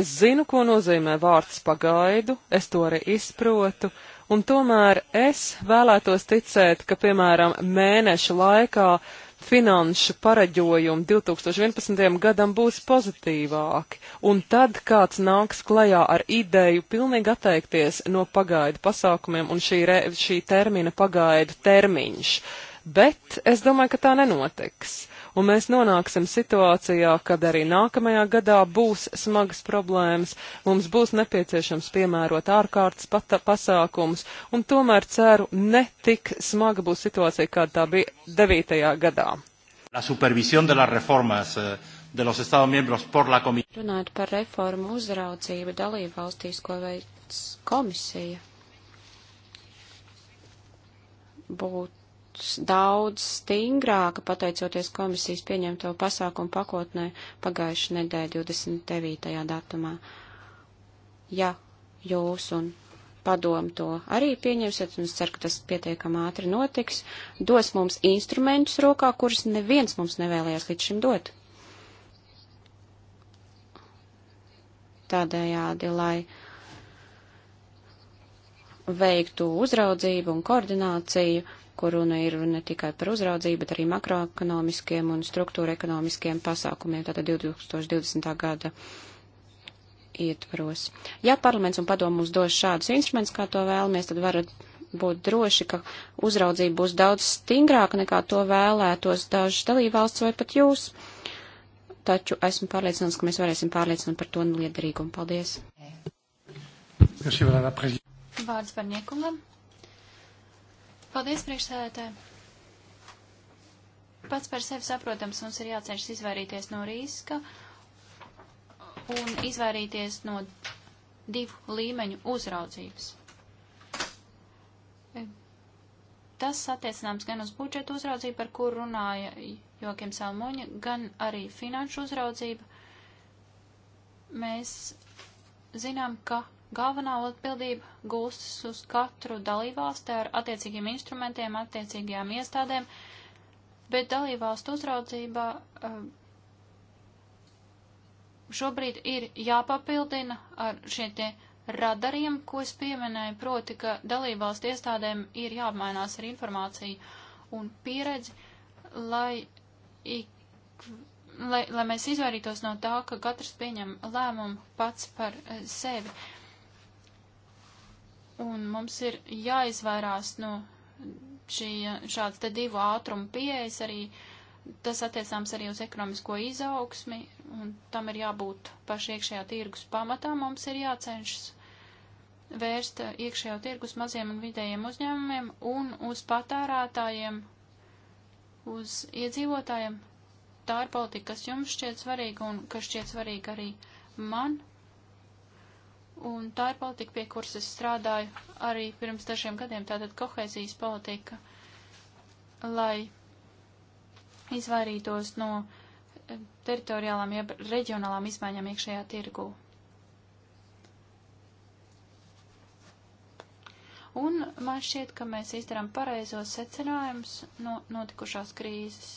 es zinu, ko nozīmē vārds pagaidu, es to arī izprotu, un tomēr es vēlētos ticēt, ka, piemēram, mēneša laikā finanšu pareģojumi 2011. gadam būs pozitīvāki, un tad kāds nāks klajā ar ideju pilnīgi atteikties no pagaidu pasākumiem un šī, re, šī termina pagaidu termiņš. Bet es domāju, ka tā nenotiks un mēs nonāksim situācijā, kad arī nākamajā gadā būs smagas problēmas, mums būs nepieciešams piemērot ārkārtas pasākumus, un tomēr ceru, ne tik smaga būs situācija, kāda tā bija 9. gadā. La supervisión de las reformas uh, de los Estados miembros por la Comisión. Runājot par reformu uzraudzību dalību valstīs, ko veids komisija, būtu daudz stingrāka, pateicoties komisijas pieņemto pasākumu pakotnē pagājušajā nedēļā 29. datumā. Ja jūs un padomu to arī pieņemsiet, un es ceru, ka tas pietiekam ātri notiks, dos mums instrumentus rokā, kurus neviens mums nevēlējās līdz šim dot. Tādējādi, lai veiktu uzraudzību un koordināciju, kur runa ir ne tikai par uzraudzību, bet arī makroekonomiskiem un struktūra ekonomiskiem pasākumiem, tātad 2020. gada ietvaros. Ja parlaments un padomu mums dos šādus instrumentus, kā to vēlamies, tad varat būt droši, ka uzraudzība būs daudz stingrāka nekā to vēlētos dažas dalībvalsts vai pat jūs. Taču esmu pārliecināts, ka mēs varēsim pārliecināt par to liederīgumu. Paldies! Vārds par niekumam. Paldies, priekšsēdētāji! Pats par sevi saprotams, mums ir jācenšas izvairīties no riska un izvairīties no divu līmeņu uzraudzības. E, tas attiecināms gan uz budžetu uzraudzību, par kur runāja Jokiem Salmoņa, gan arī finanšu uzraudzība. Mēs zinām, ka Galvenā atbildība gūstas uz katru dalībvalsti ar attiecīgiem instrumentiem, attiecīgajām iestādēm, bet dalībvalstu uzraudzība eh, šobrīd ir jāpapildina ar šiem tie radariem, ko es pieminēju, proti, ka dalībvalstu iestādēm ir jāapmainās ar informāciju un pieredzi, lai, ik, lai, lai mēs izvairītos no tā, ka katrs pieņem lēmumu pats par eh, sevi. Un mums ir jāizvairās no šī, šāds te divu ātrumu pieejas arī, tas attiecāms arī uz ekonomisko izaugsmi, un tam ir jābūt paši iekšējā tirgus pamatā, mums ir jācenšas vērst iekšējo tirgus maziem un vidējiem uzņēmumiem un uz patērētājiem, uz iedzīvotājiem. Tā ir politika, kas jums šķiet svarīga un kas šķiet svarīga arī man un tā ir politika, pie kuras es strādāju arī pirms dažiem gadiem, tātad kohēzijas politika, lai izvairītos no eh, teritoriālām, jeb reģionālām izmaiņām iekšējā tirgū. Un man šķiet, ka mēs izdarām pareizos secinājumus no notikušās krīzes.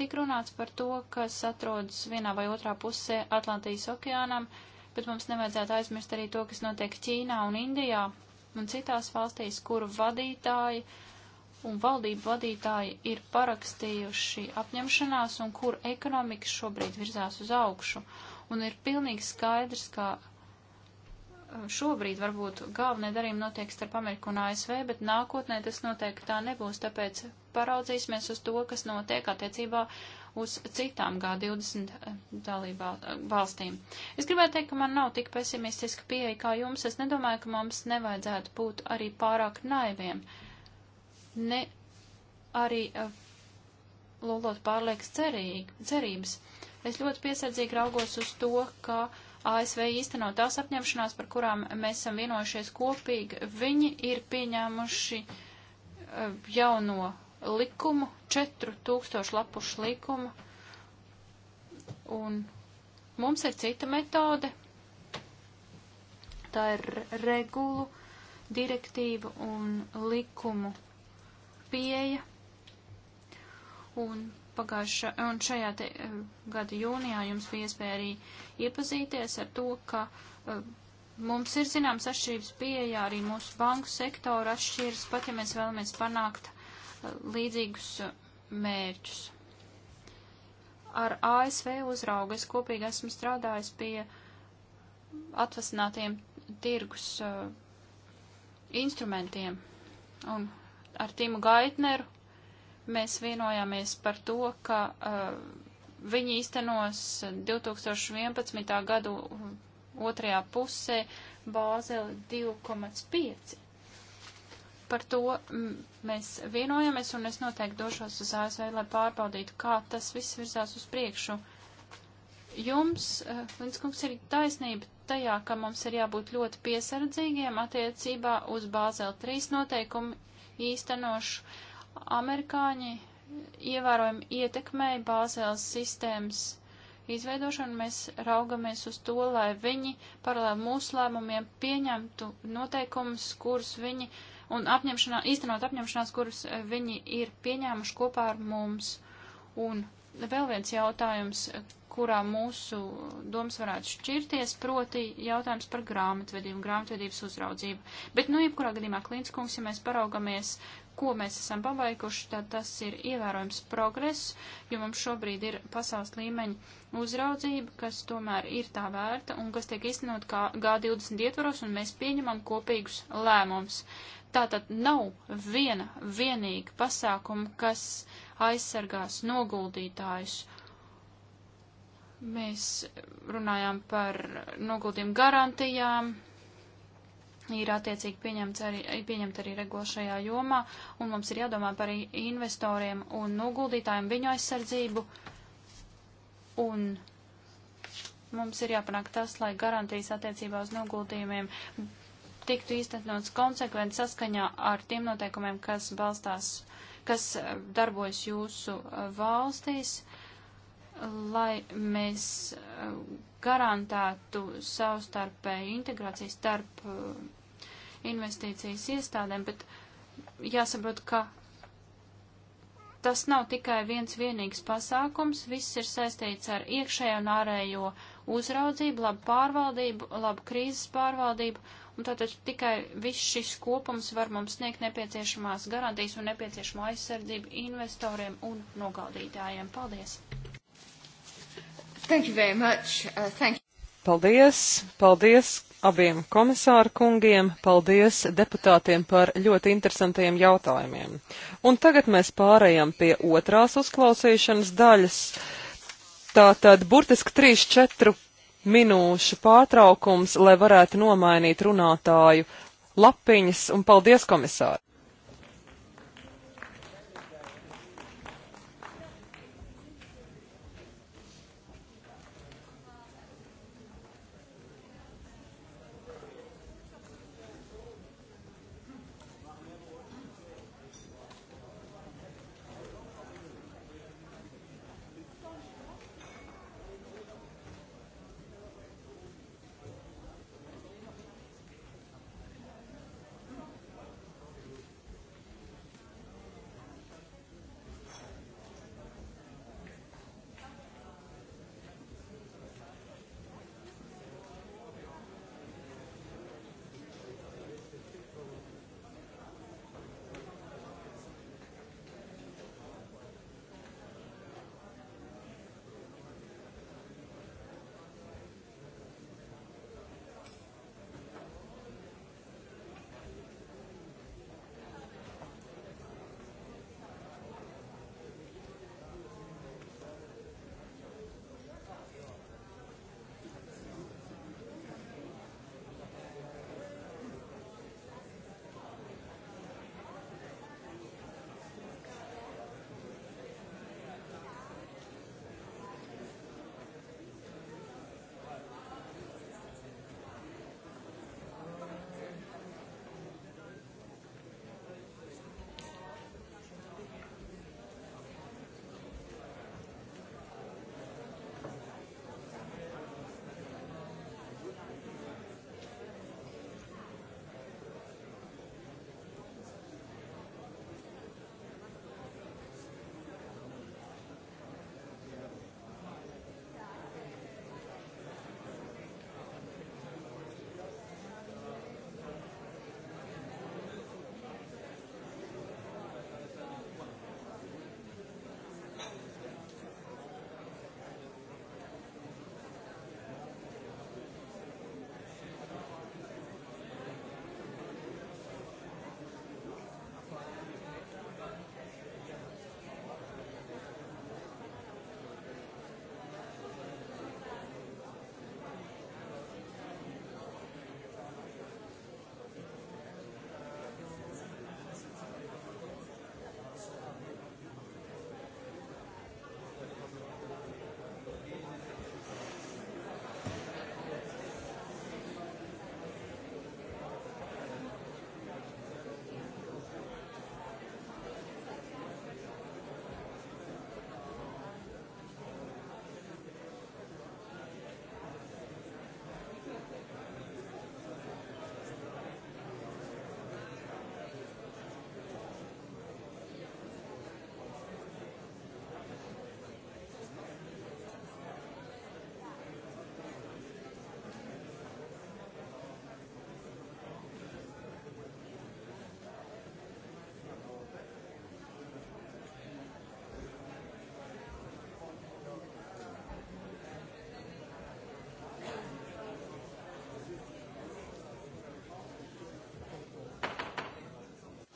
Tik runāts par to, kas atrodas vienā vai otrā pusē Atlantijas okeānam, bet mums nevajadzētu aizmirst arī to, kas notiek Ķīnā un Indijā un citās valstīs, kuru vadītāji un valdību vadītāji ir parakstījuši apņemšanās un kur ekonomika šobrīd virzās uz augšu. Un ir pilnīgi skaidrs, ka uh, šobrīd varbūt galvenie darījumi notiek starp Ameriku un ASV, bet nākotnē tas noteikti tā nebūs, tāpēc paraudzīsimies uz to, kas notiek attiecībā uz citām G20 dalībā valstīm. Es gribētu teikt, ka man nav tik pesimistiska pieeja kā jums. Es nedomāju, ka mums nevajadzētu būt arī pārāk naiviem. Ne arī eh, lūlot pārlieks cerīgi, cerības. Es ļoti piesardzīgi raugos uz to, ka ASV īstenot tās apņemšanās, par kurām mēs esam vienojušies kopīgi, viņi ir pieņēmuši eh, jauno likumu, 4000 lapušu likumu, un mums ir cita metode. Tā ir regulu, direktīvu un likumu pieeja. Un pagājušā, un šajā te, e, gada jūnijā jums bija iespēja arī iepazīties ar to, ka uh, mums ir zināms atšķirības pieejā, arī mūsu banku sektora atšķiras, pat ja mēs vēlamies panākt līdzīgus mērķus. Ar ASV uzraugu es kopīgi esmu strādājis pie atvasinātiem tirgus uh, instrumentiem. Un ar Timu Gaitneru mēs vienojāmies par to, ka uh, viņi īstenos 2011. gadu otrajā pusē Bāzeli 2,5. Par to mēs vienojamies, un es noteikti došos uz ASV, lai pārbaudītu, kā tas viss virzās uz priekšu. Jums, eh, Linskungs, ir taisnība tajā, ka mums ir jābūt ļoti piesardzīgiem attiecībā uz Bāzeli 3 noteikumu īstenošu. Amerikāņi ievērojami ietekmēja Bāzeles sistēmas izveidošanu, mēs raugamies uz to, lai viņi paralēli mūsu lēmumiem pieņemtu noteikumus, kurus viņi uh, un apņemšanā, īstenot apņemšanās, kuras e, viņi ir pieņēmuši kopā ar mums. Un vēl viens jautājums, kurā mūsu domas varētu šķirties, proti jautājums par grāmatvedību, grāmatvedības uzraudzību. Bet, nu, jebkurā gadījumā klīnskungs, ja mēs paraugamies, ko mēs esam paveikuši, tad tas ir ievērojams progress, jo mums šobrīd ir pasaules līmeņa uzraudzība, kas tomēr ir tā vērta un kas tiek iztenot kā G20 ietvaros, un mēs pieņemam kopīgus lēmumus. Tātad nav viena vienīga pasākuma, kas aizsargās noguldītājus. Mēs runājām par noguldījumu garantijām, ir attiecīgi pieņemts arī, pieņemt arī regula šajā jomā, un mums ir jādomā par investoriem un noguldītājiem viņu aizsardzību, un mums ir jāpanāk tas, lai garantijas attiecībā uz noguldījumiem tiktu īstenots konsekventi saskaņā ar tiem noteikumiem, kas balstās, kas eh, darbojas jūsu eh, valstīs, lai mēs eh, garantētu savstarpēju integrāciju starp investīcijas iestādēm, bet jāsaprot, ka tas nav tikai viens vienīgs pasākums, viss ir saistīts ar iekšējo un ārējo uzraudzību, labu pārvaldību, labu krīzes pārvaldību Un tātad tikai viss šis kopums var mums sniegt nepieciešamās garantijas un nepieciešamo aizsardzību investoriem un nogaldītājiem. Paldies! Thank you very much. Uh, thank you. Paldies! Paldies abiem komisāru kungiem! Paldies deputātiem par ļoti interesantiem jautājumiem! Un tagad mēs pārējām pie otrās uzklausīšanas daļas. Tātad burtiski 3-4 minūšu pārtraukums, lai varētu nomainīt runātāju lapiņas, un paldies komisāri!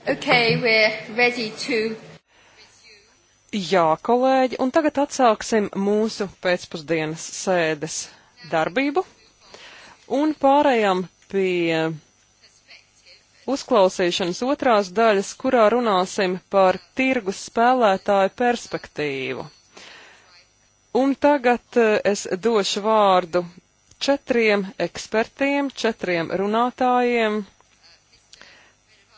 Okay, we're ready to Jā, kolēģi, un tagad atsāksim mūsu pēcpusdienas sēdes darbību un pārējām pie uzklausīšanas otrās daļas, kurā runāsim par tirgus spēlētāju perspektīvu. Un tagad eh, es došu vārdu četriem ekspertiem, četriem runātājiem.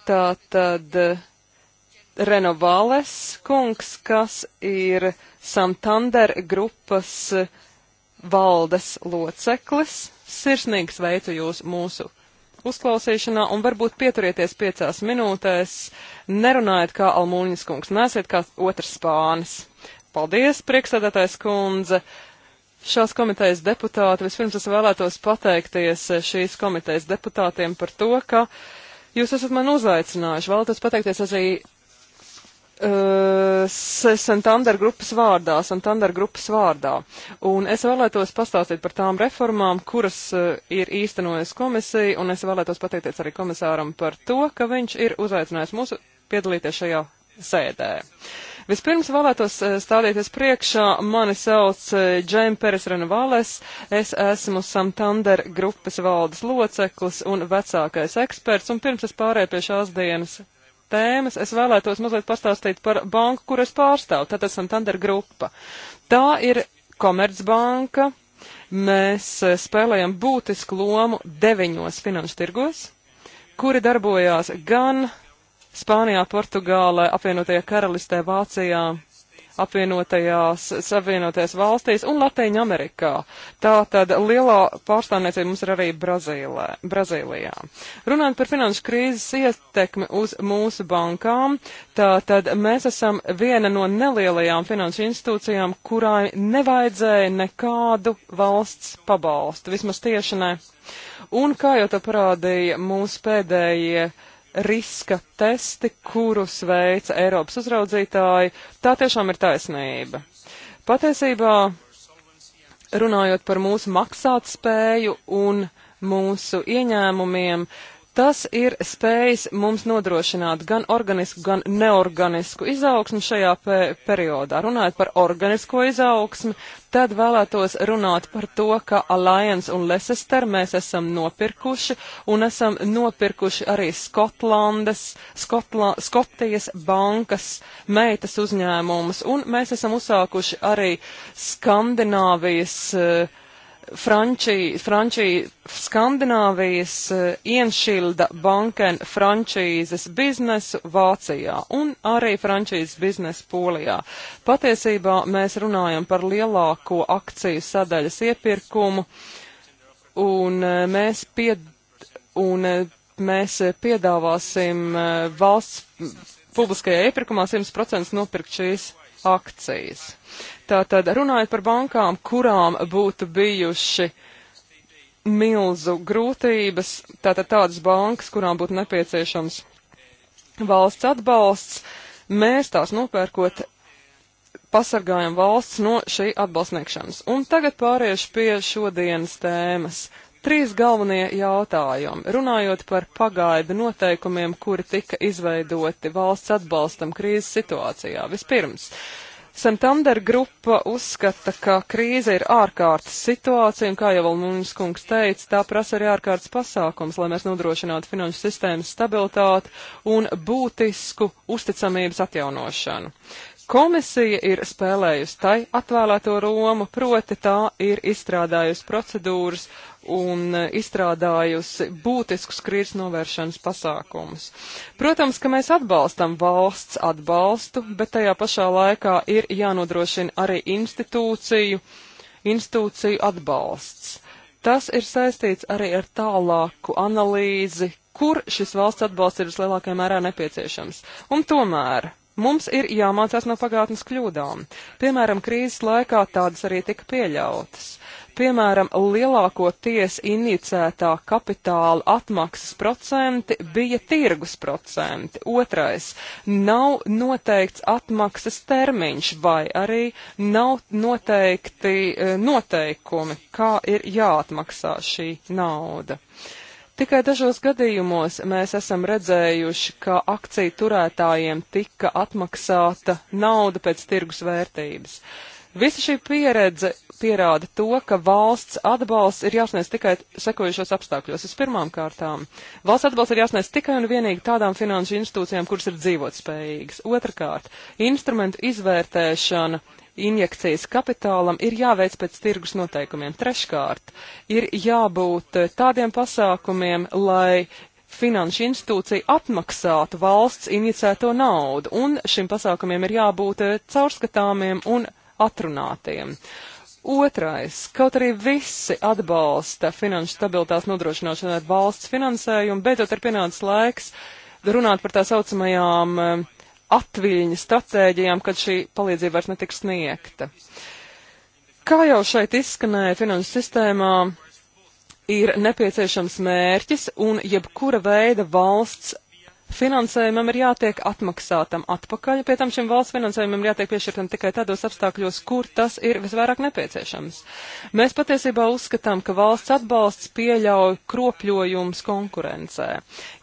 Tā tad Renovāles kungs, kas ir Santander grupas valdes loceklis, sirsnīgi sveicu jūs mūsu uzklausīšanā un varbūt pieturieties piecās minūtēs, nerunājiet kā Almūņas kungs, nesiet kā otrs spānis. Paldies, priekšsēdētājs kundze! Šās komitejas deputāti, vispirms es vēlētos pateikties šīs komitejas deputātiem par to, ka uh, Jūs esat man uzaicinājuši, vēlētos pateikties arī uh, Santander grupas vārdā, Santander grupas vārdā. Un es vēlētos pastāstīt par tām reformām, kuras uh, ir īstenojusi komisija, un es vēlētos pateikties arī komisāram par to, ka viņš ir uzaicinājis mūsu piedalīties šajā sēdē. Uh, Vispirms vēlētos eh, stādīties priekšā. Mani sauc eh, Džēm Peres Renovales. Es esmu Santander grupas valdes loceklis un vecākais eksperts. Un pirms es pārēju pie šās dienas tēmas, es vēlētos mazliet pastāstīt par banku, kur es pārstāvu. Tātad Santander grupa. Tā ir Komercbanka. Mēs eh, spēlējam būtisku lomu deviņos finanšu tirgos, kuri darbojās gan Spānijā, Portugālē, apvienotajā karalistē, Vācijā, apvienotajās savienotajās valstīs un Latīņa Amerikā. Tā tad lielā pārstāvniecība mums ir arī Brazīlē, Brazīlijā. Runājot par finanšu krīzes ietekmi uz mūsu bankām, tā tad mēs esam viena no nelielajām finanšu institūcijām, kurām nevajadzēja nekādu valsts pabalstu, vismaz tieši ne. Un kā jau to parādīja mūsu pēdējie riska testi, kurus veica Eiropas uzraudzītāji. Tā tiešām ir taisnība. Patiesībā, runājot par mūsu maksātspēju un mūsu ieņēmumiem, uh, Tas ir spējis mums nodrošināt gan organisku, gan neorganisku izaugsmu šajā pe periodā. Runājot par organisko izaugsmu, tad vēlētos runāt par to, ka Alliance un Leicester mēs esam nopirkuši un esam nopirkuši arī Skotlandes, Skotla, Skotijas bankas meitas uzņēmumus un mēs esam uzsākuši arī Skandināvijas uh, Frančija, Frančija, Skandināvijas eh, ienšilda banken frančīzes biznesu Vācijā un arī frančīzes biznesu Polijā. Patiesībā mēs runājam par lielāko akciju sadaļas iepirkumu un eh, mēs, pied, un eh, mēs piedāvāsim valsts publiskajā iepirkumā 100% nopirkt šīs akcijas. Tātad runājot par bankām, kurām būtu bijuši milzu grūtības, tātad tādas bankas, kurām būtu nepieciešams valsts atbalsts, mēs tās nopērkot pasargājam valsts no šī atbalstniekšanas. Un tagad pāriešu pie šodienas tēmas. Trīs galvenie jautājumi. Runājot par pagaidu noteikumiem, kuri tika izveidoti valsts atbalstam krīzes situācijā. Vispirms, uh, Santander grupa uzskata, ka krīze ir ārkārtas situācija, un kā jau mums kungs teica, tā prasa arī ārkārtas pasākums, lai mēs nodrošinātu finanšu sistēmas stabilitāti un būtisku uzticamības atjaunošanu. Komisija ir spēlējusi tai atvēlēto Romu, proti tā ir izstrādājusi procedūras un e, izstrādājusi būtiskus krīzes novēršanas pasākumus. Protams, ka mēs atbalstam valsts atbalstu, bet tajā pašā laikā ir jānodrošina arī institūciju, institūciju atbalsts. Tas ir saistīts arī ar tālāku analīzi, kur šis valsts atbalsts ir vislielākajā mērā nepieciešams. Un tomēr Mums ir jāmācās no pagātnes kļūdām. Piemēram, krīzes laikā tādas arī tika pieļautas. Piemēram, lielākoties inicētā kapitāla atmaksas procenti bija tirgus procenti. Otrais - nav noteikts atmaksas termiņš vai arī nav noteikti eh, noteikumi, kā ir jāatmaksā šī nauda. Uh, Tikai dažos gadījumos mēs esam redzējuši, ka akciju turētājiem tika atmaksāta nauda pēc tirgus vērtības. Visa šī pieredze pierāda to, ka valsts atbalsts ir jāsniedz tikai sekojušos apstākļos. Vispirmām kārtām, valsts atbalsts ir jāsniedz tikai un vienīgi tādām finanšu institūcijām, kuras ir dzīvotspējīgas. Otrakārt, instrumentu izvērtēšana injekcijas kapitālam ir jāveic pēc tirgus noteikumiem. Treškārt, ir jābūt eh, tādiem pasākumiem, lai finanšu institūcija atmaksātu valsts inicēto naudu, un šim pasākumiem ir jābūt eh, caurskatāmiem un atrunātiem. Otrais, kaut arī visi atbalsta finanšu stabilitātes nodrošināšanu ar valsts finansējumu, beidzot ir pienācis laiks runāt par tā saucamajām uh, atviļņa stratēģijām, kad šī palīdzība vairs netiks sniegta. Kā jau šeit izskanēja finanšu sistēmā, ir nepieciešams mērķis un jebkura veida valsts finansējumam ir jātiek atmaksātam atpakaļ, pie tam šim valsts finansējumam ir jātiek piešķirtam tikai tādos apstākļos, kur tas ir visvairāk nepieciešams. Mēs patiesībā uzskatām, ka valsts atbalsts pieļauj kropļojums konkurencē.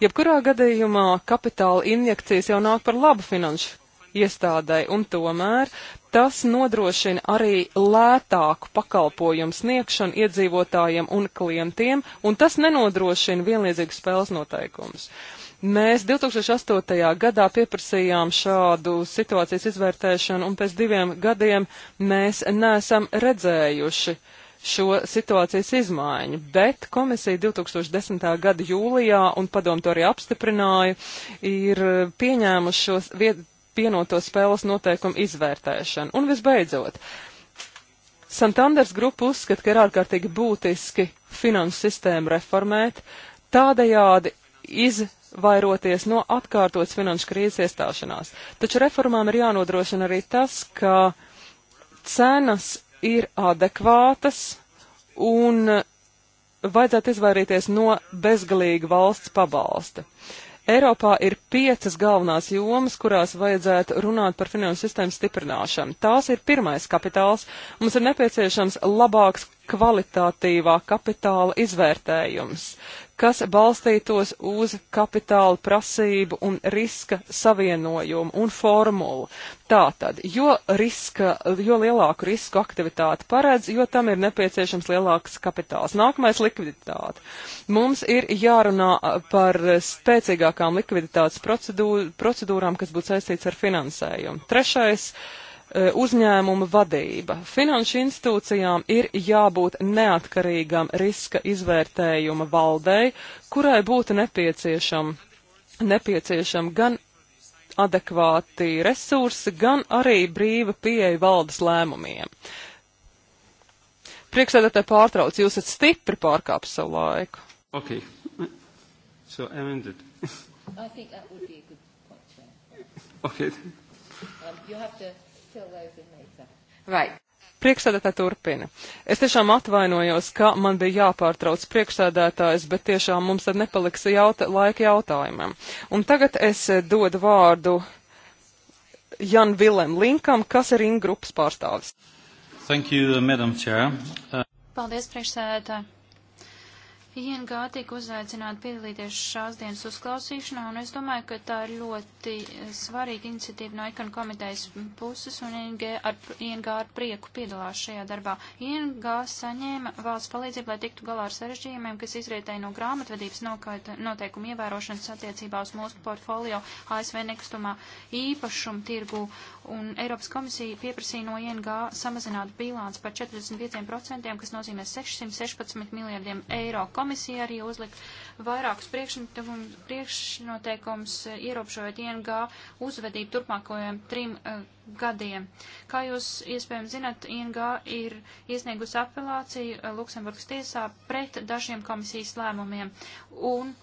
Jebkurā gadījumā kapitāla injekcijas jau nāk par labu finanšu iestādai, un tomēr tas nodrošina arī lētāku pakalpojumu sniegšanu iedzīvotājiem un klientiem, un tas nenodrošina vienlīdzīgas spēles noteikumus. Uh, Mēs 2008. gadā pieprasījām šādu situācijas izvērtēšanu, un pēc diviem gadiem mēs neesam redzējuši šo situācijas izmaiņu, bet komisija 2010. gada jūlijā, un padom to arī apstiprināja, ir pieņēmuši šos viet, pienoto spēles noteikumu izvērtēšanu. Un visbeidzot, Santanders grupa uzskata, ka ir ārkārtīgi būtiski finansu sistēmu reformēt, tādējādi iz vairoties no atkārtotas finanšu krīzes iestāšanās. Taču reformām ir jānodrošina arī tas, ka cenas ir adekvātas un vajadzētu izvairīties no bezgalīga valsts pabalsta. Eiropā ir piecas galvenās jomas, kurās vajadzētu runāt par finanšu sistēmas stiprināšanu. Tās ir pirmais kapitāls. Mums ir nepieciešams labāks kvalitātīvā kapitāla izvērtējums kas balstītos uz kapitāla prasību un riska savienojumu un formulu. Tātad, jo, riska, jo lielāku risku aktivitāti paredz, jo tam ir nepieciešams lielāks kapitāls. Nākamais - likviditāte. Mums ir jārunā par spēcīgākām likviditātes procedūrām, kas būtu saistīts ar finansējumu. Trešais - E, uzņēmuma vadība. Finanšu institūcijām ir jābūt neatkarīgam riska izvērtējuma valdei, kurai būtu nepieciešama nepieciešam gan adekvāti resursi, gan arī brīva pieeja valdes lēmumiem. Priekšsēdētāji pārtrauc, jūs esat stipri pārkāpis savu laiku. Okay. So I amended. I think that would be a good point, Chair. Okay. Um, you have to Right. Priekšsēdētāja turpina. Es tiešām atvainojos, ka man bija jāpārtrauc priekšsēdētājs, bet tiešām mums tad nepaliks jauta, laika jautājumam. Un tagad es dodu vārdu Jan Vilem Linkam, kas ir Ingrupas pārstāvis. Thank you, Madam Chair. Uh... Paldies, priekšsēdētāji. ING tika uzaicināta piedalīties šās dienas uzklausīšanā, un es domāju, ka tā ir ļoti svarīga iniciatīva no ikon komitejas puses, un ING ar, ING ar prieku piedalās šajā darbā. ING saņēma valsts palīdzību, lai tiktu galā ar sarežģījumiem, kas izrietēja no grāmatvedības nokaita, noteikumu ievērošanas attiecībā uz mūsu portfolio ASV nekustamā īpašuma tirgu un Eiropas komisija pieprasīja no ING samazināt bilāns par 45%, kas nozīmē 616 miljardiem eiro. Komisija arī uzlika vairākus priekšnoteikumus, eh, ierobežojot ING uzvedību turpmākajiem trim uh, gadiem. Kā jūs iespējams zināt, ING ir iesniegusi apelāciju uh, Luksemburgas tiesā pret dažiem komisijas lēmumiem, un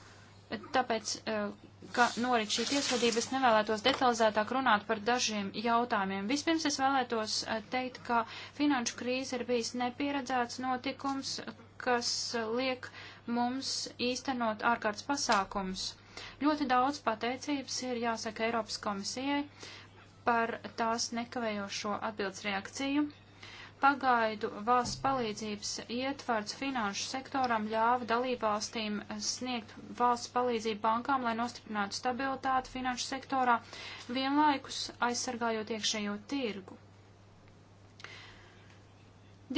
tāpēc uh, ka norit šī tiesvedība, es nevēlētos detalizētāk runāt par dažiem jautājumiem. Vispirms es vēlētos eh, teikt, ka finanšu krīze ir bijis nepieredzēts notikums, kas liek mums īstenot ārkārtas pasākums. Ļoti daudz pateicības ir jāsaka Eiropas komisijai par tās nekavējošo atbildes reakciju. Pagaidu valsts palīdzības ietvarts finanšu sektoram ļāva dalībvalstīm sniegt valsts palīdzību bankām, lai nostiprinātu stabilitāti finanšu sektorā, vienlaikus aizsargājot iekšējo tirgu.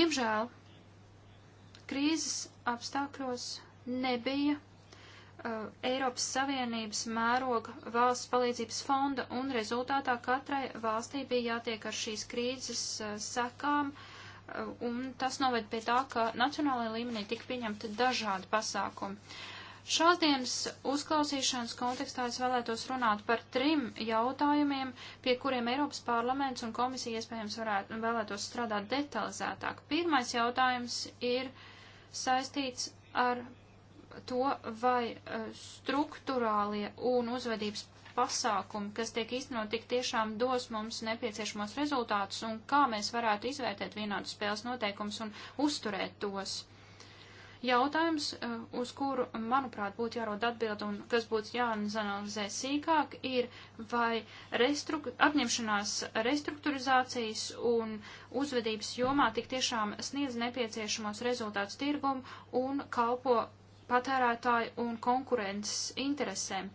Diemžēl krīzes apstākļos nebija uh, Eiropas Savienības mēroga valsts palīdzības fonda, un rezultātā katrai valstī bija jātiek ar šīs krīzes uh, sekām uh, Uh, un tas noved pie tā, ka nacionālajā līmenī tika pieņemti dažādi pasākumi. Šās dienas uzklausīšanas kontekstā es vēlētos runāt par trim jautājumiem, pie kuriem Eiropas parlaments un komisija iespējams varētu, vēlētos strādāt detalizētāk. Pirmais jautājums ir saistīts ar to, vai uh, struktūrālie un uzvedības pasākumi, kas tiek īstenot, tik tiešām dos mums nepieciešamos rezultātus un kā mēs varētu izvērtēt vienādus spēles noteikumus un uzturēt tos. Jautājums, eh, uz kuru, manuprāt, būtu jārod atbild un kas būtu jāanalizē sīkāk, ir, vai restruk apņemšanās restruktūrizācijas un uzvedības jomā tik tiešām sniedz nepieciešamos rezultātus tirgumu un kalpo patērētāju un konkurences interesēm.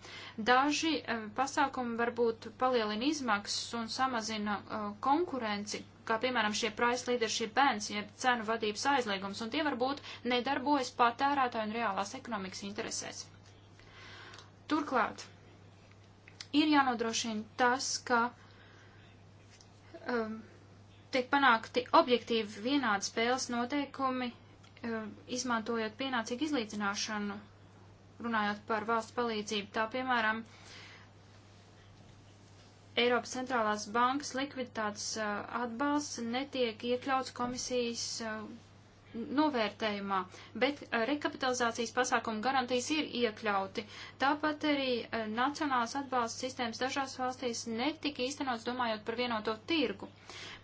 Daži uh, pasākumi varbūt palielina izmaksas un samazina uh, konkurenci, kā piemēram šie price leadership bands, jeb cenu vadības aizliegums, un tie varbūt nedarbojas patērētāju un reālās ekonomikas interesēs. Turklāt ir jānodrošina tas, ka um, tiek panākti objektīvi vienādi spēles noteikumi Ehm, izmantojot pienācīgu izlīdzināšanu, runājot par valsts palīdzību. Tā piemēram, Eiropas centrālās bankas likviditātes ehm, atbalsts netiek iekļauts komisijas ehm, novērtējumā, bet eh, rekapitalizācijas pasākumu garantijas ir iekļauti. Tāpat arī eh, nacionālās atbalsta sistēmas dažās valstīs netika īstenots domājot par vienoto tirgu.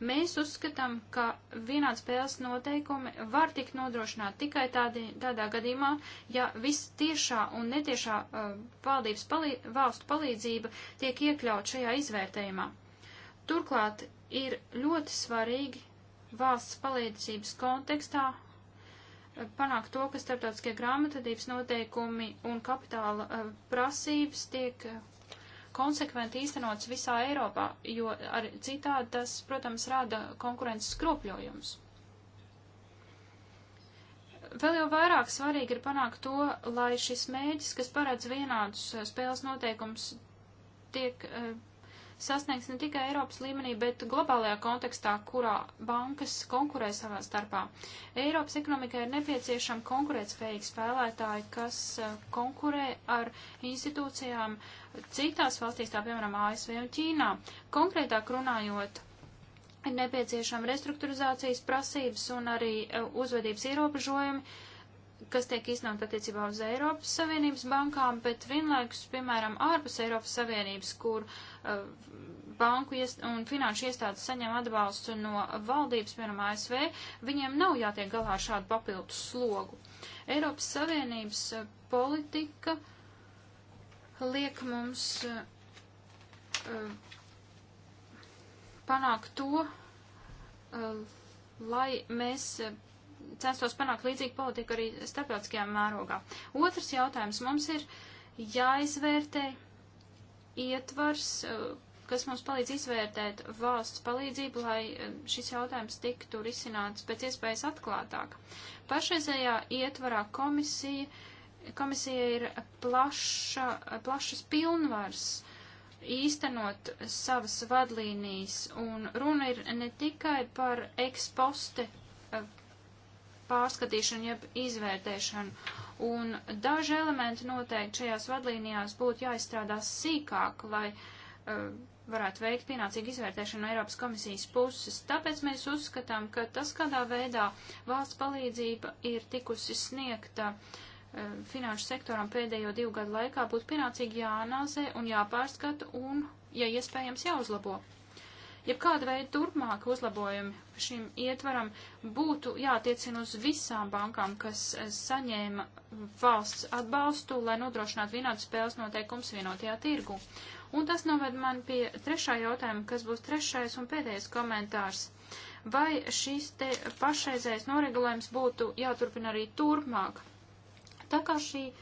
Mēs uzskatām, ka vienāds spēles noteikumi var tikt nodrošināt tikai tādi, tādā gadījumā, ja viss tiešā un netiešā eh, valdības palī, valstu palīdzība tiek iekļaut šajā izvērtējumā. Turklāt ir ļoti svarīgi valsts palīdzības kontekstā eh, panākt to, ka starptautiskie grāmatvedības noteikumi un kapitāla uh, prasības tiek uh, konsekventi īstenots visā Eiropā, jo ar citādi tas, protams, rada konkurences skropļojums. Vēl jau vairāk svarīgi ir panākt to, lai šis mēģis, kas paredz vienādus spēles noteikumus, tiek uh, sasniegs ne tikai Eiropas līmenī, bet globālajā kontekstā, kurā bankas konkurē savā starpā. Eiropas ekonomikai ir nepieciešama konkurētspējīga spēlētāja, kas eh, konkurē ar institūcijām citās valstīs, tā piemēram ASV un Ķīnā. Konkrētāk runājot, ir nepieciešama restruktūrizācijas prasības un arī eh, uzvedības ierobežojumi kas tiek iznākt attiecībā uz Eiropas Savienības bankām, bet vienlaikus, piemēram, ārpus Eiropas Savienības, kur uh, banku iest un finanšu iestādes saņem atbalstu no valdības, piemēram, ASV, viņiem nav jātiek galā ar šādu papildus slogu. Eiropas Savienības uh, politika liek mums uh, uh, panākt to, uh, lai mēs. Uh, censtos panākt līdzīgu politiku arī starptautiskajā mērogā. Otrs jautājums mums ir jāizvērtē ietvars, eh, kas mums palīdz izvērtēt valsts palīdzību, lai eh, šis jautājums tiktu risināts pēc iespējas atklātāk. Pašreizējā ietvarā komisija, komisija ir plaša, plašas pilnvars īstenot savas vadlīnijas, un runa ir ne tikai par eksposte pārskatīšanu, jeb izvērtēšanu. Un daži elementi noteikti šajās vadlīnijās būtu jāizstrādā sīkāk, lai uh, varētu veikt pienācīgu izvērtēšanu no Eiropas komisijas puses. Tāpēc mēs uzskatām, ka tas, kādā veidā valsts palīdzība ir tikusi sniegta uh, finanšu sektoram pēdējo divu gadu laikā, būtu pienācīgi jāanalizē un jāpārskata un, ja iespējams, jāuzlabo ja kāda veida turpmāk uzlabojumi šim ietvaram būtu jātiecina uz visām bankām, kas eh, saņēma valsts atbalstu, lai nodrošinātu vienādu spēles noteikums vienotajā tirgu. Un tas noved man pie trešā jautājuma, kas būs trešais un pēdējais komentārs. Vai šis te pašreizējais noregulējums būtu jāturpina arī turpmāk? Tā kā šī uh,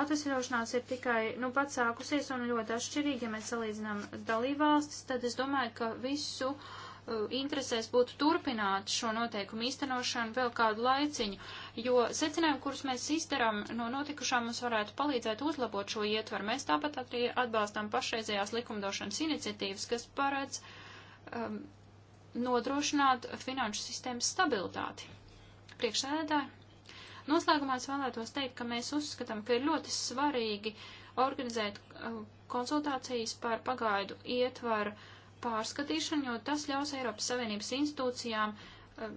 atvesļošanās ir tikai, nu, pats sākusies un ļoti atšķirīgi, ja mēs salīdzinām dalībvalstis, tad es domāju, ka visu uh, interesēs būtu turpināt šo noteikumu īstenošanu vēl kādu laiciņu, jo secinājumi, kurus mēs izdarām no notikušām, mums varētu palīdzēt uzlabot šo ietvaru. Mēs tāpat arī atbalstām pašreizējās likumdošanas iniciatīvas, kas paredz um, nodrošināt finanšu sistēmas stabilitāti. Priekšsēdētāji! Noslēgumā es vēlētos teikt, ka mēs uzskatām, ka ir ļoti svarīgi organizēt uh, konsultācijas par pagaidu ietvaru pārskatīšanu, jo tas ļaus Eiropas Savienības institūcijām uh,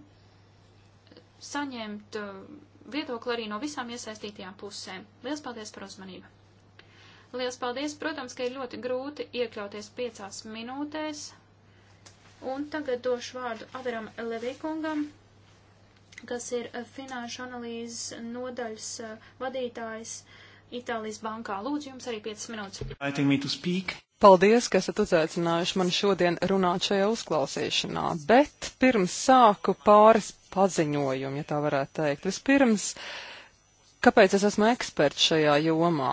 saņemt uh, viedokli arī no visām iesaistītajām pusēm. Lielas paldies par uzmanību! Lielas paldies! Protams, ka ir ļoti grūti iekļauties piecās minūtēs. Un tagad došu vārdu Averam Levikungam, kas ir eh, finanšu analīzes nodaļas eh, vadītājs Itālijas bankā. Lūdzu, jums arī 5 minūtes. Paldies, ka esat uzaicinājuši mani šodien runāt šajā uzklausīšanā, bet pirms sāku pāris paziņojumu, ja tā varētu teikt. Vispirms, kāpēc es esmu eksperts šajā jomā?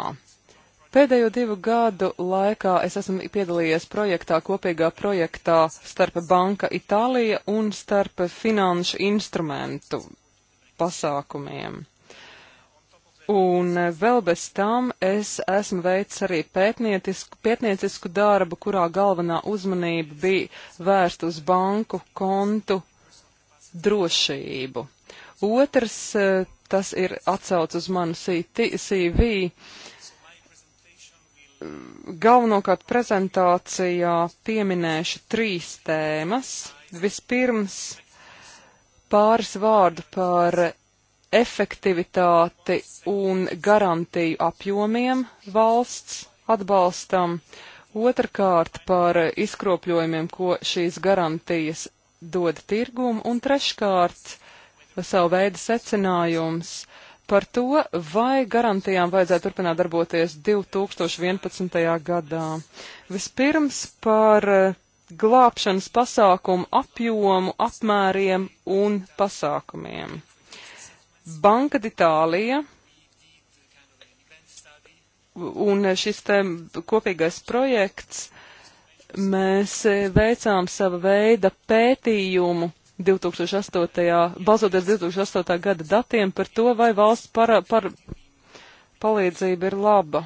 Pēdējo divu gadu laikā es esmu piedalījies projektā, kopīgā projektā starp Banka Itālija un starp finanšu instrumentu pasākumiem. Un vēl bez tam es esmu veicis arī pētniecisku, pētniecisku darbu, kurā galvenā uzmanība bija vērst uz banku kontu drošību. Otrs, eh, tas ir atsauc uz manu CV, galvenokārt prezentācijā pieminēšu trīs tēmas. Vispirms pāris vārdu par efektivitāti un garantiju apjomiem valsts atbalstam, otrkārt par izkropļojumiem, ko šīs garantijas dod tirgumu, un treškārt savu veidu secinājums par to, vai garantijām vajadzētu turpināt darboties 2011. gadā. Vispirms par eh, glābšanas pasākumu apjomu, apmēriem un pasākumiem. Banka d'Itālija un šis te kopīgais projekts, mēs eh, veicām sava veida pētījumu 2008. balsoties 2008. gada datiem par to, vai valsts para, par palīdzība ir laba.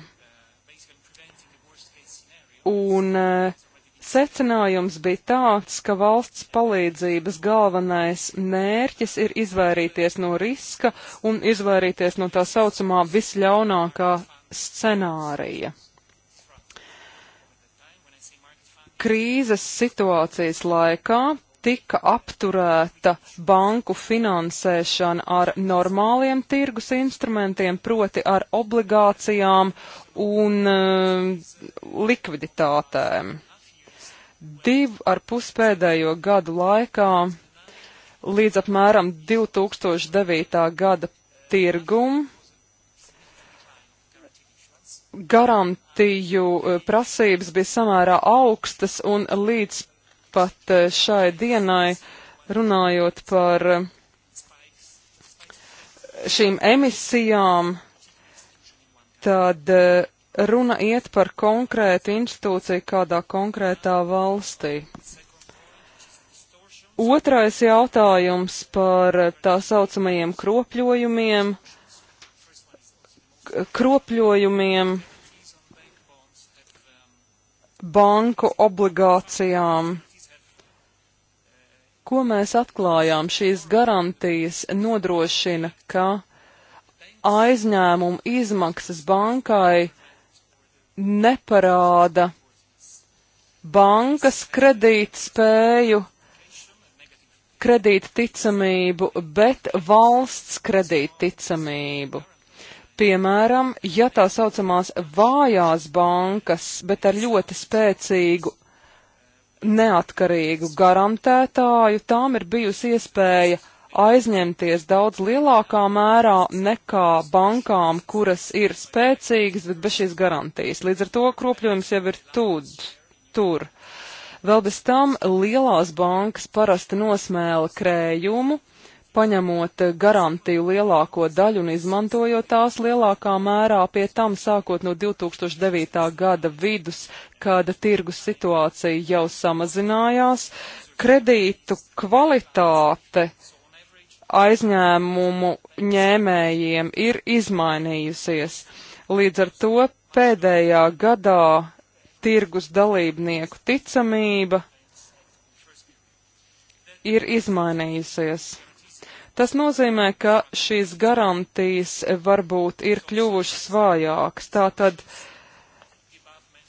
Un e, secinājums bija tāds, ka valsts palīdzības galvenais mērķis ir izvairīties no riska un izvairīties no tā saucamā visļaunākā scenārija. krīzes situācijas laikā tika apturēta banku finansēšana ar normāliem tirgus instrumentiem, proti ar obligācijām un eh, likviditātēm. Divu ar puspēdējo gadu laikā līdz apmēram 2009. gada tirgumu garantiju eh, prasības bija samērā augstas un līdz pat eh, šai dienai runājot par eh, šīm emisijām, tad eh, runa iet par konkrētu institūciju kādā konkrētā valstī. Otrais jautājums par tā saucamajiem kropļojumiem. Kropļojumiem banku obligācijām. Ko mēs atklājām? Šīs garantijas nodrošina, ka aizņēmuma izmaksas bankai neparāda bankas kredītspēju, kredīta ticamību, bet valsts kredīta ticamību. Piemēram, ja tā saucamās vājās bankas, bet ar ļoti spēcīgu neatkarīgu garantētāju, tām ir bijusi iespēja aizņemties daudz lielākā mērā nekā bankām, kuras ir spēcīgas, bet bez šīs garantijas. Līdz ar to kropļojums jau ir tūd, tur. Vēl bez tam lielās bankas parasti nosmēla krējumu, paņemot garantiju lielāko daļu un izmantojot tās lielākā mērā, pie tam sākot no 2009. gada vidus, kāda tirgus situācija jau samazinājās, kredītu kvalitāte aizņēmumu ņēmējiem ir izmainījusies. Līdz ar to pēdējā gadā tirgus dalībnieku ticamība ir izmainījusies. Tas nozīmē, ka šīs garantijas varbūt ir kļuvušas vājākas. Tātad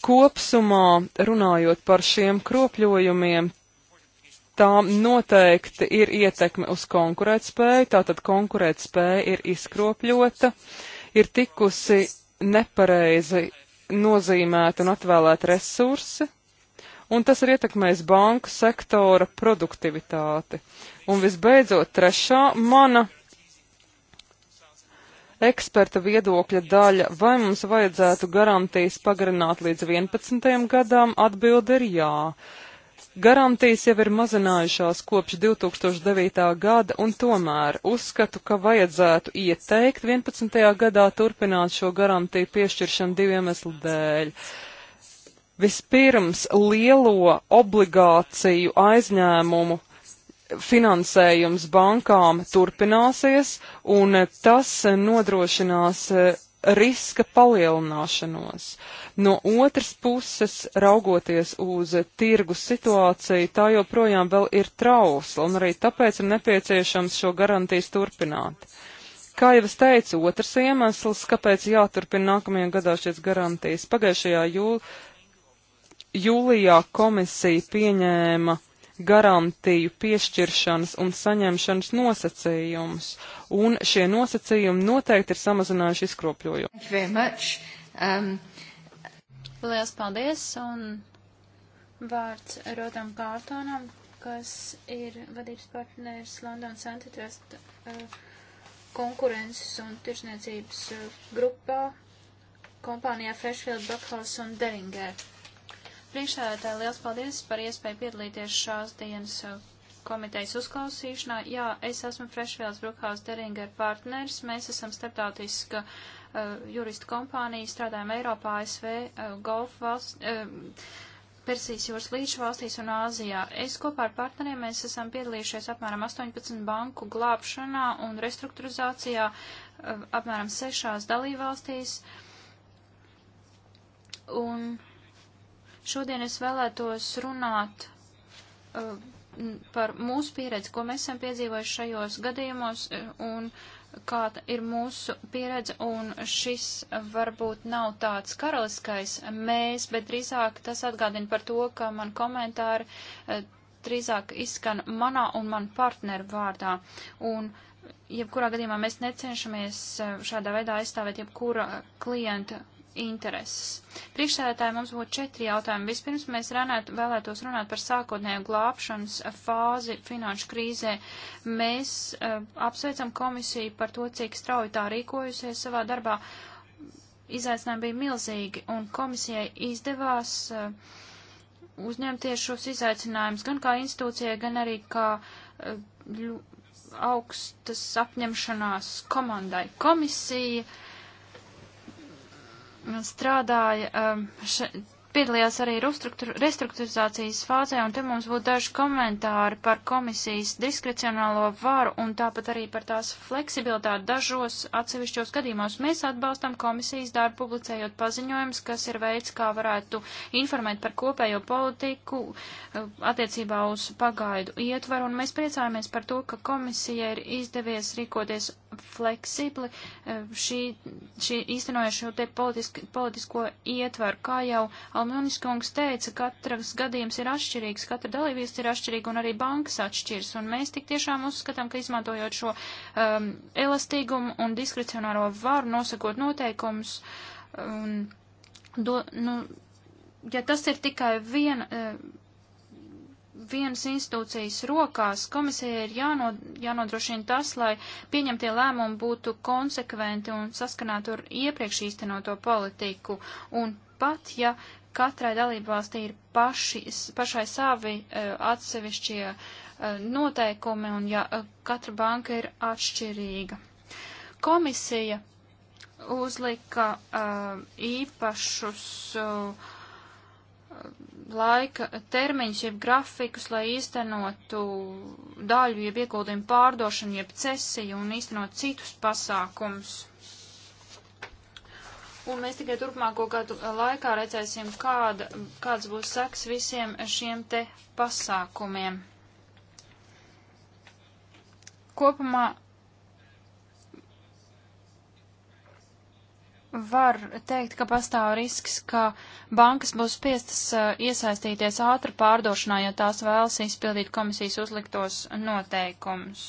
kopsumā runājot par šiem kropļojumiem, tām noteikti ir ietekme uz konkurētspēju, tātad konkurētspēja ir izkropļota, ir tikusi nepareizi nozīmēta un atvēlēta resursi, un tas ir ietekmējis banku sektora produktivitāti. Un visbeidzot, trešā mana eksperta viedokļa daļa, vai mums vajadzētu garantijas pagarināt līdz 11. gadam, atbildi ir jā. Garantijas jau ir mazinājušās kopš 2009. gada, un tomēr uzskatu, ka vajadzētu ieteikt 11. gadā turpināt šo garantiju piešķiršanu divu iemeslu dēļ. Vispirms lielo obligāciju aizņēmumu finansējums bankām turpināsies, un tas nodrošinās e, riska palielināšanos. No otras puses, raugoties uz tirgus situāciju, tā joprojām vēl ir trausla, un arī tāpēc ir nepieciešams šo garantijas turpināt. Kā jau es teicu, otrs iemesls, kāpēc jāturpina nākamajā gadā šīs garantijas, pagājušajā jū, jūlijā komisija pieņēma garantiju piešķiršanas un saņemšanas nosacījumus, un šie nosacījumi noteikti ir samazinājuši izkropļojumu. Um... Lielas paldies, un vārds Rotam Kārtonam, kas ir vadības partneris London Antitrust uh, konkurences un tirsniecības uh, grupā kompānijā Freshfield, Buckhouse un Deringer. Priekšsēdētāji, liels paldies par iespēju piedalīties šās dienas uh, komitejas uzklausīšanā. Jā, es esmu Freshfields Brookhouse Deringer partners. Mēs esam starptautiska uh, jurista kompānija, strādājam Eiropā, ASV, uh, Golf valsts. Uh, Persijas jūras līča valstīs un Āzijā. Es kopā ar partneriem mēs esam piedalījušies apmēram 18 banku glābšanā un restruktūrizācijā uh, apmēram sešās dalībvalstīs. Un Šodien es vēlētos runāt uh, par mūsu pieredzi, ko mēs esam piedzīvojuši šajos gadījumos uh, un kāda ir mūsu pieredze. Un šis varbūt nav tāds karaliskais mēs, bet drīzāk tas atgādina par to, ka man komentāri uh, drīzāk izskan manā un man partneru vārdā. Un jebkurā gadījumā mēs necenšamies uh, šādā veidā aizstāvēt jebkura klienta intereses. Priekšsēdētāji mums būtu četri jautājumi. Vispirms mēs runāt, vēlētos runāt par sākotnēju glābšanas fāzi finanšu krīzē. Mēs uh, apsveicam komisiju par to, cik strauji tā rīkojusies savā darbā. Izaicinājumi bija milzīgi, un komisijai izdevās uh, uzņemties šos izaicinājumus gan kā institūcijai, gan arī kā uh, augstas apņemšanās komandai. Komisija uh, strādāja, um, še, piedalījās arī restruktūrizācijas fāzē, un te mums būtu daži komentāri par komisijas diskrecionālo varu un tāpat arī par tās fleksibilitāti dažos atsevišķos gadījumos. Mēs atbalstam komisijas darbu publicējot paziņojumus, kas ir veids, kā varētu informēt par kopējo politiku uh, attiecībā uz pagaidu ietvaru, un mēs priecājamies par to, ka komisija ir izdevies rīkoties fleksibli e, šī, šī īstenojot šo te politiski, politisko ietvaru. Kā jau Almanis kungs teica, katrs gadījums ir atšķirīgs, katra dalībvalsts ir atšķirīga un arī bankas atšķirs. Un mēs tik tiešām uzskatām, ka izmantojot šo um, elastīgumu un diskrecionāro varu, nosakot noteikumus, um, do, nu, ja tas ir tikai viena. Uh, vienas institūcijas rokās. Komisijai ir jānod, jānodrošina tas, lai pieņemtie lēmumi būtu konsekventi un saskanātu ar iepriekš īstenoto politiku. Un pat, ja katrai dalībvalstī ir paši, pašai savi uh, atsevišķie uh, noteikumi un ja uh, katra banka ir atšķirīga. Komisija uzlika uh, īpašus uh, laika termiņus, jeb grafikus, lai īstenotu daļu, jeb ieguldījumu pārdošanu, jeb cesiju un īstenot citus pasākums. Un mēs tikai turpmāko gadu laikā redzēsim, kāda, kāds būs seks visiem šiem te pasākumiem. Kopumā var teikt, ka pastāv risks, ka bankas būs spiestas eh, iesaistīties ātri pārdošanā, ja tās vēlas izpildīt komisijas uzliktos noteikumus.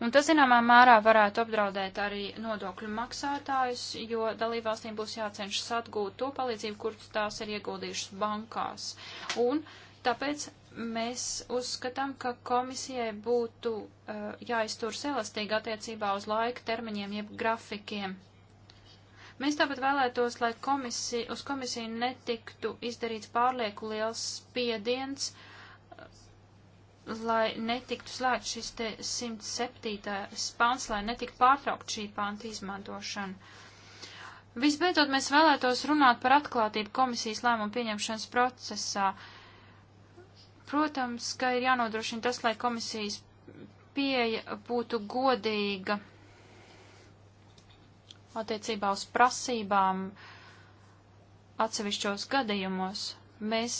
Un tas, zināmā mērā, varētu apdraudēt arī nodokļu maksātājus, jo dalībvalstīm būs jācenšas atgūt to palīdzību, kuras tās ir ieguldījušas bankās. Un tāpēc mēs uzskatām, ka komisijai būtu uh, jāizturas elastīgi attiecībā uz laika termiņiem jeb grafikiem. Uh, Mēs tāpat vēlētos, lai komisija, uz komisiju netiktu izdarīts pārlieku liels spiediens, lai netiktu slēgts šis te 107. pāns, lai netiktu pārtraukt šī pānta izmantošana. Visbeidzot, mēs vēlētos runāt par atklātību komisijas lēmumu pieņemšanas procesā. Protams, ka ir jānodrošina tas, lai komisijas pieeja būtu godīga attiecībā uz prasībām atsevišķos gadījumos. Mēs,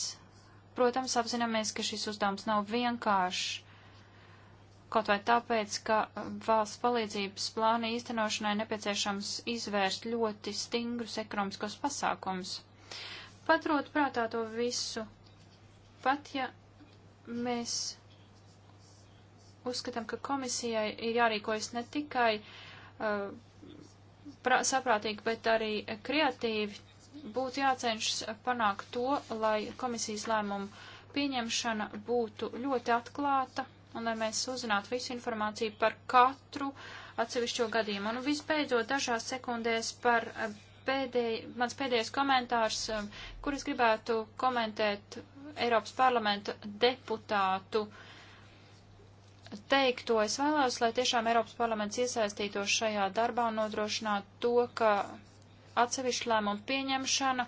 protams, apzināmies, ka šis uzdevums nav vienkāršs, kaut vai tāpēc, ka valsts palīdzības plāna īstenošanai nepieciešams izvērst ļoti stingrus ekonomiskos pasākums. Paturot prātā to visu, pat ja mēs uzskatām, ka komisijai ir jārīkojas ne tikai uh, saprātīgi, bet arī kreatīvi, būtu jācenšas panākt to, lai komisijas lēmumu pieņemšana būtu ļoti atklāta un lai mēs uzzinātu visu informāciju par katru atsevišķo gadījumu. Un visbeidzot, dažās sekundēs par eh, pēdēj, mans pēdējais komentārs, eh, kur es gribētu komentēt Eiropas parlamenta deputātu uh, teikto. Es vēlos, lai tiešām Eiropas parlaments iesaistītos šajā darbā un nodrošinātu to, ka atsevišķu lēmumu pieņemšana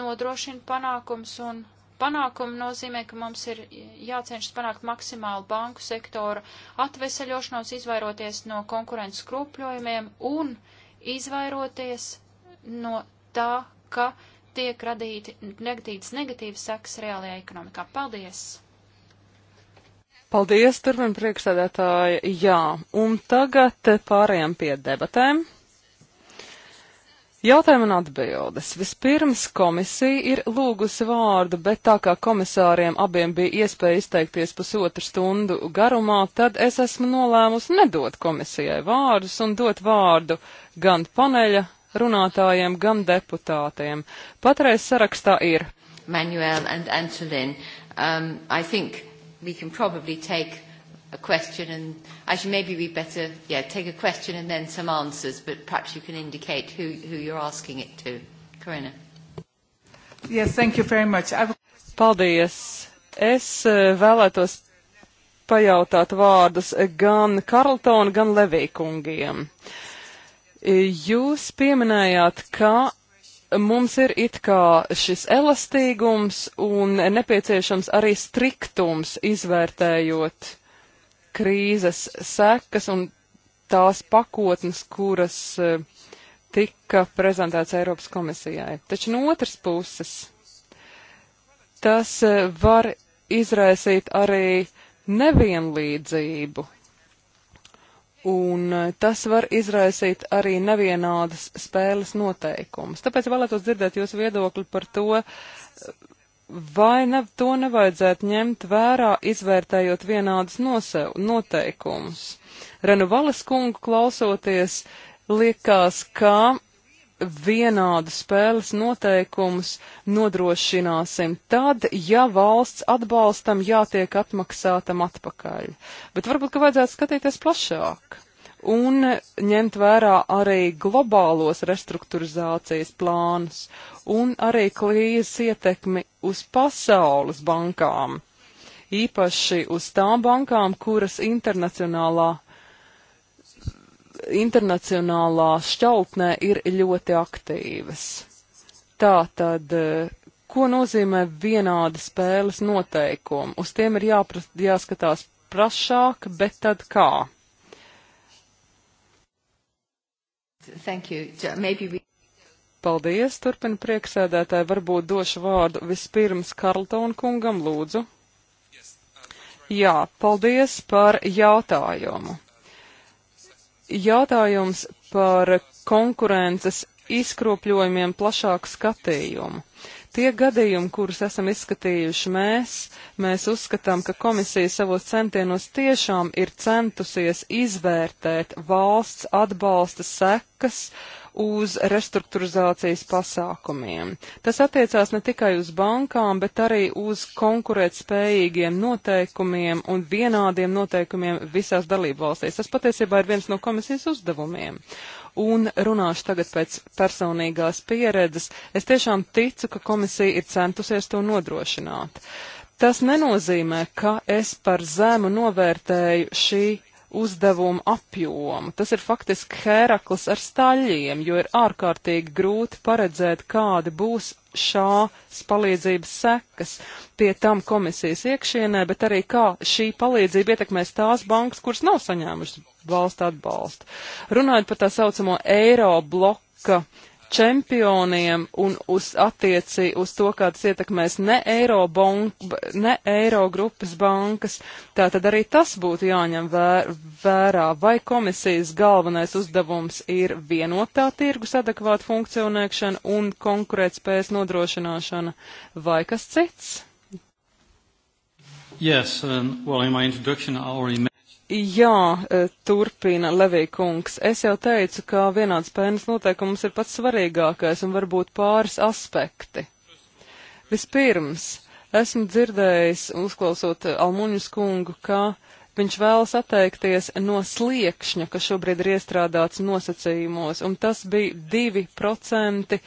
nodrošina panākums un panākumu nozīmē, ka mums ir jācenšas panākt maksimālu banku sektoru atveseļošanos, izvairoties no konkurences skrūpļojumiem un izvairoties no tā, ka tiek radīti negatīvas negatīvas sekas reālajā ekonomikā. Paldies! Paldies, turpin priekšsēdētāji. Jā, un tagad pārējām pie debatēm. Jautājumi un atbildes. Vispirms komisija ir lūgusi vārdu, bet tā kā komisāriem abiem bija iespēja izteikties pusotru stundu garumā, tad es esmu nolēmusi nedot komisijai vārdus un dot vārdu gan paneļa runātājiem, gan deputātiem. Patreiz sarakstā ir. Manuel and Antolin, um, I think we can probably take a question and actually maybe we better yeah take a question and then some answers but perhaps you can indicate who, who you're asking it to Corinna Yes thank you very much I've... Paldies es eh, vēlētos pajautāt vārdus gan Karltona gan Levī kungiem eh, Jūs pieminējāt ka mums ir it kā šis elastīgums un nepieciešams arī striktums izvērtējot krīzes sekas un tās pakotnes, kuras eh, tika prezentēts Eiropas komisijai. Taču no otras puses tas eh, var izraisīt arī nevienlīdzību, un e, tas var izraisīt arī nevienādas spēles noteikumus. Tāpēc vēlētos dzirdēt jūsu viedokli par to, vai ne, to nevajadzētu ņemt vērā, izvērtējot vienādus nosev, noteikumus. Renu Valas kungu klausoties, liekas, ka vienādu spēles noteikumus nodrošināsim tad, ja valsts atbalstam jātiek atmaksātam atpakaļ. Bet varbūt, ka vajadzētu skatīties plašāk un ņemt vērā arī globālos restruktūrizācijas plānus un arī klīzes ietekmi uz pasaules bankām, īpaši uz tām bankām, kuras internacionālā internacionālā šķautnē ir ļoti aktīvas. Tātad, ko nozīmē vienādi spēles noteikumi? Uz tiem ir jāpras, jāskatās prašāk, bet tad kā? Thank you. Maybe we... Paldies, turpina prieksēdētāji. Varbūt došu vārdu vispirms Karltona kungam, lūdzu. Uh, Jā, paldies par jautājumu. Jautājums par konkurences izkropļojumiem plašāku skatījumu. Tie gadījumi, kurus esam izskatījuši mēs, mēs uzskatām, ka komisija savos centienos tiešām ir centusies izvērtēt valsts atbalsta sekas uz restruktūrizācijas pasākumiem. Tas attiecās ne tikai uz bankām, bet arī uz konkurētspējīgiem noteikumiem un vienādiem noteikumiem visās dalību valstīs. Tas patiesībā ir viens no komisijas uzdevumiem. Un runāšu tagad pēc personīgās pieredzes. Es tiešām ticu, ka komisija ir centusies to nodrošināt. Tas nenozīmē, ka es par zemu novērtēju šī uzdevumu apjomu. Tas ir faktiski hēraklis ar staļļiem, jo ir ārkārtīgi grūti paredzēt, kādi būs šās palīdzības sekas pie tam komisijas iekšienē, bet arī kā šī palīdzība ietekmēs tās bankas, kuras nav saņēmušas valsts atbalstu. Runājot par tā saucamo eiro bloka čempioniem un uz attieci uz to, kā tas ietekmēs ne eiro, bonk, ne eiro grupas bankas. Tātad arī tas būtu jāņem vēr, vērā, vai komisijas galvenais uzdevums ir vienotā tirgus adekvāta funkcionēšana un konkurētspējas nodrošināšana, vai kas cits? Yes, um, well, in my introduction I already Jā, e, turpina Levīkungs. Es jau teicu, ka vienāds spējas noteikums ir pats svarīgākais un varbūt pāris aspekti. Vispirms, esmu dzirdējis, uzklausot Almuņus kungu, ka viņš vēlas atteikties no sliekšņa, kas šobrīd ir iestrādāts nosacījumos, un tas bija 2%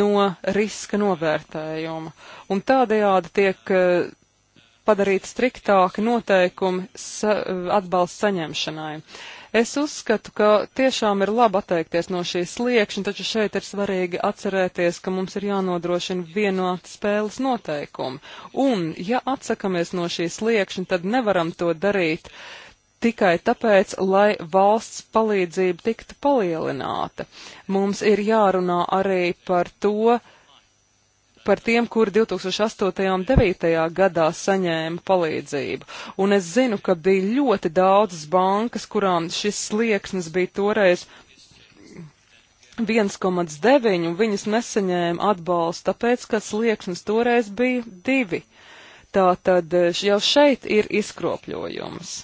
no riska novērtējuma. Un tādējādi tiek e, padarīt striktāki noteikumi sa atbalsta saņemšanai. Es uzskatu, ka tiešām ir labi atteikties no šīs sliekšņa, taču šeit ir svarīgi atcerēties, ka mums ir jānodrošina vienādi spēles noteikumi. Un, ja atsakamies no šīs sliekšņa, tad nevaram to darīt tikai tāpēc, lai valsts palīdzība tiktu palielināta. Mums ir jārunā arī par to, uh, par tiem, kuri 2008. un 2009. gadā saņēma palīdzību. Un es zinu, ka bija ļoti daudzas bankas, kurām šis slieksnis bija toreiz 1,9 un viņas nesaņēma atbalstu, tāpēc, ka slieksnis toreiz bija 2. Tātad eh, jau šeit ir izkropļojums.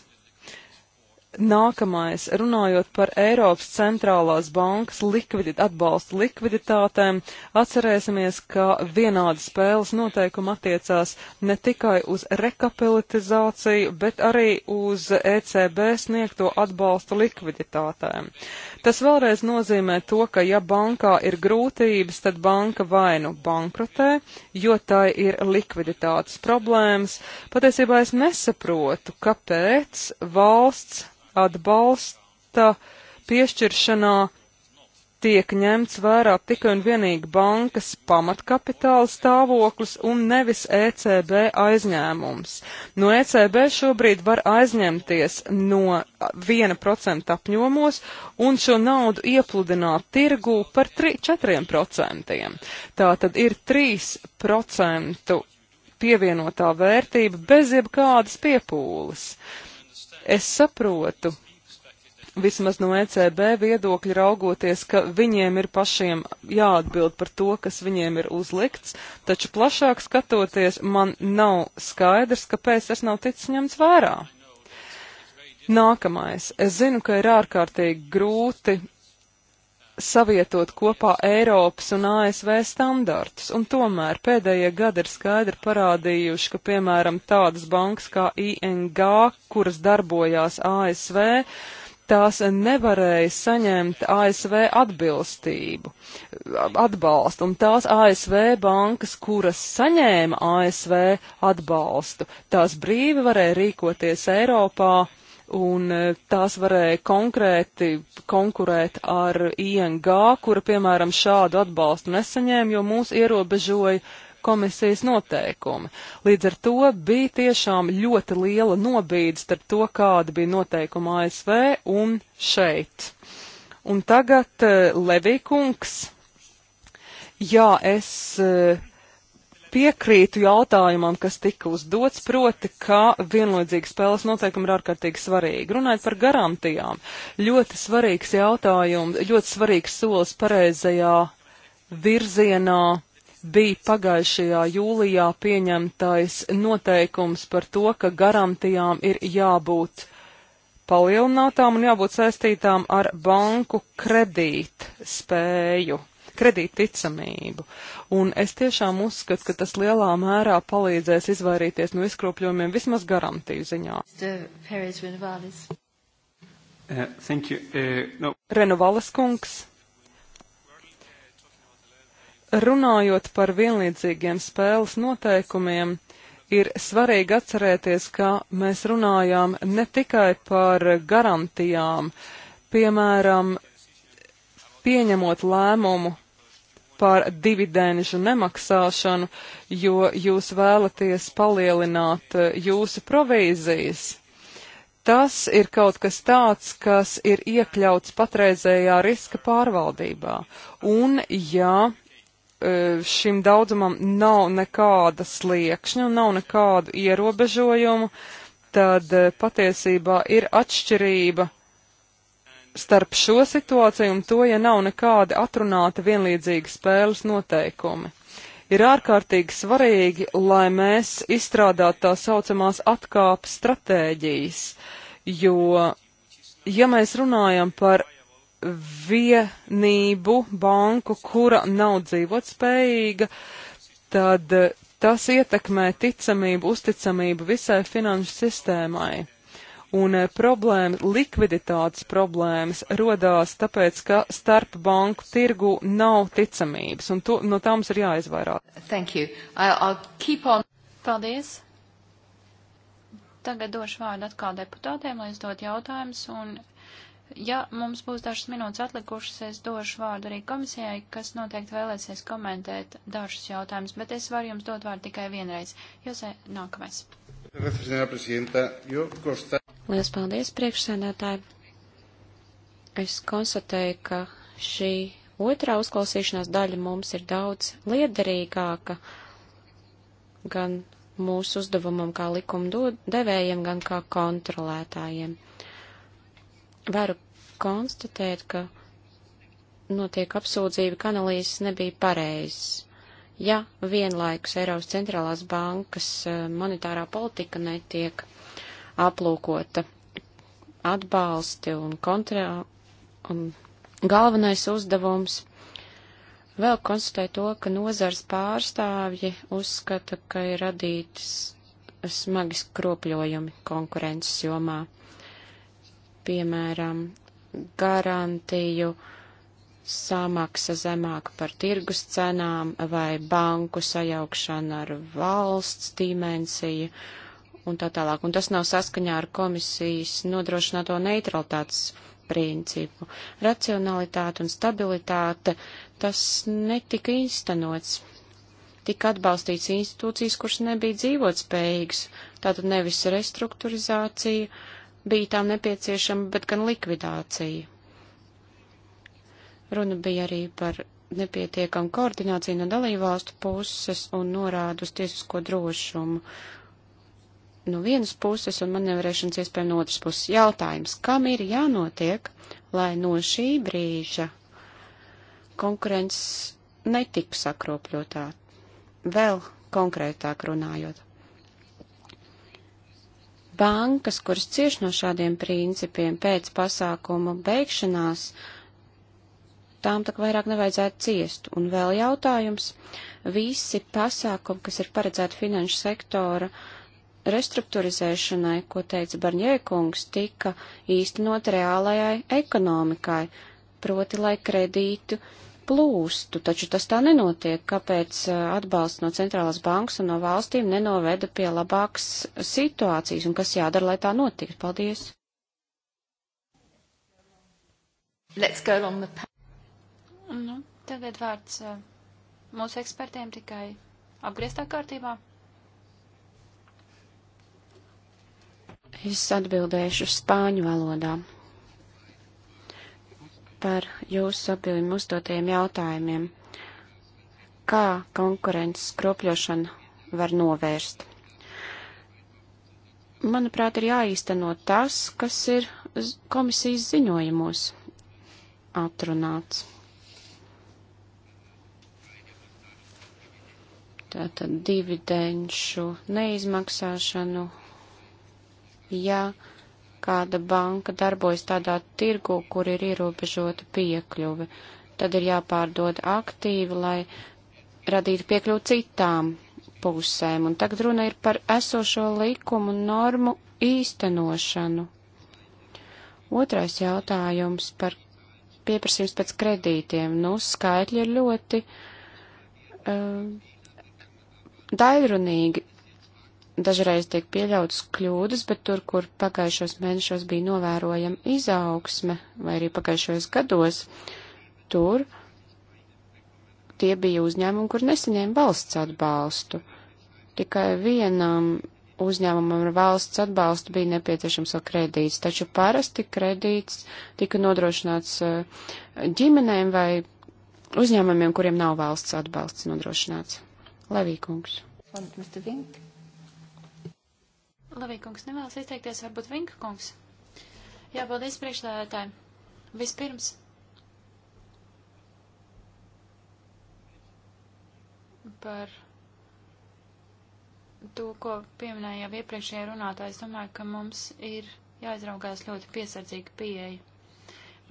Nākamais, runājot par Eiropas centrālās bankas likvidit, atbalstu likviditātēm, atcerēsimies, ka vienādi spēles noteikumi attiecās ne tikai uz rekapitalizāciju, bet arī uz ECB sniegto atbalstu likviditātēm. Tas vēlreiz nozīmē to, ka ja bankā ir grūtības, tad banka vainu bankrotē, jo tai ir likviditātes problēmas. Patiesībā es nesaprotu, kāpēc valsts atbalsta piešķiršanā tiek ņemts vērā tikai un vienīgi bankas pamatkapitāla stāvoklis un nevis ECB aizņēmums. No ECB šobrīd var aizņemties no 1% apņomos un šo naudu iepludināt tirgū par 3, 4%. Tā tad ir 3% pievienotā vērtība bez jebkādas piepūles. Es saprotu, vismaz no ECB viedokļa raugoties, ka viņiem ir pašiem jāatbild par to, kas viņiem ir uzlikts, taču plašāk skatoties, man nav skaidrs, kāpēc tas nav ticis ņemts vērā. Nākamais. Es zinu, ka ir ārkārtīgi grūti savietot kopā Eiropas un ASV standartus, un tomēr pēdējie gadi ir skaidri parādījuši, ka, piemēram, tādas bankas kā ING, kuras darbojās ASV, tās nevarēja saņemt ASV atbilstību, atbalstu, un tās ASV bankas, kuras saņēma ASV atbalstu, tās brīvi varēja rīkoties Eiropā, un e, tās varēja konkrēti konkurēt ar ING, kura, piemēram, šādu atbalstu nesaņēma, jo mūs ierobežoja komisijas noteikumi. Līdz ar to bija tiešām ļoti liela nobīde starp to, kāda bija noteikuma ASV un šeit. Un tagad eh, Levīkungs. Jā, es eh, piekrītu jautājumam, kas tika uzdots, proti, ka vienlīdzīgi spēles noteikumi ir ārkārtīgi svarīgi. Runājot par garantijām, ļoti svarīgs jautājums, ļoti svarīgs solis pareizajā virzienā bija pagājušajā jūlijā pieņemtais noteikums par to, ka garantijām ir jābūt palielinātām un jābūt saistītām ar banku kredīt spēju kredīta ticamību. Un es tiešām uzskatu, ka tas lielā mērā palīdzēs izvairīties no izkropļojumiem vismaz garantiju ziņā. Uh, uh, no. Renovālis kungs. Runājot par vienlīdzīgiem spēles noteikumiem, ir svarīgi atcerēties, ka mēs runājām ne tikai par garantijām, piemēram, pieņemot lēmumu par dividendžu nemaksāšanu, jo jūs vēlaties palielināt eh, jūsu provīzijas. Tas ir kaut kas tāds, kas ir iekļauts patreizējā riska pārvaldībā. Un, ja E, šim daudzumam nav nekāda sliekšņa un nav nekādu ierobežojumu, tad e, patiesībā ir atšķirība starp šo situāciju un to, ja nav nekādi atrunāti vienlīdzīgi spēles noteikumi. Ir ārkārtīgi svarīgi, lai mēs izstrādātu tā saucamās atkāpes stratēģijas, jo, ja mēs runājam par vienību banku, kura nav dzīvot spējīga, tad eh, tas ietekmē ticamību, uzticamību visai finanšu sistēmai. Un eh, problēma, likviditātes problēmas rodās tāpēc, ka starp banku tirgu nav ticamības, un to, no tām ir jāizvairās. Thank you. I'll, I'll keep on. Paldies. Tagad došu vārdu atkal deputātiem, lai uzdot jautājumus, un Ja mums būs dažas minūtes atlikušas, es došu vārdu arī komisijai, kas noteikti vēlēsies komentēt dažus jautājumus, bet es varu jums dot vārdu tikai vienreiz. Jūs nākamais. Lielas paldies, priekšsēdētāji. Es konstatēju, ka šī otrā uzklausīšanās daļa mums ir daudz liederīgāka gan mūsu uzdevumam kā likumdevējiem, gan kā kontrolētājiem. Uh, varu konstatēt, ka notiek apsūdzība, ka analīzes nebija pareizas. Ja vienlaikus Eiropas centrālās bankas eh, monetārā politika netiek aplūkota atbalsti un kontrā, un galvenais uzdevums vēl konstatē to, ka nozars pārstāvji uzskata, ka ir radītas smagi skropļojumi konkurences jomā piemēram, garantiju samaksa zemāka par tirgus cenām vai banku sajaukšana ar valsts dimensiju un tā tālāk. Un tas nav saskaņā ar komisijas nodrošināto neutralitātes principu. Racionalitāte un stabilitāte tas netika īstenots. Tika atbalstīts institūcijas, kuras nebija dzīvot spējīgas, tātad nevis restruktūrizācija, uh, bija tām nepieciešama, bet gan likvidācija. Runa bija arī par nepietiekamu koordināciju no dalībvalstu puses un norādu uz tiesisko drošumu no vienas puses un manevrēšanas iespēja no otras puses. Jautājums, kam ir jānotiek, lai no šī brīža konkurences netiktu sakropļotā? Vēl konkrētāk runājot bankas, kuras cieš no šādiem principiem pēc pasākuma beigšanās, tām tak vairāk nevajadzētu ciest. Un vēl jautājums, visi pasākumi, kas ir paredzēti finanšu sektora restruktūrizēšanai, ko teica Barņēkungs, tika īstenot reālajai ekonomikai, proti, lai kredītu plūstu, taču tas tā nenotiek. Kāpēc atbalsts no centrālās bankas un no valstīm nenoveda pie labākas situācijas un kas jādara, lai tā notiks? Paldies! Let's go along the path. Nu, tagad vārds mūsu ekspertiem tikai apgrieztā kārtībā. Es atbildēšu spāņu valodā par jūsu apjūjumu uzdotajiem jautājumiem. Kā konkurences skropļošanu var novērst? Manuprāt, ir jāīsteno tas, kas ir komisijas ziņojumos atrunāts. Tātad dividenšu neizmaksāšanu, ja. Jā kāda banka darbojas tādā tirgu, kur ir ierobežota piekļuve. Tad ir jāpārdod aktīvi, lai radītu piekļuvi citām pusēm. Un tagad runa ir par esošo likumu un normu īstenošanu. Otrais jautājums par pieprasījums pēc kredītiem. Nu, skaitļi ir ļoti uh, daļrunīgi dažreiz tiek pieļautas kļūdas, bet tur, kur pagājušos mēnešos bija novērojama izaugsme, vai arī pagājušos gados, tur tie bija uzņēmumi, kur nesaņēma valsts atbalstu. Tikai vienam uzņēmumam ar valsts atbalstu bija nepieciešams vēl kredīts, taču parasti kredīts tika nodrošināts eh, ģimenēm vai uzņēmumiem, kuriem nav valsts atbalsts nodrošināts. Levīkungs. Mr. Vink. Lavīkungs nevēlas izteikties, varbūt Vinka kungs. Jā, paldies priekšstādātāji. Vispirms. Par to, ko pieminēja jau iepriekšējā runātāja, es domāju, ka mums ir jāizraugās ļoti piesardzīgi pieeja.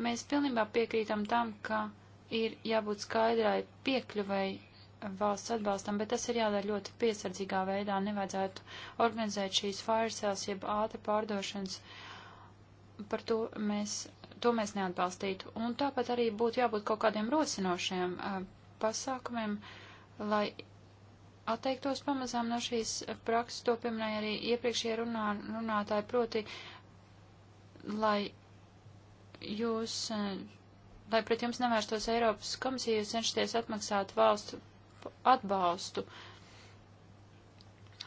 Mēs pilnībā piekrītam tam, ka ir jābūt skaidrai piekļuvai valsts atbalstam, bet tas ir jādara ļoti piesardzīgā veidā. Nevajadzētu organizēt šīs fire sales, jeb ātri pārdošanas. Par to mēs, to mēs neatbalstītu. Un tāpat arī būtu jābūt kaut kādiem rosinošiem uh, pasākumiem, lai atteiktos pamazām no šīs prakses. To pieminēja arī iepriekšējie runā, runātāji, proti, lai jūs. Uh, lai pret jums nevērstos Eiropas komisija, jūs cenšaties atmaksāt valstu atbalstu.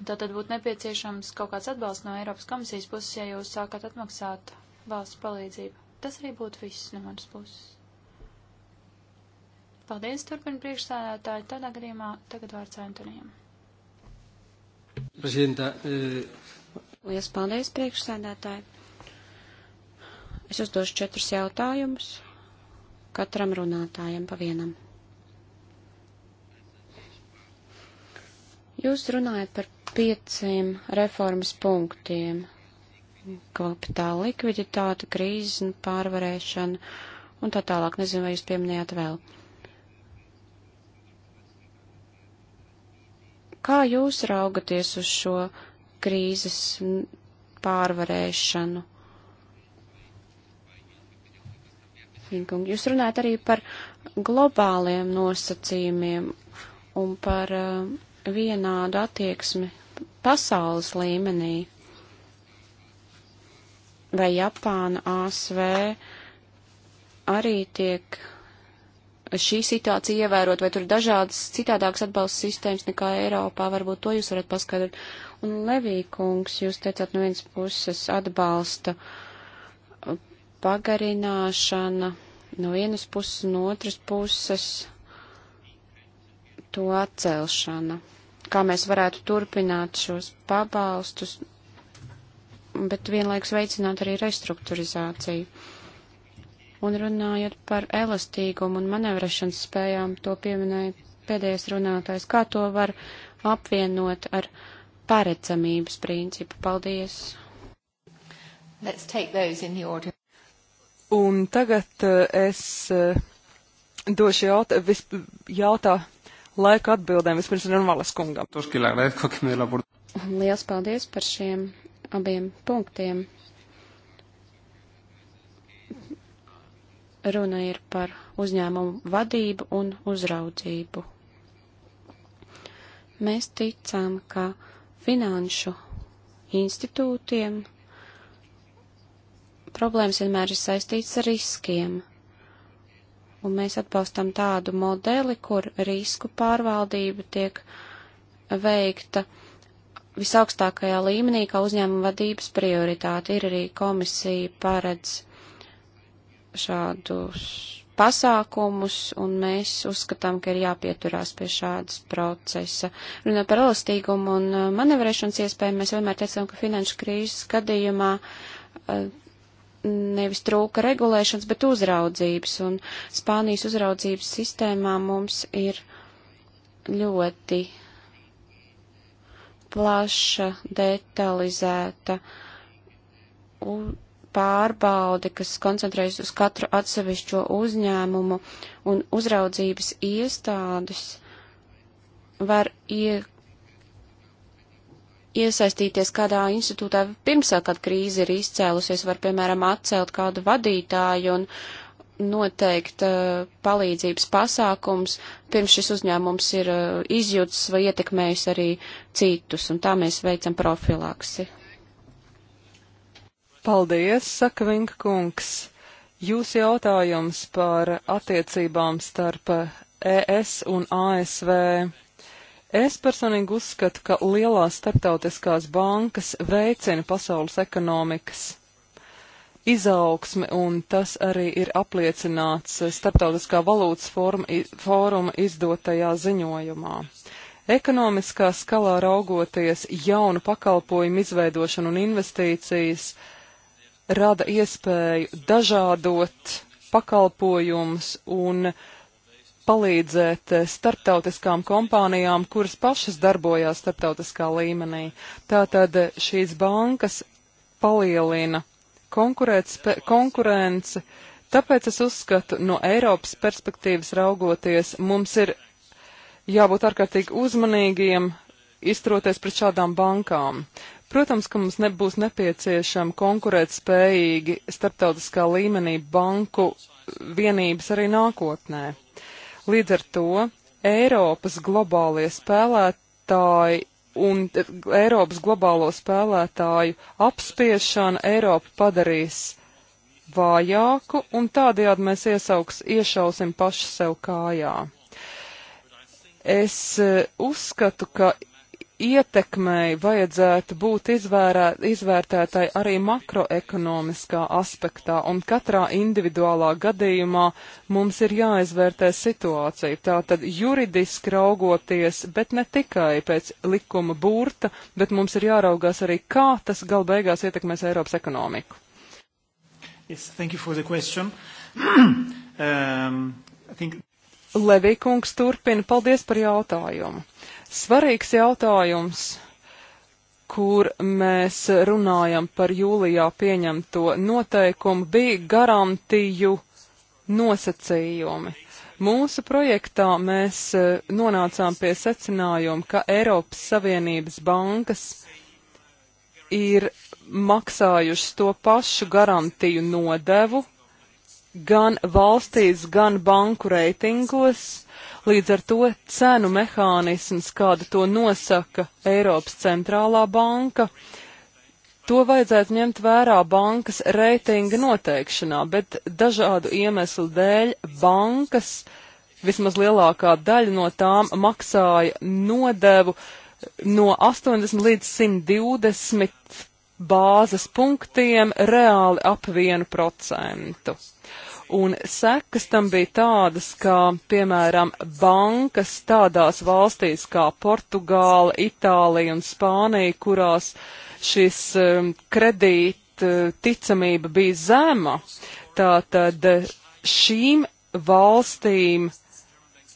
Tātad būtu nepieciešams kaut kāds atbalsts no Eiropas komisijas puses, ja jūs sākat atmaksāt valsts palīdzību. Tas arī būtu viss no manas puses. Paldies, turpina priekšsēdētāji. Tādā gadījumā tagad vārds Antonijam. Prezidentā. E... Eh, Lielas paldies, priekšsēdētāji. Es uzdošu četrus jautājumus katram runātājam pa vienam. Jūs runājat par pieciem reformas punktiem - kapitāla likviditāte, krīzes pārvarēšana un tā tālāk. Nezinu, vai jūs pieminējāt vēl. Kā jūs raugaties uz šo krīzes pārvarēšanu? Jūs runājat arī par globāliem nosacījumiem un par uh, vienādu attieksmi pasaules līmenī, vai Japāna, ASV arī tiek šī situācija ievērot, vai tur ir dažādas citādākas atbalsta sistēmas nekā Eiropā, varbūt to jūs varat paskaidrot. Un Levīkungs, jūs teicāt, no vienas puses atbalsta pagarināšana, no vienas puses, no otras puses to atcelšana, kā mēs varētu turpināt šos pabalstus, bet vienlaiks veicināt arī restruktūrizāciju. Un runājot par elastīgumu un manevrešanas spējām, to pieminēja pēdējais runātājs, kā to var apvienot ar paredzamības principu. Paldies! Let's take those in the order. Un tagad uh, es uh, došu jautā, vis, jautā, laika atbildēm. Vispirms Runvalas kungam. Liels paldies par šiem abiem punktiem. Runa ir par uzņēmumu vadību un uzraudzību. Mēs ticām, ka finanšu institūtiem problēmas vienmēr ir saistītas ar riskiem un mēs atbalstam tādu modeli, kur risku pārvaldība tiek veikta visaugstākajā līmenī, kā uzņēmuma vadības prioritāte. Ir arī komisija paredz šādus pasākumus, un mēs uzskatām, ka ir jāpieturās pie šādas procesa. Runājot par elastīgumu un uh, manevrēšanas iespēju, mēs vienmēr teicām, ka finanšu krīzes gadījumā uh, nevis trūka regulēšanas, bet uzraudzības, un Spānijas uzraudzības sistēmā mums ir ļoti plaša, detalizēta pārbaude, kas koncentrējas uz katru atsevišķo uzņēmumu, un uzraudzības iestādes var ie, iesaistīties kādā institūtā pirms vēl kāda krīze ir izcēlusies, var, piemēram, atcelt kādu vadītāju un noteikt uh, palīdzības pasākums, pirms šis uzņēmums ir uh, izjūts vai ietekmējis arī citus, un tā mēs veicam profilaksi. Paldies, saka Vinka kungs. Jūs jautājums par attiecībām starp ES un ASV. Es personīgi uzskatu, ka lielās starptautiskās bankas veicina pasaules ekonomikas izaugsmi, un tas arī ir apliecināts Starptautiskā valūtas fóruma izdotajā ziņojumā. Ekonomiskā skalā raugoties jaunu pakalpojumu izveidošanu un investīcijas rada iespēju dažādot pakalpojumus un uh, palīdzēt eh, starptautiskām kompānijām, kuras pašas darbojās starptautiskā līmenī. Tātad eh, šīs bankas palielina konkurenci, tāpēc es uzskatu, no Eiropas perspektīvas raugoties, mums ir jābūt ārkārtīgi uzmanīgiem izturoties pret šādām bankām. Protams, ka mums nebūs nepieciešama konkurēt spējīgi starptautiskā līmenī banku vienības arī nākotnē. Uh, Līdz ar to Eiropas globālie spēlētāji un eh, Eiropas globālo spēlētāju apspiešana Eiropu padarīs vājāku un tādējādi mēs iesauks, iešausim paši sev kājā. Es eh, uzskatu, ka ietekmei vajadzētu būt izvērē, izvērtētai arī makroekonomiskā aspektā, un katrā individuālā gadījumā mums ir jāizvērtē situācija. Tātad juridiski raugoties, bet ne tikai pēc likuma burta, bet mums ir jāraugās arī, kā tas gal beigās ietekmēs Eiropas ekonomiku. Yes, thank you for the question. um, I think... Levī kungs turpina. Paldies par jautājumu. Uh, svarīgs jautājums, kur mēs runājam par jūlijā pieņemto noteikumu, bija garantiju nosacījumi. Mūsu projektā mēs e, nonācām pie secinājuma, ka Eiropas Savienības bankas ir maksājušas to pašu garantiju nodevu gan valstīs, gan banku reitingos, Līdz ar to cenu mehānisms, kādu to nosaka Eiropas centrālā banka, to vajadzētu ņemt vērā bankas reitinga noteikšanā, bet dažādu iemeslu dēļ bankas, vismaz lielākā daļa no tām, maksāja nodevu no 80 līdz 120 bāzes punktiem reāli ap 1% un sekas tam bija tādas, kā, piemēram, bankas tādās valstīs kā Portugāla, Itālija un Spānija, kurās šis um, kredīt uh, ticamība bija zema, tātad šīm valstīm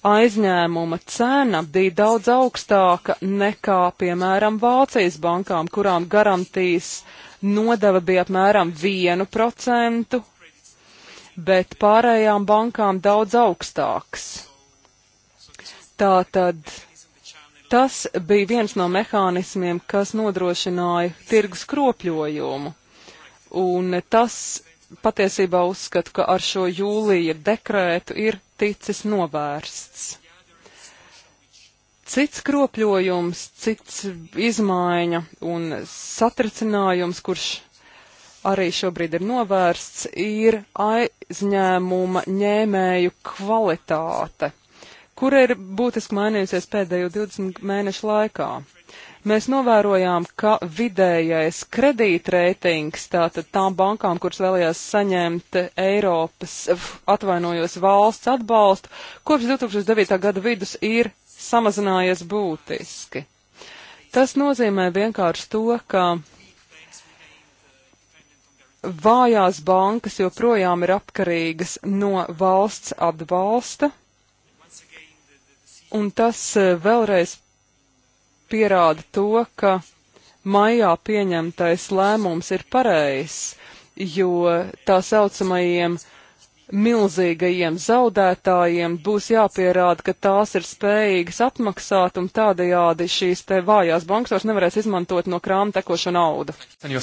aizņēmuma cena bija daudz augstāka nekā, piemēram, Vācijas bankām, kurām garantijas nodeva bija apmēram 1%, bet pārējām bankām daudz augstāks. Tātad tas bija viens no mehānismiem, kas nodrošināja tirgus kropļojumu. Un tas patiesībā uzskatu, ka ar šo jūlija dekrētu ir ticis novērsts. Cits kropļojums, cits izmaiņa un satricinājums, kurš arī šobrīd ir novērsts, ir aizņēmuma ņēmēju kvalitāte, kura ir būtiski mainījusies pēdējo 20 mēnešu laikā mēs novērojām, ka vidējais kredītreitings tātad tām bankām, kuras vēlējās saņemt Eiropas, atvainojos, valsts atbalstu, kopš 2009. gada vidus ir samazinājies būtiski. Tas nozīmē vienkārši to, ka vājās bankas joprojām ir apkarīgas no valsts atbalsta, un tas eh, vēlreiz pierāda to, ka maijā pieņemtais lēmums ir pareizs, jo tā saucamajiem uh, milzīgajiem zaudētājiem būs jāpierāda, ka tās ir spējīgas atmaksāt un tādējādi šīs te vājās bankas vairs nevarēs izmantot no krāma tekošo naudu.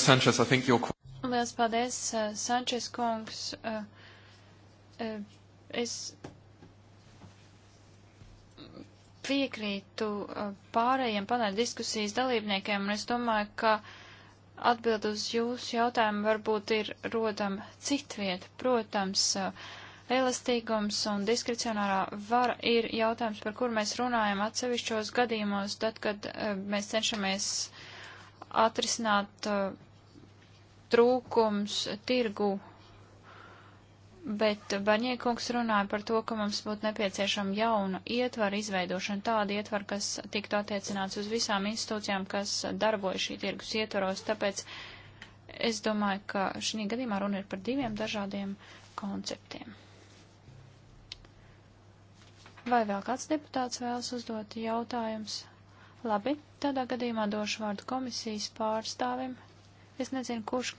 Sanchez, your... Lielas paldies, uh, Sančes kungs. Uh, uh, es piekrītu pārējiem panēļ diskusijas dalībniekiem, un es domāju, ka atbild uz jūsu jautājumu varbūt ir rodama citviet. Protams, eh, elastīgums un diskrecionārā vara ir jautājums, par kur mēs runājam atsevišķos gadījumos, tad, kad eh, mēs cenšamies atrisināt eh, trūkums tirgu Bet Baņiekungs runāja par to, ka mums būtu nepieciešama jauna ietvara izveidošana, tāda ietvara, kas tiktu attiecināts uz visām institūcijām, kas darbojas šī tirgus ietvaros. Tāpēc es domāju, ka šī gadījumā runa ir par diviem dažādiem konceptiem. Vai vēl kāds deputāts vēlas uzdot jautājums? Labi, tādā gadījumā došu vārdu komisijas pārstāvim. Es nezinu, kurš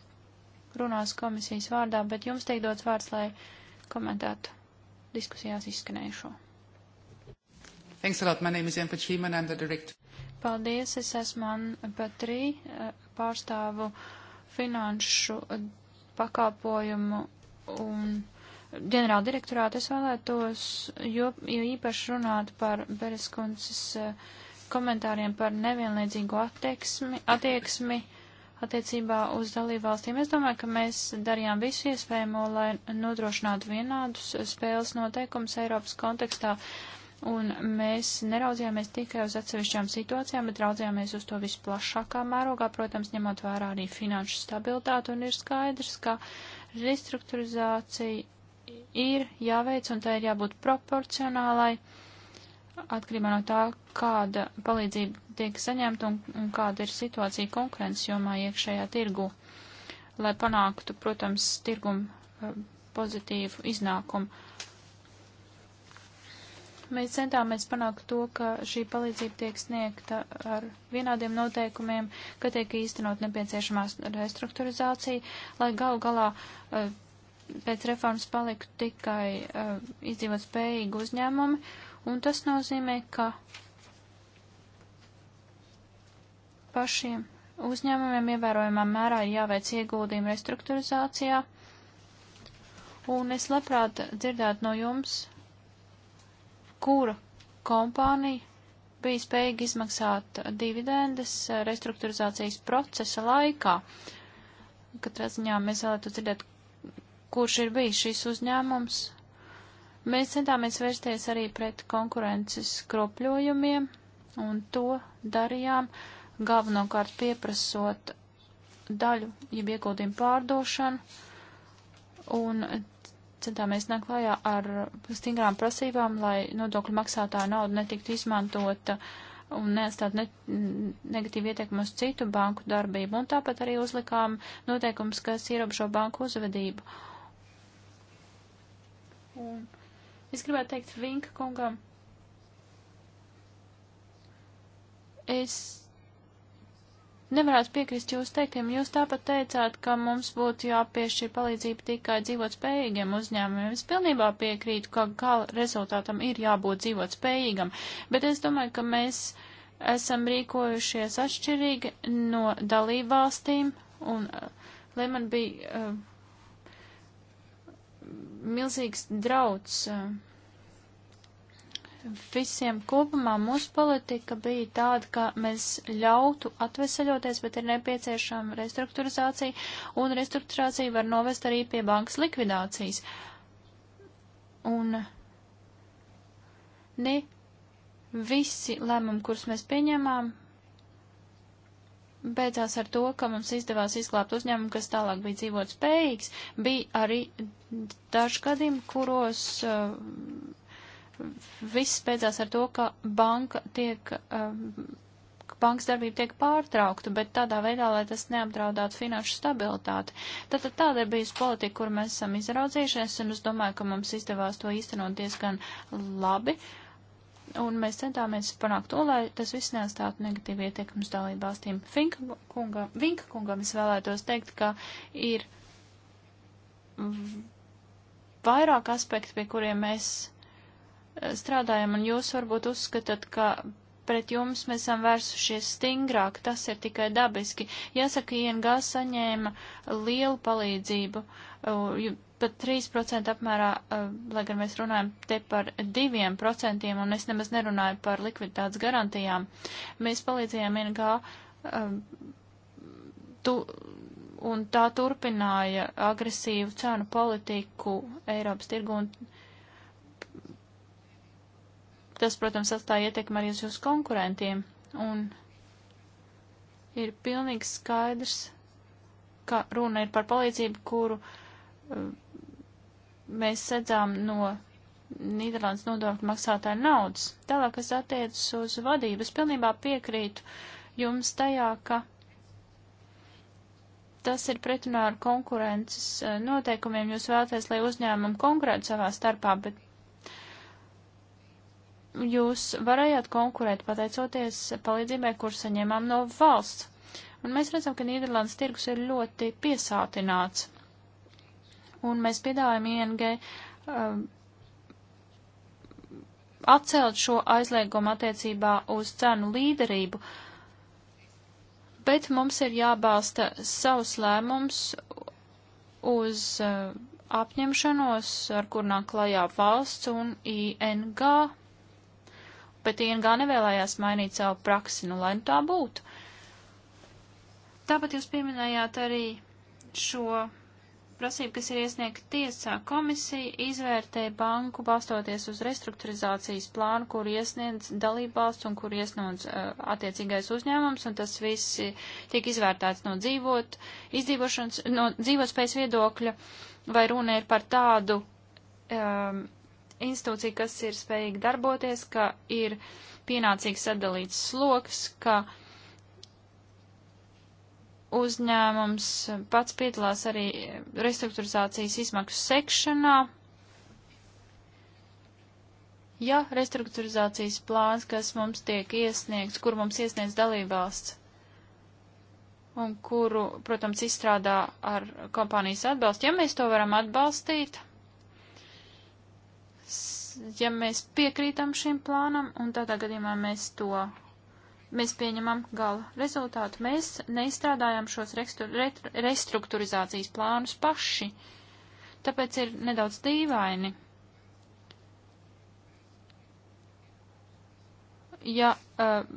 runās komisijas vārdā, bet jums tiek dots vārds, lai komentētu diskusijās izskanējušo. Thanks a lot. My name is Jan Patrīma and I'm the director. Paldies, es esmu Anna Patrī, eh, pārstāvu finanšu eh, pakalpojumu un ģenerāla direktorātu. Es vēlētos, jo, jo īpaši runāt par Bereskunces eh, komentāriem par nevienlīdzīgu attieksmi, attieksmi attiecībā uz dalībvalstīm. Es domāju, ka mēs darījām visu iespējamo, lai nodrošinātu vienādus spēles noteikumus Eiropas kontekstā, un mēs neraudzījāmies tikai uz atsevišķām situācijām, bet raudzījāmies uz to visplašākā mērogā, protams, ņemot vērā arī finanšu stabilitāti, un ir skaidrs, ka restruktūrizācija ir jāveic, un tā ir jābūt proporcionālai atkarībā no tā, kāda palīdzība tiek saņemta un, un kāda ir situācija konkurences jomā iekšējā tirgu, lai panāktu, protams, tirgumu e, pozitīvu iznākumu. Mēs centāmies panākt to, ka šī palīdzība tiek sniegta ar vienādiem noteikumiem, ka tiek īstenot nepieciešamās restruktūrizācija, lai gal galā e, pēc reformas paliktu tikai e, izdzīvot spējīgi uzņēmumi un tas nozīmē, ka pašiem uzņēmumiem ievērojamā mērā ir jāveic ieguldījumi restruktūrizācijā, un es labprāt dzirdētu no jums, kura kompānija bija spējīga izmaksāt dividendes restruktūrizācijas procesa laikā. Katrā ziņā mēs vēlētu dzirdēt, kurš ir bijis šis uzņēmums, Mēs centāmies vērsties arī pret konkurences kropļojumiem, un to darījām galvenokārt pieprasot daļu, jeb ieguldījumu pārdošanu, un centāmies nākt klajā ar stingrām prasībām, lai nodokļu maksātāja nauda netiktu izmantota un neatstāt ne negatīvu ietekmu uz citu banku darbību, un tāpat arī uzlikām noteikums, kas ierobežo banku uzvedību. Un Es gribētu teikt Vinka kungam. Es nevarētu piekrist jūs teiktiem. Jūs tāpat teicāt, ka mums būtu jāpiešķir palīdzība tikai dzīvot spējīgiem uzņēmumiem. Es pilnībā piekrītu, ka gala rezultātam ir jābūt dzīvot spējīgam, bet es domāju, ka mēs esam rīkojušies atšķirīgi no dalībvalstīm, un Leman bija uh, milzīgs drauds visiem kopumā. Mūsu politika bija tāda, ka mēs ļautu atveseļoties, bet ir nepieciešama restruktūrizācija, un restruktūrizācija var novest arī pie bankas likvidācijas. Un ne visi lēmumi, kurus mēs pieņemām, beidzās ar to, ka mums izdevās izglābt uzņēmumu, kas tālāk bija dzīvot spējīgs. Bija arī daži gadījumi, kuros uh, viss beidzās ar to, ka banka tiek. Uh, bankas darbība tiek pārtraukta, bet tādā veidā, lai tas neapdraudātu finanšu stabilitāti. Tātad tāda ir bijusi politika, kur mēs esam izraudzījušies, un es domāju, ka mums izdevās to īstenot diezgan labi. Uh, un mēs centāmies panākt to, lai tas viss neatstātu negatīvu ietekmi uz dalību valstīm. Kunga, Vinka kungam es vēlētos teikt, ka ir vairāk aspekti, pie kuriem mēs eh, strādājam, un jūs varbūt uzskatāt, ka pret jums mēs esam vērsušies stingrāk, tas ir tikai dabiski. Jāsaka, ING saņēma lielu palīdzību. Uh, pat 3% apmērā, eh, lai gan mēs runājam te par 2%, un es nemaz nerunāju par likviditātes garantijām. Mēs palīdzējām NGA, eh, tu, un tā turpināja agresīvu cenu politiku Eiropas tirgu, un tas, protams, atstāja ietekmi arī uz jūsu konkurentiem, un ir pilnīgi skaidrs, ka runa ir par palīdzību, kuru eh, mēs sedzām no Nīderlandes nodokļu maksātāju naudas. Tālāk, kas attiecas uz vadību, es pilnībā piekrītu jums tajā, ka tas ir pretrunā ar konkurences eh, noteikumiem. Jūs vēlaties, lai uzņēmumi konkurētu savā starpā, bet jūs varējāt konkurēt pateicoties palīdzībai, kur saņēmām no valsts. Un mēs redzam, ka Nīderlandes tirgus ir ļoti piesātināts un mēs piedāvājam ING um, atcelt šo aizliegumu attiecībā uz cenu līderību, bet mums ir jābalsta savs lēmums uz uh, apņemšanos, ar kur nāk klajā valsts un ING, bet ING nevēlējās mainīt savu praksi, nu lai nu tā būtu. Tāpat jūs pieminējāt arī šo prasība, kas ir iesniegta tiesā, komisija izvērtē banku balstoties uz restruktūrizācijas plānu, kur iesniedz dalībvalsts un kur iesniedz uh, attiecīgais uzņēmums, un tas viss tiek izvērtēts no dzīvot, izdzīvošanas, no dzīvotspējas viedokļa, vai runa ir par tādu um, institūciju, kas ir spējīga darboties, ka ir pienācīgs sadalīts sloks, ka uh, uzņēmums pats piedalās arī restruktūrizācijas izmaksu sekšanā. Ja restruktūrizācijas plāns, kas mums tiek iesniegts, kur mums iesniedz dalībvalsts, un kuru, protams, izstrādā ar kompānijas atbalstu, ja mēs to varam atbalstīt, ja mēs piekrītam šim plānam, un tādā gadījumā mēs to Mēs pieņemam gala rezultātu. Mēs neizstrādājam šos restruktūrizācijas plānus paši, tāpēc ir nedaudz dīvaini. Ja uh,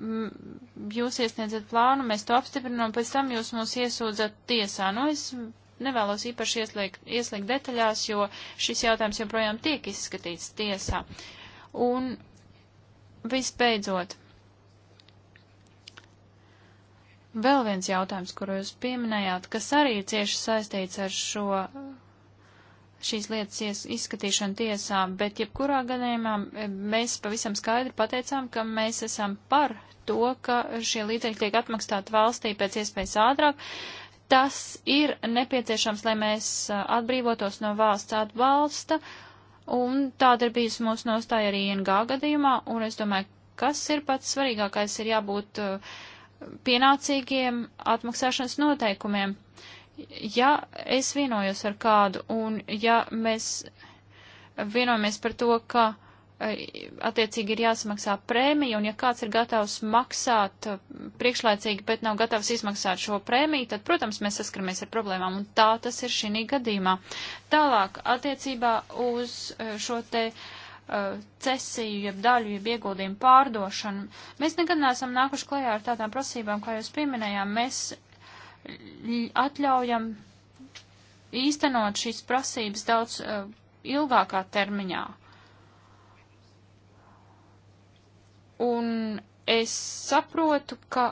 jūs iesniedzat plānu, mēs to apstiprinām, pēc tam jūs mūs iesūdzat tiesā. Nu, es nevēlos īpaši ieslēgt, ieslēgt detaļās, jo šis jautājums joprojām tiek izskatīts tiesā. Un visbeidzot, Vēl viens jautājums, kuru jūs pieminējāt, kas arī cieši saistīts ar šo šīs lietas izskatīšanu tiesā, bet jebkurā gadījumā eh, mēs pavisam skaidri pateicām, ka mēs esam par to, ka šie līdzekļi tiek atmaksāti valstī pēc iespējas ātrāk. Tas ir nepieciešams, lai mēs eh, atbrīvotos no valsts atbalsta, un tāda ir bijusi mūsu nostāja arī ING gadījumā, un es domāju, kas ir pats svarīgākais, ir jābūt uh, pienācīgiem atmaksāšanas noteikumiem. Ja es vienojos ar kādu un ja mēs vienojamies par to, ka e, attiecīgi ir jāsamaksā prēmija, un ja kāds ir gatavs maksāt e, priekšlaicīgi, bet nav gatavs izmaksāt šo prēmiju, tad, protams, mēs saskaramies ar problēmām, un tā tas ir šī gadījumā. Tālāk, attiecībā uz e, šo te uh, uh, cesiju, jeb daļu, jeb ieguldījumu pārdošanu. Mēs nekad neesam nākuši klajā ar tādām prasībām, kā jūs pieminējām. Mēs atļaujam īstenot šīs prasības daudz uh, ilgākā termiņā. Un es saprotu, ka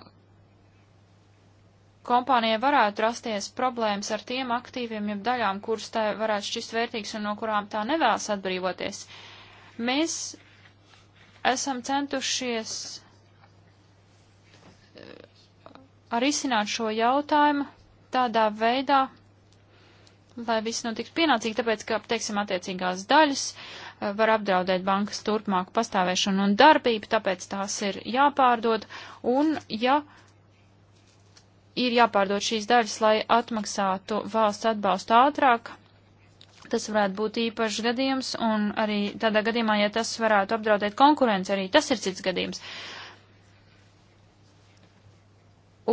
kompānijai varētu rasties problēmas ar tiem aktīviem, jeb daļām, kuras tā varētu šķist vērtīgs un no kurām tā nevēlas atbrīvoties. Uh, Mēs esam centušies eh, arī izsināt šo jautājumu tādā veidā, lai viss notiktu pienācīgi, tāpēc, ka, teiksim, attiecīgās daļas eh, var apdraudēt bankas turpmāku pastāvēšanu un darbību, tāpēc tās ir jāpārdod, un ja ir jāpārdod šīs daļas, lai atmaksātu valsts atbalstu ātrāk, tas varētu būt īpašs gadījums, un arī tādā gadījumā, ja tas varētu apdraudēt konkurenci, arī tas ir cits gadījums.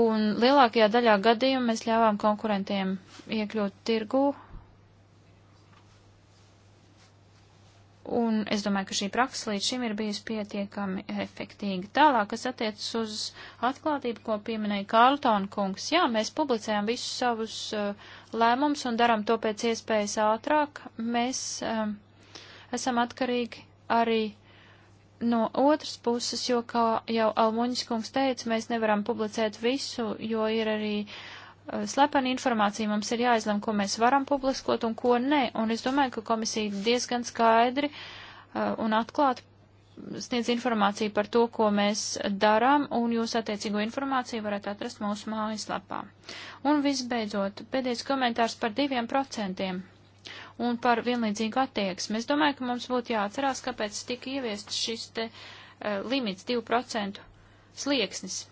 Un lielākajā daļā gadījumu mēs ļāvām konkurentiem iekļūt tirgū Un es domāju, ka šī praksa līdz šim ir bijusi pietiekami efektīga. Tālāk, kas attiecas uz atklātību, ko pieminēja Kārltona kungs. Jā, mēs publicējam visus savus uh, lēmumus un daram to pēc iespējas ātrāk. Mēs um, esam atkarīgi arī no otras puses, jo, kā jau Almuņas kungs teica, mēs nevaram publicēt visu, jo ir arī uh, Eh, slepena informācija, mums ir jāizlem, ko mēs varam publiskot un ko nē. Un es domāju, ka komisija diezgan skaidri eh, un atklāti sniedz informāciju par to, ko mēs darām, un jūs attiecīgo informāciju varat atrast mūsu mājaslapā. Un visbeidzot, pēdējais komentārs par diviem procentiem un par vienlīdzīgu attieksmi. Es domāju, ka mums būtu jāatcerās, kāpēc tika ieviests šis te uh, limits 2% slieksnis.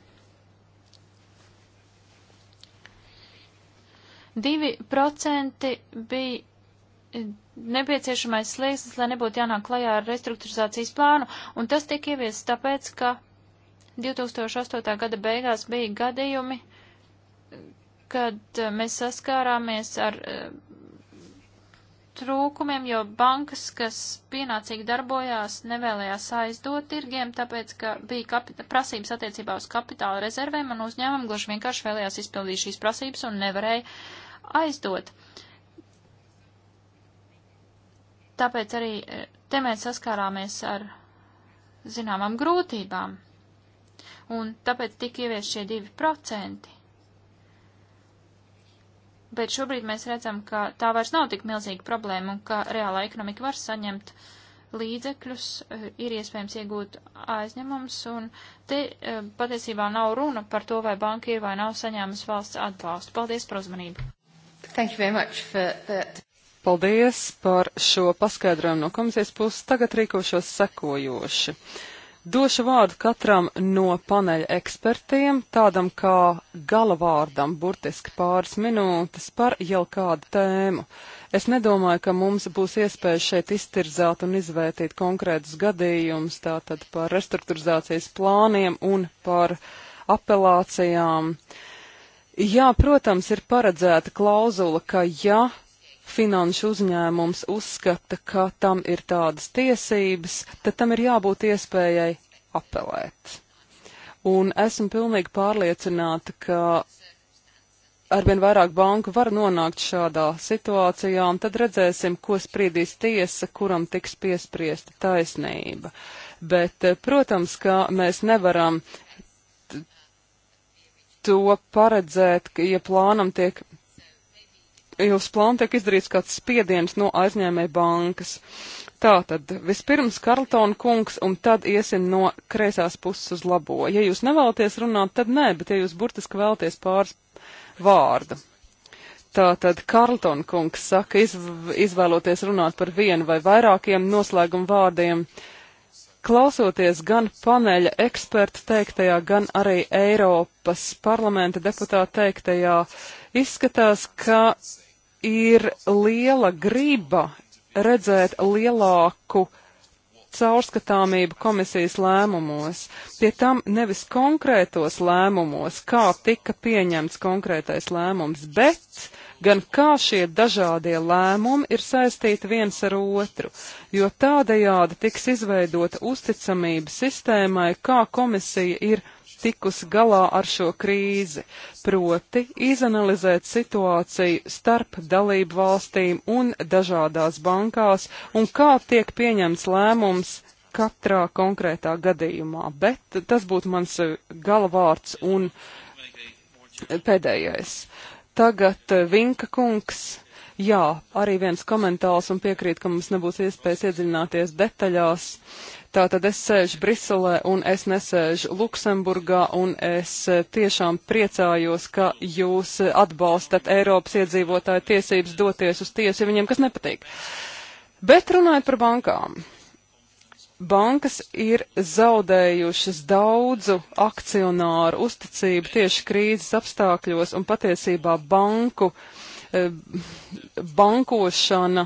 2% bija eh, nepieciešamais slieksnis, lai nebūtu jānāk klajā ar restruktūrizācijas plānu, un tas tika ieviests tāpēc, ka 2008. gada beigās bija gadījumi, kad eh, mēs saskārāmies ar eh, trūkumiem, jo bankas, kas pienācīgi darbojās, nevēlējās aizdot tirgiem, tāpēc, ka bija kapita, prasības attiecībā uz kapitāla rezervēm, un uzņēmumi gluži vienkārši vēlējās izpildīt šīs prasības un nevarēja aizdot. Tāpēc arī e, te mēs saskārāmies ar zināmām grūtībām, un tāpēc tika ievies šie divi procenti. Bet šobrīd mēs redzam, ka tā vairs nav tik milzīga problēma un ka reālā ekonomika var saņemt līdzekļus, e, ir iespējams iegūt aizņemums, un te e, patiesībā nav runa par to, vai banka ir vai nav saņēmusi valsts atbalstu. Paldies par uzmanību! Thank you very much for that. Paldies par šo paskaidrojumu no komisijas puses. Tagad rīkošos sekojoši. Došu vārdu katram no paneļa ekspertiem, tādam kā galavārdam, burtiski pāris minūtes par jau kādu tēmu. Es nedomāju, ka mums būs iespēja šeit iztirzāt un izvērtīt konkrētus gadījumus, tātad par restruktūrizācijas plāniem un par apelācijām. Uh, Jā, protams, ir paredzēta klauzula, ka ja finanšu uzņēmums uzskata, ka tam ir tādas tiesības, tad tam ir jābūt iespējai apelēt. Un esmu pilnīgi pārliecināta, ka arvien vairāk banku var nonākt šādā situācijā, un tad redzēsim, ko spriedīs tiesa, kuram tiks piespriesta taisnība. Bet, eh, protams, ka mēs nevaram to paredzēt, ka, ja plānam tiek, ja uz plānu tiek izdarīts kāds spiediens no aizņēmē bankas. Tātad, vispirms Karltona kungs, un tad iesim no kreisās puses uz labo. Ja jūs nevēlaties runāt, tad nē, bet ja jūs burtiski vēlaties pāris vārdu. Tātad Karltona kungs saka, izv izvēloties runāt par vienu vai vairākiem noslēgumu vārdiem, uh, Klausoties gan paneļa eksperta teiktajā, gan arī Eiropas parlamenta deputāta teiktajā, izskatās, ka ir liela griba redzēt lielāku caurskatāmību komisijas lēmumos, pie tam nevis konkrētos lēmumos, kā tika pieņemts konkrētais lēmums, bet gan kā šie dažādie lēmumi ir saistīti viens ar otru, jo tādējādi tiks izveidota uzticamība sistēmai, kā komisija ir tikusi galā ar šo krīzi, proti izanalizēt situāciju starp dalību valstīm un dažādās bankās un kā tiek pieņemts lēmums katrā konkrētā gadījumā, bet tas būtu mans galavārds un pēdējais. Tagad eh, Vinka kungs. Jā, arī viens komentārs un piekrīt, ka mums nebūs iespējas iedziļināties detaļās. Tātad es sēžu Briselē un es nesēžu Luksemburgā un es eh, tiešām priecājos, ka jūs eh, atbalstat Eiropas iedzīvotāju tiesības doties uz tiesu, ja viņiem kas nepatīk. Bet runājot par bankām bankas ir zaudējušas daudzu akcionāru uzticību tieši krīzes apstākļos, un patiesībā banku, e, bankošana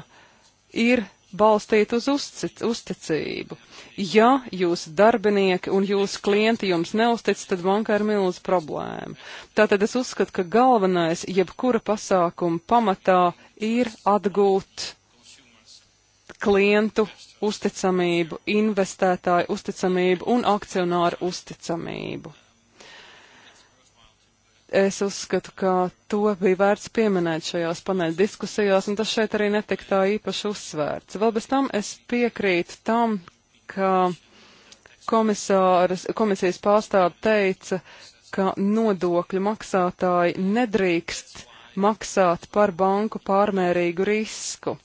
ir balstīta uz uzticību. Ja jūsu darbinieki un jūsu klienti jums neuztic, tad bankā ir milz problēma. Tātad es uzskatu, ka galvenais jebkura pasākuma pamatā ir atgūt klientu uzticamību, investētāju uzticamību un akcionāru uzticamību. Es uzskatu, ka to bija vērts pieminēt šajās paneļa diskusijās, un tas šeit arī netika tā īpaši uzsvērts. Vēl bez tam es piekrītu tam, ka komisijas pārstāve teica, ka nodokļu maksātāji nedrīkst maksāt par banku pārmērīgu risku.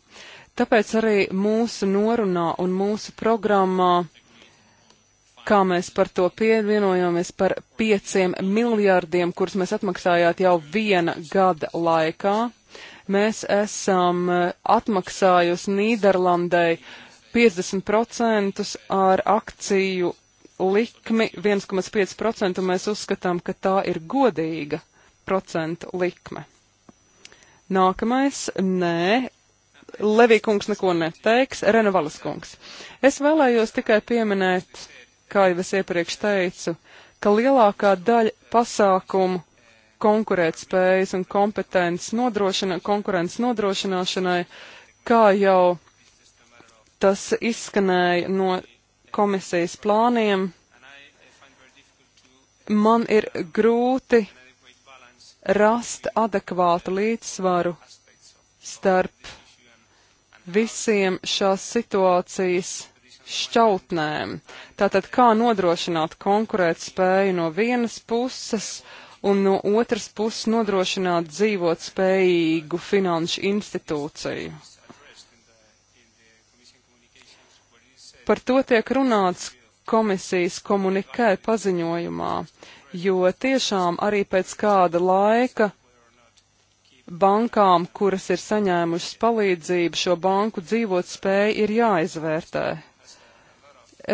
Tāpēc arī mūsu norunā un mūsu programmā, kā mēs par to pievienojāmies par pieciem miljārdiem, kurus mēs atmaksājāt jau viena gada laikā, mēs esam eh, atmaksājusi Nīderlandai 50% ar akciju likmi 1,5%, un mēs uzskatām, ka tā ir godīga procentu likme. Nākamais, nē, Levīkungs neko neteiks, Renavalas kungs. Es vēlējos tikai pieminēt, kā jau es iepriekš teicu, ka lielākā daļa pasākumu konkurētspējas un kompetences nodrošina, konkurences nodrošināšanai, kā jau tas izskanēja no komisijas plāniem, man ir grūti rast adekvātu līdzsvaru starp visiem šās situācijas šķautnēm. Tātad, kā nodrošināt konkurēt spēju no vienas puses un no otras puses nodrošināt dzīvot spējīgu finanšu institūciju. Par to tiek runāts komisijas komunikē paziņojumā, jo tiešām arī pēc kāda laika bankām, kuras ir saņēmušas palīdzību, šo banku dzīvot spēju ir jāizvērtē.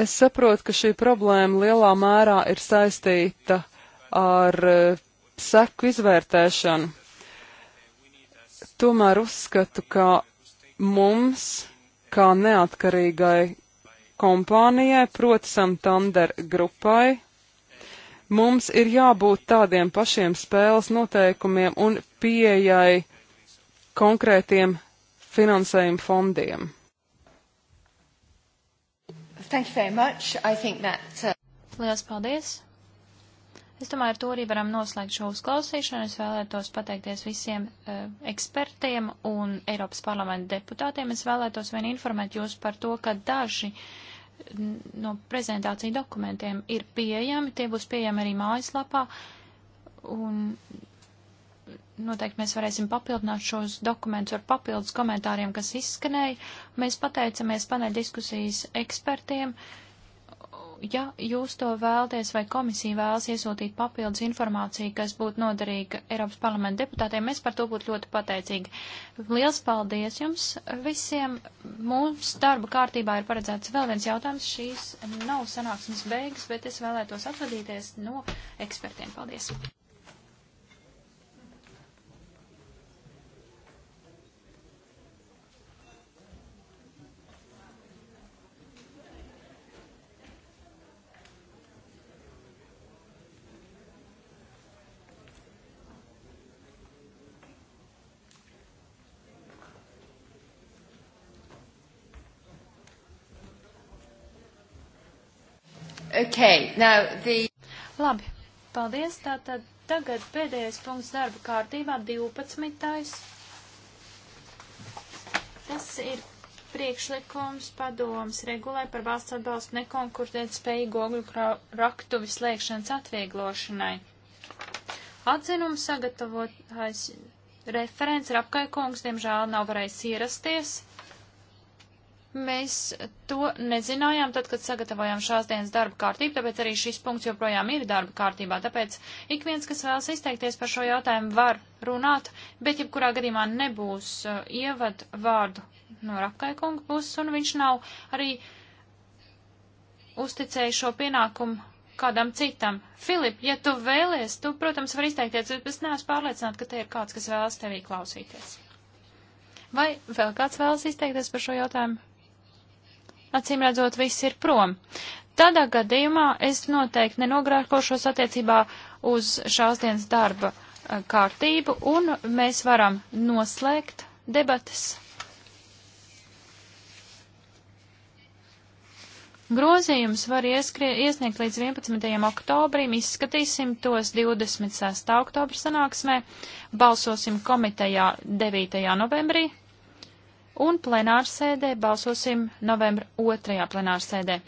Es saprotu, ka šī problēma lielā mērā ir saistīta ar e, seku izvērtēšanu. Tomēr uzskatu, ka mums, kā neatkarīgai kompānijai, proti Santander grupai, Mums ir jābūt tādiem pašiem spēles noteikumiem un pieejai konkrētiem finansējuma fondiem. Thank you very much. I think that, uh... Lielas paldies! Es domāju, ar to arī varam noslēgt šo uzklausīšanu. Es vēlētos pateikties visiem uh, ekspertiem un Eiropas parlamenta deputātiem. Es vēlētos vien informēt jūs par to, ka daži uh, no prezentāciju dokumentiem ir pieejami, tie būs pieejami arī mājaslapā, un noteikti mēs varēsim papildināt šos dokumentus ar papildus komentāriem, kas izskanēja. Mēs pateicamies paneļ diskusijas ekspertiem. Uh, ja jūs to vēlties vai komisija vēlas iesūtīt papildus informāciju, kas būtu noderīga Eiropas parlamenta deputātiem, mēs par to būtu ļoti pateicīgi. Liels paldies jums visiem. Mums darba kārtībā ir paredzēts vēl viens jautājums. Šīs nav sanāksmes beigas, bet es vēlētos atvadīties no ekspertiem. Paldies! Okay, now the... Labi, paldies. Tātad tagad pēdējais punkts darba kārtībā, 12. Tas ir priekšlikums padoms regulē par valsts atbalstu nekonkurēt spējīgu ogļu raktuvi slēgšanas atvieglošanai. Atzinumu sagatavotais referents Rapkai kungs, diemžēl, nav varējis ierasties. Mēs to nezinājām tad, kad sagatavojām šās dienas darba kārtību, tāpēc arī šis punkts joprojām ir darba kārtībā. Tāpēc ik viens, kas vēlas izteikties par šo jautājumu, var runāt, bet jebkurā gadījumā nebūs uh, ievad vārdu no Rapkaikunga puses, un viņš nav arī uzticējis šo pienākumu kādam citam. Filip, ja tu vēlies, tu, protams, var izteikties, bet es neesmu pārliecināta, ka te ir kāds, kas vēlas tevī klausīties. Vai vēl kāds vēlas izteikties par šo jautājumu? acīm redzot, viss ir prom. Tādā gadījumā es noteikti nenogrākošos attiecībā uz šās dienas darba eh, kārtību, un mēs varam noslēgt debatas. Grozījums var ieskrie, iesniegt līdz 11. oktobrim, izskatīsim tos 26. oktobra sanāksmē, balsosim komitejā 9. novembrī un plenārsēdē balsosim novembra otrajā plenārsēdē.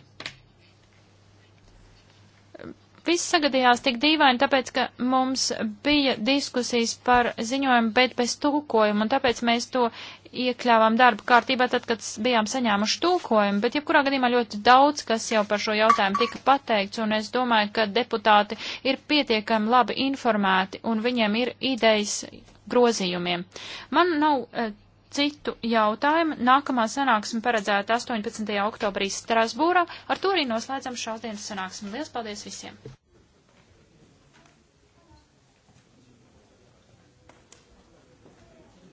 Viss sagadījās tik dīvaini, tāpēc, ka mums bija diskusijas par ziņojumu, bet bez tulkojumu, un tāpēc mēs to iekļāvām darba kārtībā tad, kad bijām saņēmuši tulkojumu, bet jebkurā gadījumā ļoti daudz, kas jau par šo jautājumu tika pateikts, un es domāju, ka deputāti ir pietiekami labi informēti, un viņiem ir idejas grozījumiem. Man nav eh, citu jautājumu. Nākamā sanāksme paredzēta 18. oktobrī Strasbūrā. Ar to arī noslēdzam šās dienas sanāksmi. Lielas paldies visiem!